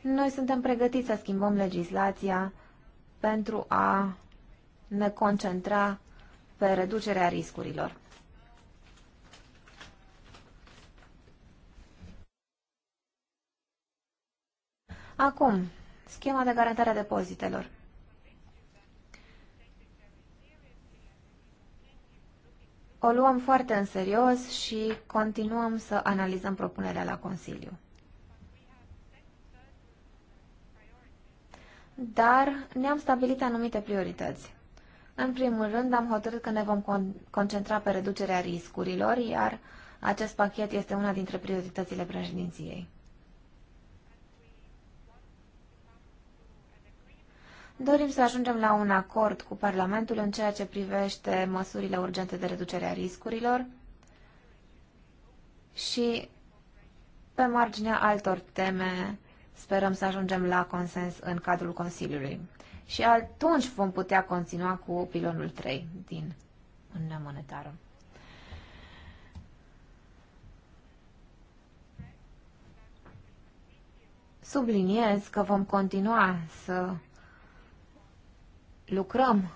Noi suntem pregătiți să schimbăm legislația pentru a ne concentra pe reducerea riscurilor. Acum, schema de garantare a depozitelor. O luăm foarte în serios și continuăm să analizăm propunerea la Consiliu. dar ne-am stabilit anumite priorități. În primul rând, am hotărât că ne vom con- concentra pe reducerea riscurilor, iar acest pachet este una dintre prioritățile președinției. Dorim să ajungem la un acord cu Parlamentul în ceea ce privește măsurile urgente de reducere a riscurilor și pe marginea altor teme Sperăm să ajungem la consens în cadrul Consiliului. Și atunci vom putea continua cu pilonul 3 din Uniunea Monetară. Subliniez că vom continua să lucrăm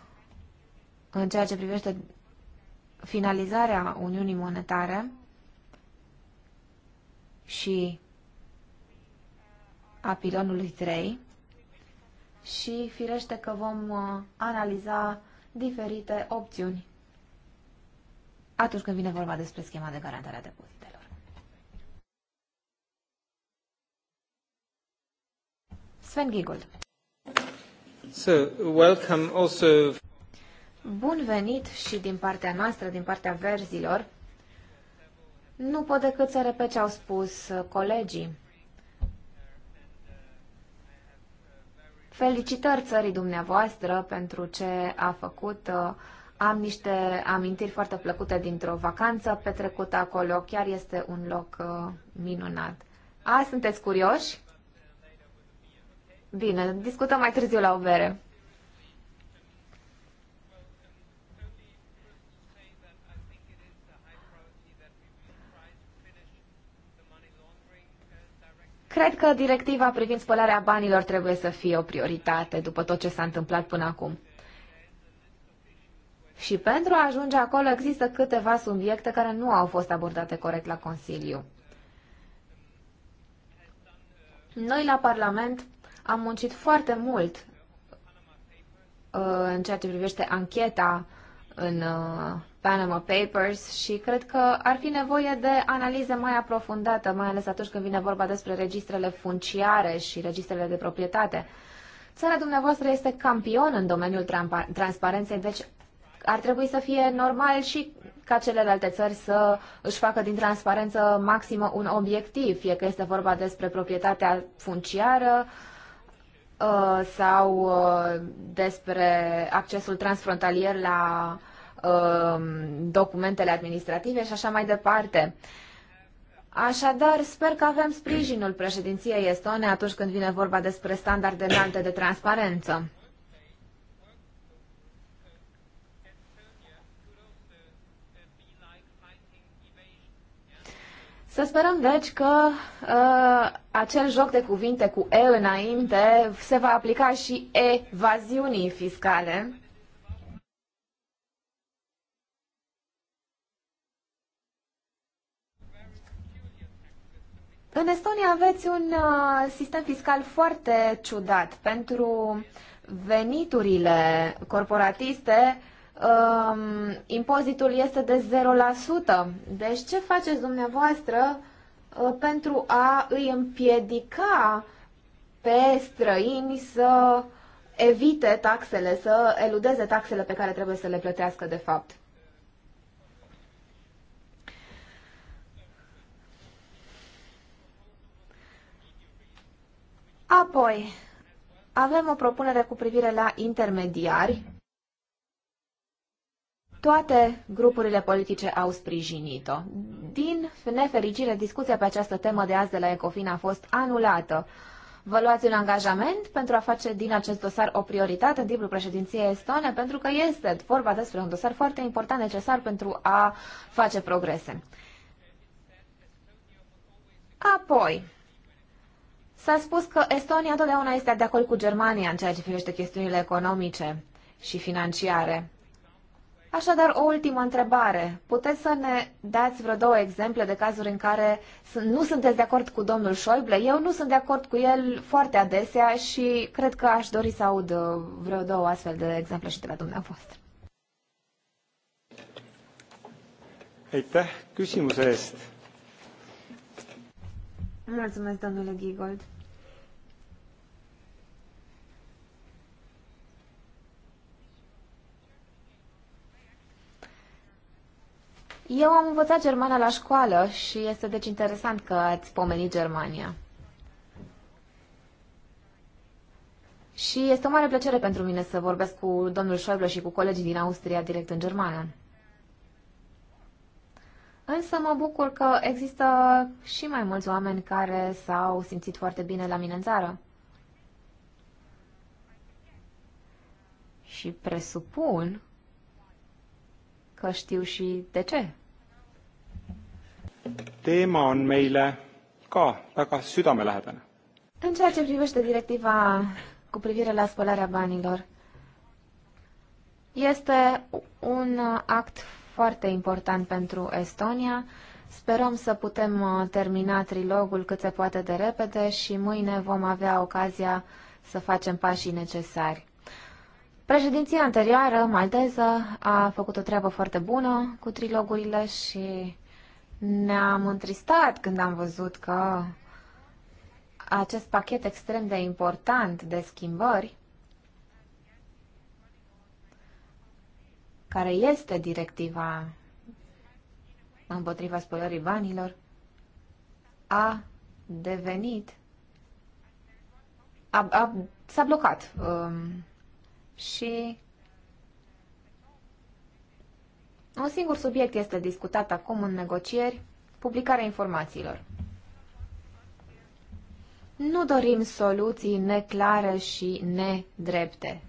în ceea ce privește finalizarea Uniunii Monetare și a pilonului 3 și firește că vom uh, analiza diferite opțiuni atunci când vine vorba despre schema de garantare a depozitelor. Sven Giegold. So, welcome also... Bun venit și din partea noastră, din partea verzilor. Nu pot decât să repet ce au spus uh, colegii. Felicitări țării dumneavoastră pentru ce a făcut. Uh, am niște amintiri foarte plăcute dintr-o vacanță petrecută acolo. Chiar este un loc uh, minunat. A, sunteți curioși? Bine, discutăm mai târziu la o bere. Cred că directiva privind spălarea banilor trebuie să fie o prioritate după tot ce s-a întâmplat până acum. Și pentru a ajunge acolo există câteva subiecte care nu au fost abordate corect la Consiliu. Noi la Parlament am muncit foarte mult uh, în ceea ce privește ancheta în uh, Panama Papers și cred că ar fi nevoie de analize mai aprofundată, mai ales atunci când vine vorba despre registrele funciare și registrele de proprietate. Țara dumneavoastră este campion în domeniul transparenței, deci ar trebui să fie normal și ca celelalte țări să își facă din transparență maximă un obiectiv, fie că este vorba despre proprietatea funciară uh, sau uh, despre accesul transfrontalier la Um, documentele administrative și așa mai departe. Așadar, sper că avem sprijinul președinției estone atunci când vine vorba despre standarde înalte de transparență. Să sperăm, deci, că uh, acel joc de cuvinte cu E înainte se va aplica și evaziunii fiscale. În Estonia aveți un uh, sistem fiscal foarte ciudat. Pentru veniturile corporatiste, um, impozitul este de 0%. Deci ce faceți dumneavoastră uh, pentru a îi împiedica pe străini să evite taxele, să eludeze taxele pe care trebuie să le plătească de fapt? Apoi, avem o propunere cu privire la intermediari. Toate grupurile politice au sprijinit-o. Din nefericire, discuția pe această temă de azi de la Ecofin a fost anulată. Vă luați un angajament pentru a face din acest dosar o prioritate în timpul președinției estone, pentru că este vorba despre un dosar foarte important, necesar pentru a face progrese. Apoi, S-a spus că Estonia întotdeauna este de acord cu Germania în ceea ce privește chestiunile economice și financiare. Așadar, o ultimă întrebare. Puteți să ne dați vreo două exemple de cazuri în care nu sunteți de acord cu domnul Schäuble? Eu nu sunt de acord cu el foarte adesea și cred că aș dori să aud uh, vreo două astfel de exemple și de la dumneavoastră. Aitäh küsimuse eest Mulțumesc, domnule Gigold. Eu am învățat germana la școală și este deci interesant că ați pomenit Germania. Și este o mare plăcere pentru mine să vorbesc cu domnul Schäuble și cu colegii din Austria direct în germană. Însă mă bucur că există și mai mulți oameni care s-au simțit foarte bine la mine în țară. Și presupun că știu și de ce. Tema on meile ca väga südamelähedane. În ceea ce privește directiva cu privire la spălarea banilor, este un act foarte important pentru Estonia. Sperăm să putem uh, termina trilogul cât se poate de repede și mâine vom avea ocazia să facem pașii necesari. Președinția anterioară, Maldeză, a făcut o treabă foarte bună cu trilogurile și ne-am întristat când am văzut că acest pachet extrem de important de schimbări care este directiva împotriva spălării banilor, a devenit, a, a, s-a blocat um, și un singur subiect este discutat acum în negocieri, publicarea informațiilor. Nu dorim soluții neclare și nedrepte.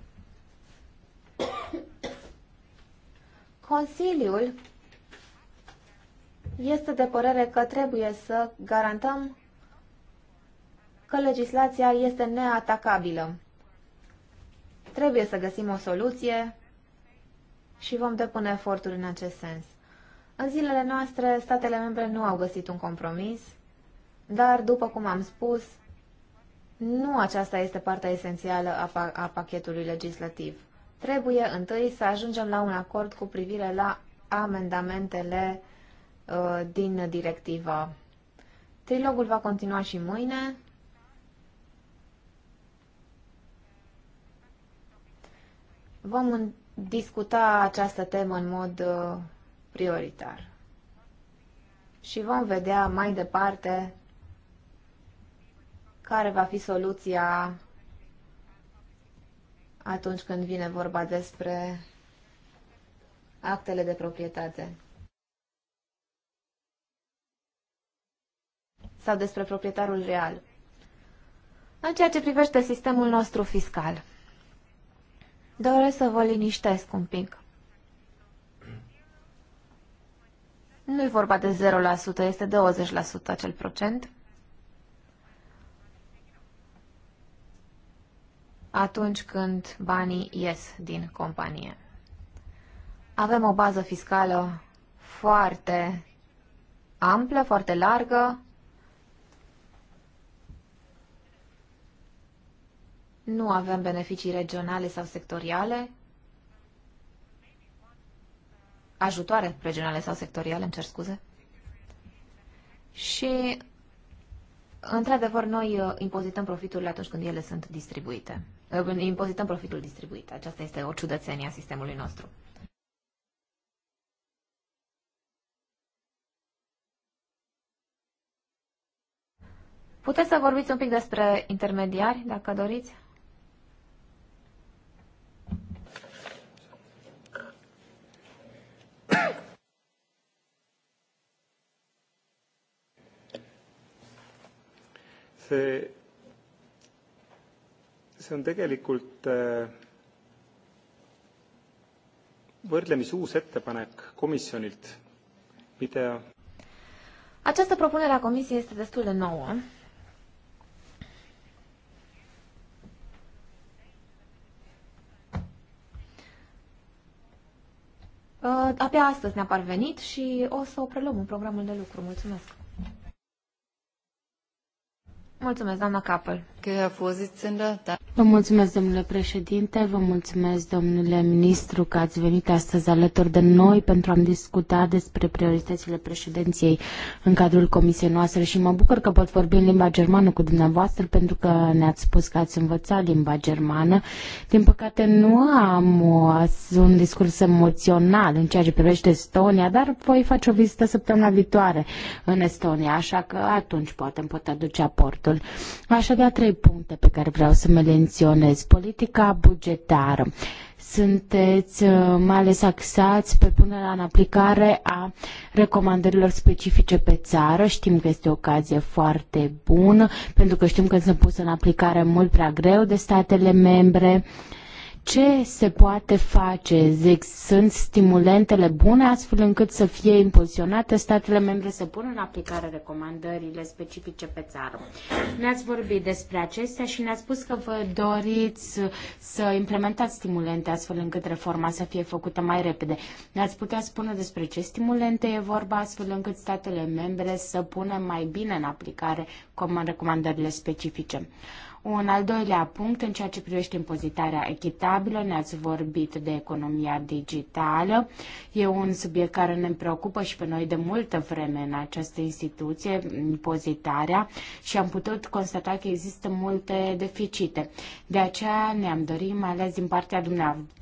Consiliul este de părere că trebuie să garantăm că legislația este neatacabilă. Trebuie să găsim o soluție și vom depune eforturi în acest sens. În zilele noastre, statele membre nu au găsit un compromis, dar, după cum am spus, nu aceasta este partea esențială a, pa- a pachetului legislativ. Trebuie întâi să ajungem la un acord cu privire la amendamentele uh, din directivă. Trilogul va continua și mâine. Vom discuta această temă în mod uh, prioritar. Și vom vedea mai departe care va fi soluția atunci când vine vorba despre actele de proprietate. sau despre proprietarul real. În ceea ce privește sistemul nostru fiscal, doresc să vă liniștesc un pic. Nu e vorba de 0%, este de 20% acel procent. atunci când banii ies din companie. Avem o bază fiscală foarte amplă, foarte largă. Nu avem beneficii regionale sau sectoriale. Ajutoare regionale sau sectoriale, îmi cer scuze. Și Într-adevăr, noi uh, impozităm profiturile atunci când ele sunt distribuite impozităm profitul distribuit. Aceasta este o ciudățenie a sistemului nostru. Puteți să vorbiți un pic despre intermediari, dacă doriți? Se see on tegelikult äh, võrdlemis uus ettepanek komisjonilt, mida această propunere a comisiei este destul de nouă. Ă, abia astăzi ne-a parvenit și o să o preluăm în programul de lucru. Mulțumesc! Mulțumesc, doamna Capel. Vă mulțumesc, domnule președinte, vă mulțumesc, domnule ministru, că ați venit astăzi alături de noi pentru a discuta despre prioritățile președinției în cadrul comisiei noastre și mă bucur că pot vorbi în limba germană cu dumneavoastră pentru că ne-ați spus că ați învățat limba germană. Din păcate nu am un discurs emoțional în ceea ce privește Estonia, dar voi face o vizită săptămâna viitoare în Estonia, așa că atunci poate îmi pot aduce aportul bugetul. Aș avea trei puncte pe care vreau să menționez. Politica bugetară. Sunteți uh, mai ales axați pe punerea în aplicare a recomandărilor specifice pe țară. Știm că este o ocazie foarte bună, pentru că știm că sunt puse în aplicare mult prea greu de statele membre. Uh, ce se poate face? Zic, sunt stimulentele bune astfel încât să fie impulsionate statele membre să pună în aplicare recomandările specifice pe țară. Ne-ați vorbit despre acestea și ne-ați spus că vă doriți să implementați stimulente astfel încât reforma să fie făcută mai repede. Ne-ați putea spune despre ce stimulente e vorba astfel încât statele membre să pună mai bine în aplicare recomandările specifice. Un al doilea punct, în ceea ce privește impozitarea echitabilă, ne-ați vorbit de economia digitală. E un subiect care ne preocupă și pe noi de multă vreme în această instituție, impozitarea, și am putut constata că există multe deficite. De aceea ne-am dorit, mai ales din partea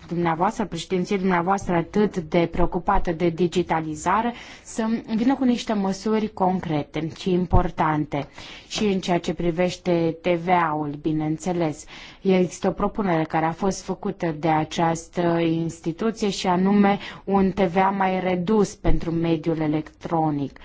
dumneavoastră, președinției dumneavoastră atât de preocupată de digitalizare, să vină cu niște măsuri concrete și importante. Și în ceea ce privește TVA-ul, mult, bineînțeles. Există o propunere care a fost făcută de această instituție și anume un TVA mai redus pentru mediul electronic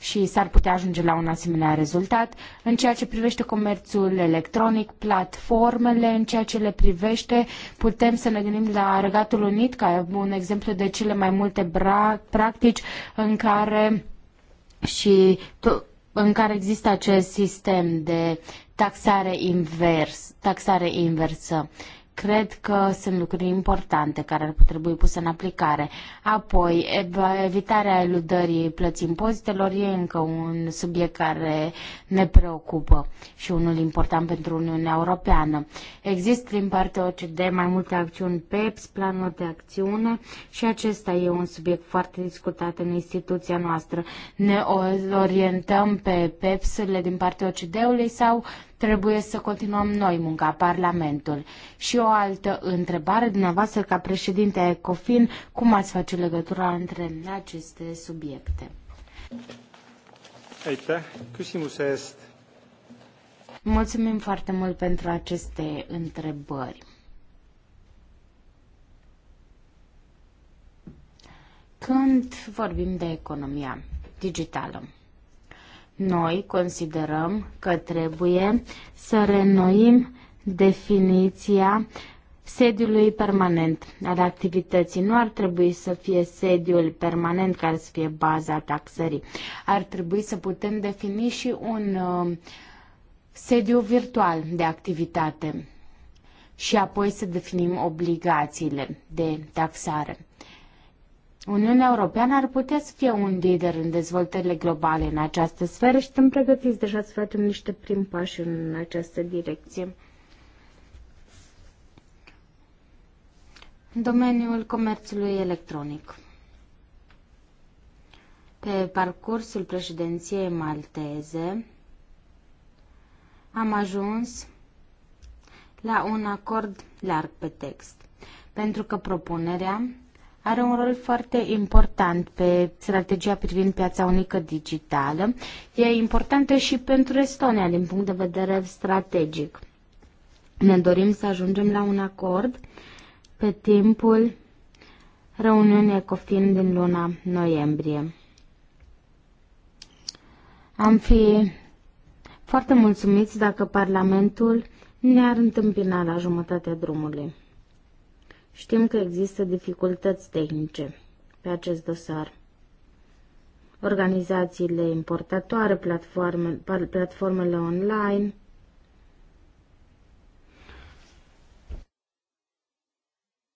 și s-ar putea ajunge la un asemenea rezultat. În ceea ce privește comerțul electronic, platformele, în ceea ce le privește, putem să ne gândim la Regatul Unit ca un exemplu de cele mai multe practici în care și în care există acest sistem de taxare invers, taxare inversă. Cred că sunt lucruri importante care ar trebui puse în aplicare. Apoi, evitarea eludării plății impozitelor e încă un subiect care ne preocupă și unul important pentru Uniunea Europeană. Există din partea OCD mai multe acțiuni PEPS, planul de acțiune și acesta e un subiect foarte discutat în instituția noastră. Ne orientăm pe PEPS-urile din partea ocd ului sau trebuie să continuăm noi munca, Parlamentul. Și o altă întrebare, dumneavoastră ca președinte ECOFIN, cum ați face legătura între aceste subiecte? Mulțumim foarte mult pentru aceste întrebări. Când vorbim de economia digitală, noi considerăm că trebuie să renoim definiția sediului permanent al activității. Nu ar trebui să fie sediul permanent care să fie baza taxării. Ar trebui să putem defini și un uh, sediu virtual de activitate și apoi să definim obligațiile de taxare. Uniunea Europeană ar putea să fie un lider în dezvoltările globale în această sferă și suntem pregătiți deja să facem niște prim pași în această direcție. domeniul comerțului electronic. Pe parcursul președinției malteze am ajuns la un acord larg pe text, pentru că propunerea are un rol foarte important pe strategia privind piața unică digitală. E importantă și pentru Estonia din punct de vedere strategic. Ne dorim să ajungem la un acord pe timpul reuniunii ECOFIN din luna noiembrie. Am fi foarte mulțumiți dacă Parlamentul ne-ar întâmpina la jumătatea drumului. Știm că există dificultăți tehnice pe acest dosar. Organizațiile importatoare, platforme, platformele online,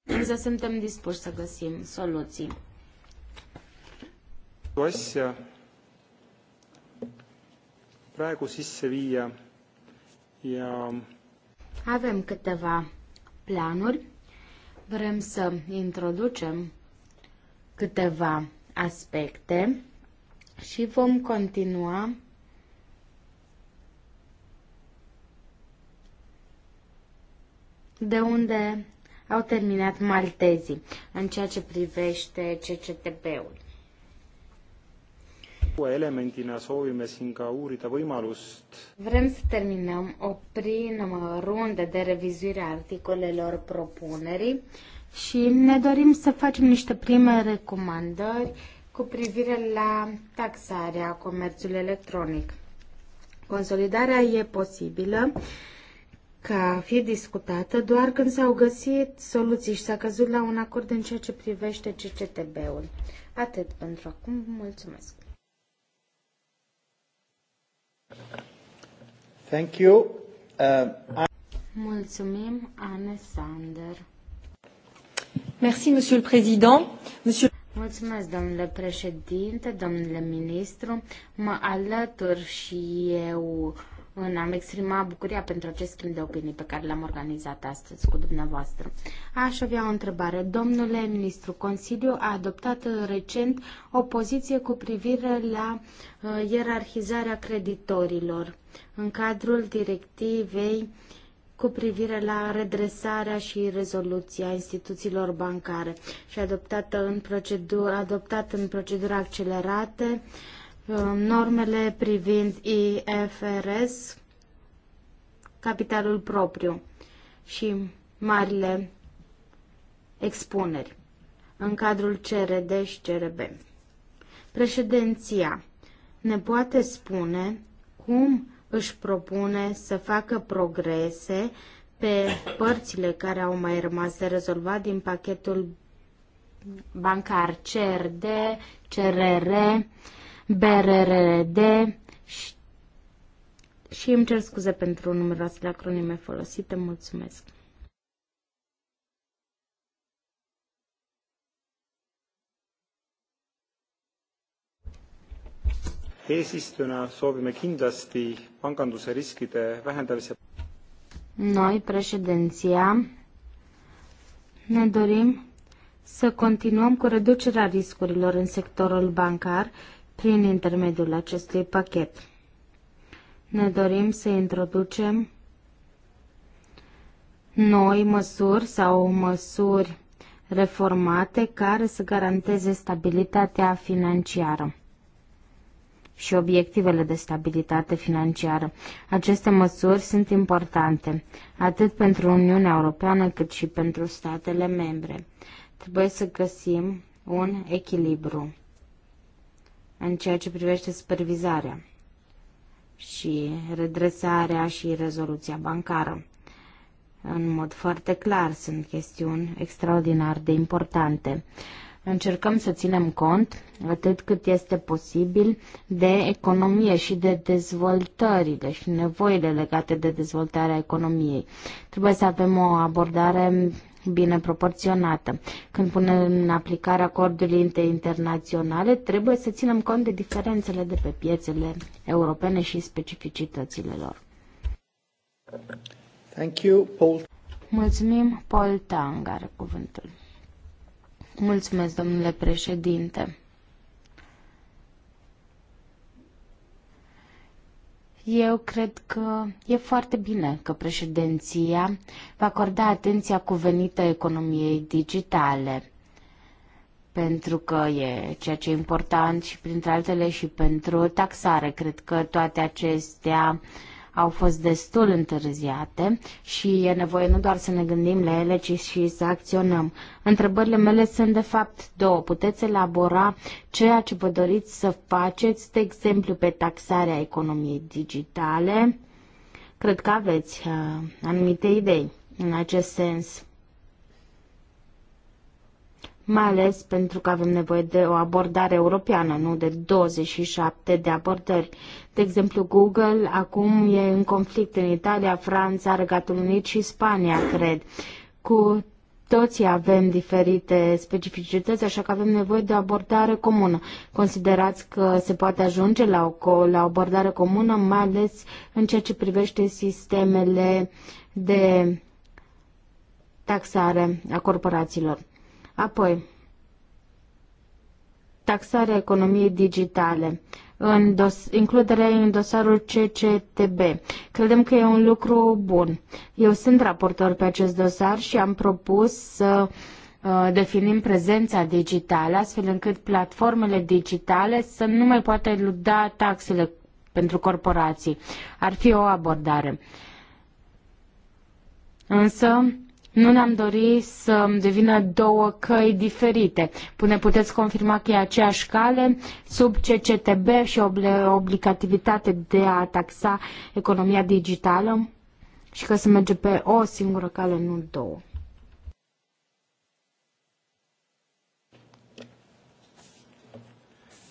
Însă suntem dispuși să găsim soluții. Asia. praegu sisse viia ja avem câteva planuri vrem să introducem câteva aspecte și vom continua de unde au terminat maltezii în ceea ce privește CCTB-ul. Vrem să terminăm o primă rundă de revizuire a articolelor propunerii și ne dorim să facem niște prime recomandări cu privire la taxarea comerțului electronic. Consolidarea e posibilă ca fi discutată doar când s-au găsit soluții și s-a căzut la un acord în ceea ce privește CCTB-ul. Atât pentru acum, mulțumesc! Thank you. Uh, Mulțumim, Anne Sander. Merci, Monsieur le Président. Monsieur... Mulțumesc, domnule președinte, domnule ministru. Mă alătur și eu uh, în a-mi exprima bucuria pentru acest schimb de opinii pe care l-am organizat astăzi cu dumneavoastră. Aș avea o întrebare. Domnule ministru, Consiliu a adoptat recent o poziție cu privire la uh, ierarhizarea creditorilor în cadrul directivei cu privire la redresarea și rezoluția instituțiilor bancare și adoptată în procedură, adoptat în procedură accelerată uh, normele privind IFRS, capitalul propriu și marile expuneri în cadrul CRD și CRB. Președinția ne poate spune cum își propune să facă progrese pe părțile care au mai rămas de rezolvat din pachetul bancar CRD, CRR, BRRD și, și îmi cer scuze pentru numeroasele acronime folosite. Mulțumesc! eesistujana soovime kindlasti panganduse riskide vähendamise Noi, președinția, ne dorim să continuăm cu reducerea riscurilor în sectorul bancar prin intermediul acestui pachet. Ne dorim să introducem noi măsuri sau măsuri reformate care să garanteze stabilitatea financiară și obiectivele de stabilitate financiară. Aceste măsuri sunt importante, atât pentru Uniunea Europeană cât și pentru statele membre. Trebuie să găsim un echilibru în ceea ce privește supervizarea și redresarea și rezoluția bancară. În mod foarte clar sunt chestiuni extraordinar de importante. Încercăm să ținem cont, atât cât este posibil, de economie și de dezvoltările și nevoile legate de dezvoltarea economiei. Trebuie să avem o abordare bine proporționată. Când punem în aplicare acordurile internaționale, trebuie să ținem cont de diferențele de pe piețele europene și specificitățile lor. Thank you, Paul. Mulțumim, Paul Tang are cuvântul. Mulțumesc, domnule președinte. Eu cred că e foarte bine că președinția va acorda atenția cuvenită economiei digitale, pentru că e ceea ce e important și printre altele și pentru taxare. Cred că toate acestea uh, au fost destul întârziate și e nevoie nu doar să ne gândim la ele, ci și să acționăm. Întrebările mele sunt de fapt două. Puteți elabora ceea ce vă doriți să faceți, de exemplu pe taxarea economiei digitale? Cred că aveți uh, anumite idei în acest sens mai ales pentru că avem nevoie de o abordare europeană, nu de 27 de abordări. De exemplu, Google acum e în conflict în Italia, Franța, Regatul Unit și Spania, cred. Cu toții avem diferite specificități, așa că avem nevoie de o abordare comună. Considerați că se poate ajunge la o, la o abordare comună, mai ales în ceea ce privește sistemele de taxare a corporațiilor. Apoi, taxarea economiei digitale, în dos, includerea în dosarul CCTB. Credem că e un lucru bun. Eu sunt raportor pe acest dosar și am propus să uh, definim prezența digitală, astfel încât platformele digitale să nu mai poată eluda taxele pentru corporații. Ar fi o abordare. Însă, nu ne-am dorit să devină două căi diferite. Pune puteți confirma că e aceeași cale sub CCTB și obligativitate de a taxa economia digitală și că se merge pe o singură cale, nu două.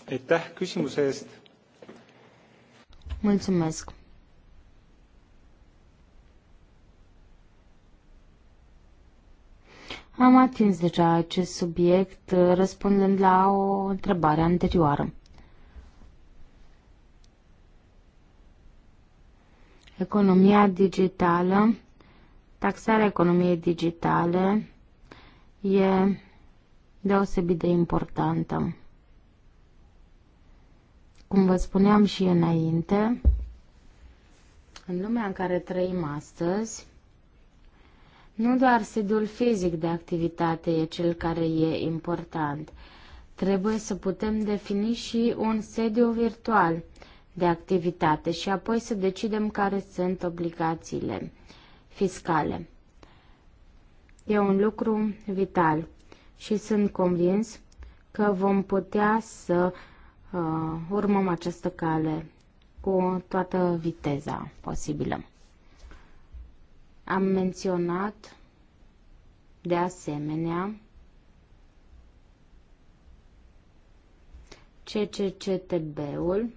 aitäh küsimuse eest! mulțumesc! Am atins deja acest subiect uh, răspundând la o întrebare anterioară. Economia digitală, taxarea economiei digitale e deosebit de importantă. Cum vă spuneam și înainte, în lumea în care trăim astăzi, nu doar sediul fizic de activitate e cel care e important. Trebuie să putem defini și un sediu virtual de activitate și apoi să decidem care sunt obligațiile fiscale. E un lucru vital și sunt convins că vom putea să uh, urmăm această cale cu toată viteza posibilă. Am menționat de asemenea CCCTB-ul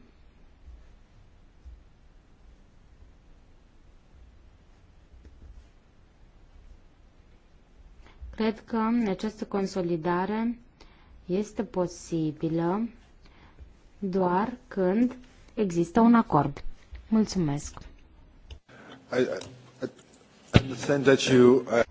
Cred că această consolidare este posibilă doar când există un acord. Mulțumesc! I, I... Uh,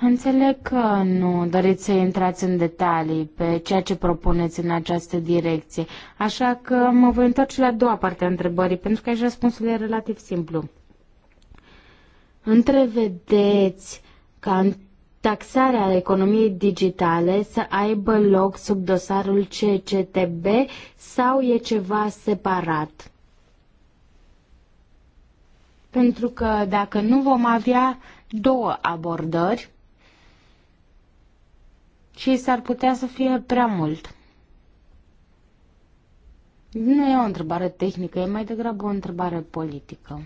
Înțeleg că nu doriți să intrați în detalii pe ceea ce propuneți în această direcție, așa că mă voi întoarce la a doua parte a întrebării, pentru că aici răspunsul e relativ simplu. Întrevedeți ca în taxarea economiei digitale să aibă loc sub dosarul CCTB sau e ceva separat? Pentru că dacă nu vom avea două abordări și s-ar putea să fie prea mult. Nu e o întrebare tehnică, e mai degrabă o întrebare politică.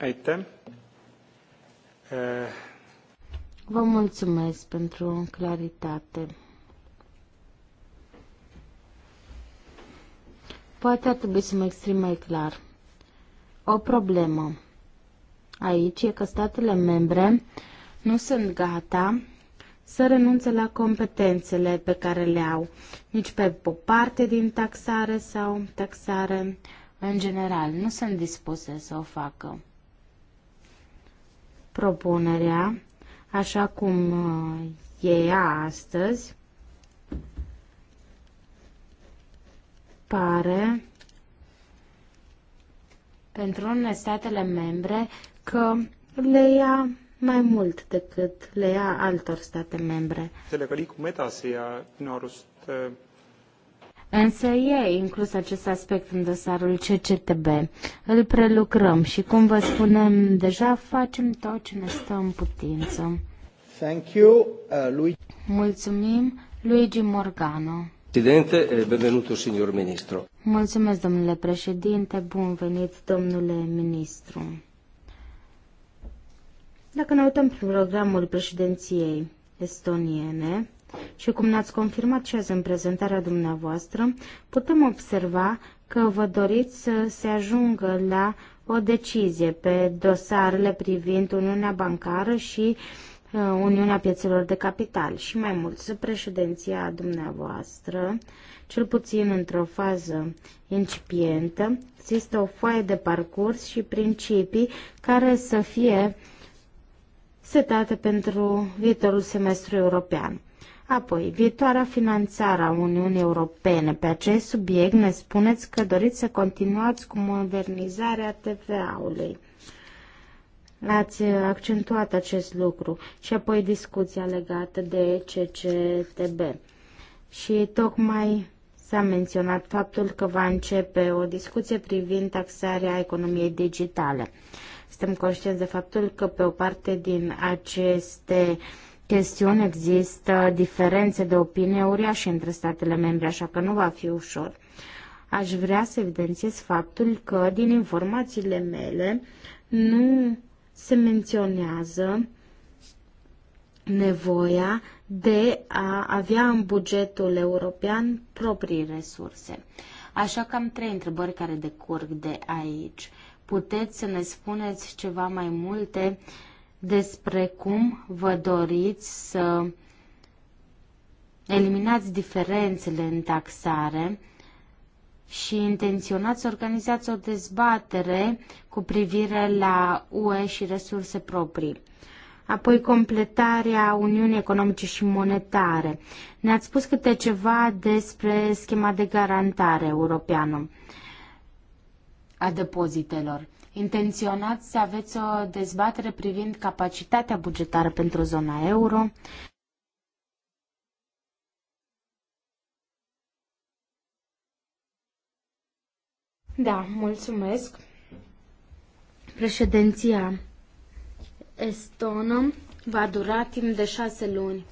Aite. Vă mulțumesc pentru claritate. Poate ar trebui să mă exprim mai clar. O problemă aici e că statele membre nu sunt gata să renunțe la competențele pe care le au, nici pe o parte din taxare sau taxare în general. Nu sunt dispuse să o facă. Propunerea, așa cum uh, e ea astăzi, pare pentru unele statele membre că le ia mai mult decât le ia altor state membre. Uh, Însă e inclus acest aspect în dosarul CCTB. Îl prelucrăm și, cum vă spunem, deja facem tot ce ne stă în putință. Thank you, uh, Luigi. Mulțumim, Luigi Morgano. Presidente, eh, benvenuto, signor ministru. Mulțumesc, domnule președinte, bun venit, domnule ministru. Dacă ne uităm prin programul președinției estoniene și cum ne-ați confirmat și azi în prezentarea dumneavoastră, putem observa că vă doriți să se ajungă la o decizie pe dosarele privind Uniunea Bancară și uh, Uh, Uniunea Piețelor de Capital și mai mult să președinția dumneavoastră, cel puțin într-o fază incipientă, există o foaie de parcurs și principii care să fie setate pentru viitorul semestru european. Apoi, viitoarea finanțare a Uniunii Europene. Pe acest subiect ne spuneți că doriți să continuați cu modernizarea TVA-ului. Ați accentuat acest lucru și apoi discuția legată de CCTB. Și tocmai s-a menționat faptul că va începe o discuție privind taxarea economiei digitale. Suntem conștienți de faptul că pe o parte din aceste chestiuni există diferențe de opinie uriașe între statele membre, așa că nu va fi ușor. Aș vrea să evidențiez faptul că, din informațiile mele, nu se menționează nevoia de a avea în bugetul european proprii resurse. Așa că am trei întrebări care decurg de aici. Puteți să ne spuneți ceva mai multe despre cum vă doriți să eliminați diferențele în taxare și intenționați să organizați o dezbatere cu privire la UE și resurse proprii. Apoi completarea Uniunii Economice și Monetare. Ne-ați spus câte ceva despre schema de garantare europeană a depozitelor. Intenționați să aveți o dezbatere privind capacitatea bugetară pentru zona euro Da, mulțumesc. Președinția estonă va dura timp de șase luni.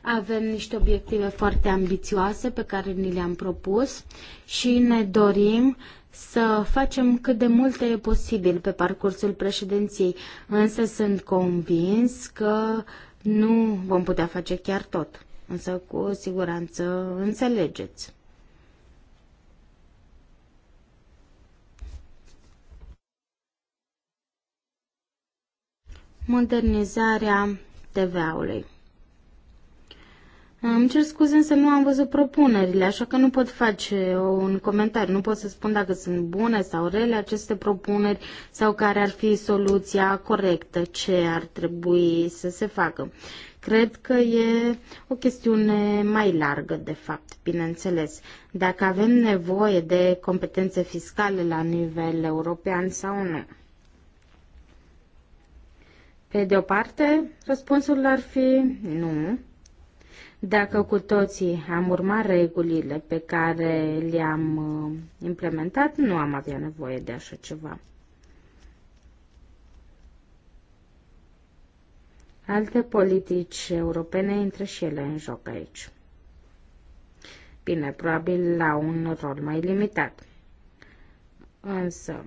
Avem niște obiective foarte ambițioase pe care ni le-am propus și ne dorim să facem cât de multe e posibil pe parcursul președinției, însă sunt convins că nu vom putea face chiar tot, însă cu siguranță înțelegeți. modernizarea TVA-ului. Îmi cer scuze, însă nu am văzut propunerile, așa că nu pot face un comentariu. Nu pot să spun dacă sunt bune sau rele aceste propuneri sau care ar fi soluția corectă, ce ar trebui să se facă. Cred că e o chestiune mai largă, de fapt, bineînțeles. Dacă avem nevoie de competențe fiscale la nivel european sau nu. Pe de o parte, răspunsul ar fi nu. Dacă cu toții am urmat regulile pe care le-am uh, implementat, nu am avea nevoie de așa ceva. Alte politici europene intră și ele în joc aici. Bine, probabil la un rol mai limitat. Însă,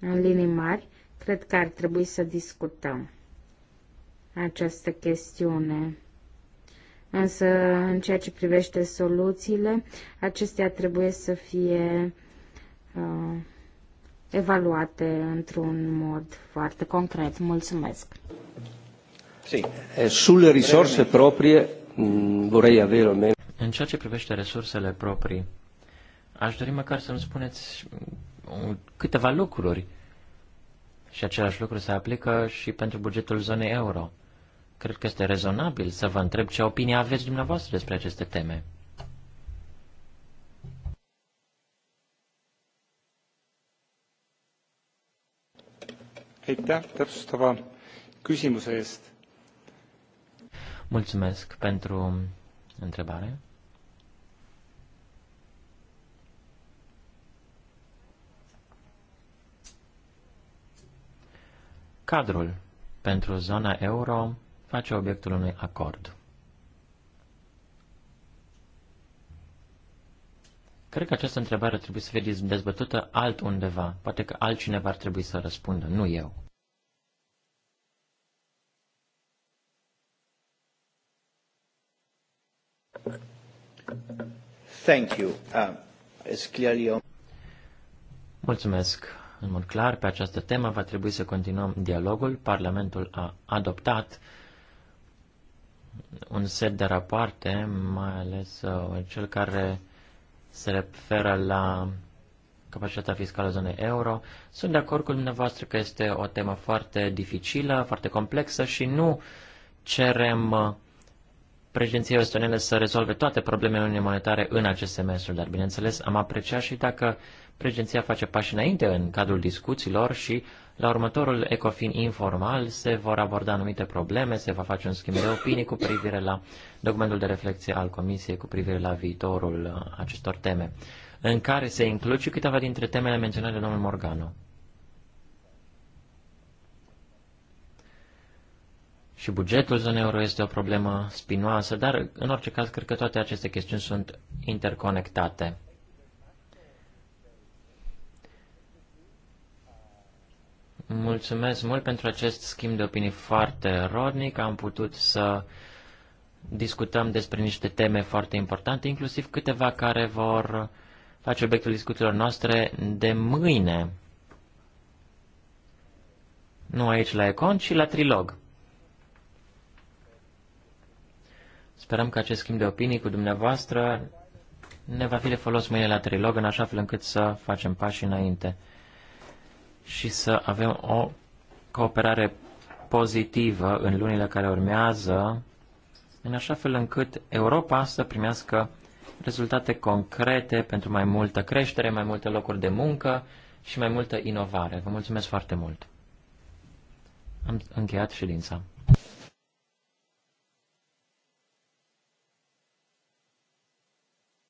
în linii mari, cred că ar trebui să discutăm această chestiune. Însă, în ceea ce privește soluțiile, acestea trebuie să fie uh, evaluate într-un mod foarte concret. Mulțumesc! Sì, eh, sulle risorse proprie mm, vorrei avere almeno... În ceea ce privește resursele proprii, aș dori măcar să-mi spuneți mm, câteva lucruri și același lucru se aplică și pentru bugetul zonei euro. Cred că este rezonabil să vă întreb ce opinie aveți dumneavoastră despre aceste teme. Aitäh täpsustava küsimuse eest. Mulțumesc pentru întrebare. Cadrul pentru zona euro face obiectul unui acord. Cred că această întrebare ar trebui să fie dezbătută altundeva. Poate că altcineva ar trebui să răspundă, nu eu. Thank you. Uh, it's clearly Mulțumesc. În mod clar, pe această temă va trebui să continuăm dialogul. Parlamentul a adoptat un set de rapoarte, mai ales uh, cel care se referă la capacitatea fiscală zonei euro. Sunt de acord cu dumneavoastră că este o temă foarte dificilă, foarte complexă și nu cerem uh, președinției estonele să rezolve toate problemele unei Monetare în acest semestru, dar bineînțeles am apreciat și dacă președinția face pași înainte în cadrul discuțiilor și la următorul ECOFIN informal se vor aborda anumite probleme, se va face un schimb de opinii cu privire la documentul de reflexie al Comisiei cu privire la viitorul uh, acestor teme, în care se includ și câteva dintre temele menționate de domnul Morgano. Și bugetul zonei euro este o problemă spinoasă, dar în orice caz cred că toate aceste chestiuni sunt interconectate. Mulțumesc mult pentru acest schimb de opinii foarte rodnic. Am putut să discutăm despre niște teme foarte importante, inclusiv câteva care vor face obiectul discuțiilor noastre de mâine. Nu aici la Econ, ci la Trilog. Sperăm că acest schimb de opinii cu dumneavoastră ne va fi de folos mâine la Trilog, în așa fel încât să facem pași înainte și să avem o cooperare pozitivă în lunile care urmează, în așa fel încât Europa să primească rezultate concrete pentru mai multă creștere, mai multe locuri de muncă și mai multă inovare. Vă mulțumesc foarte mult! Am încheiat ședința.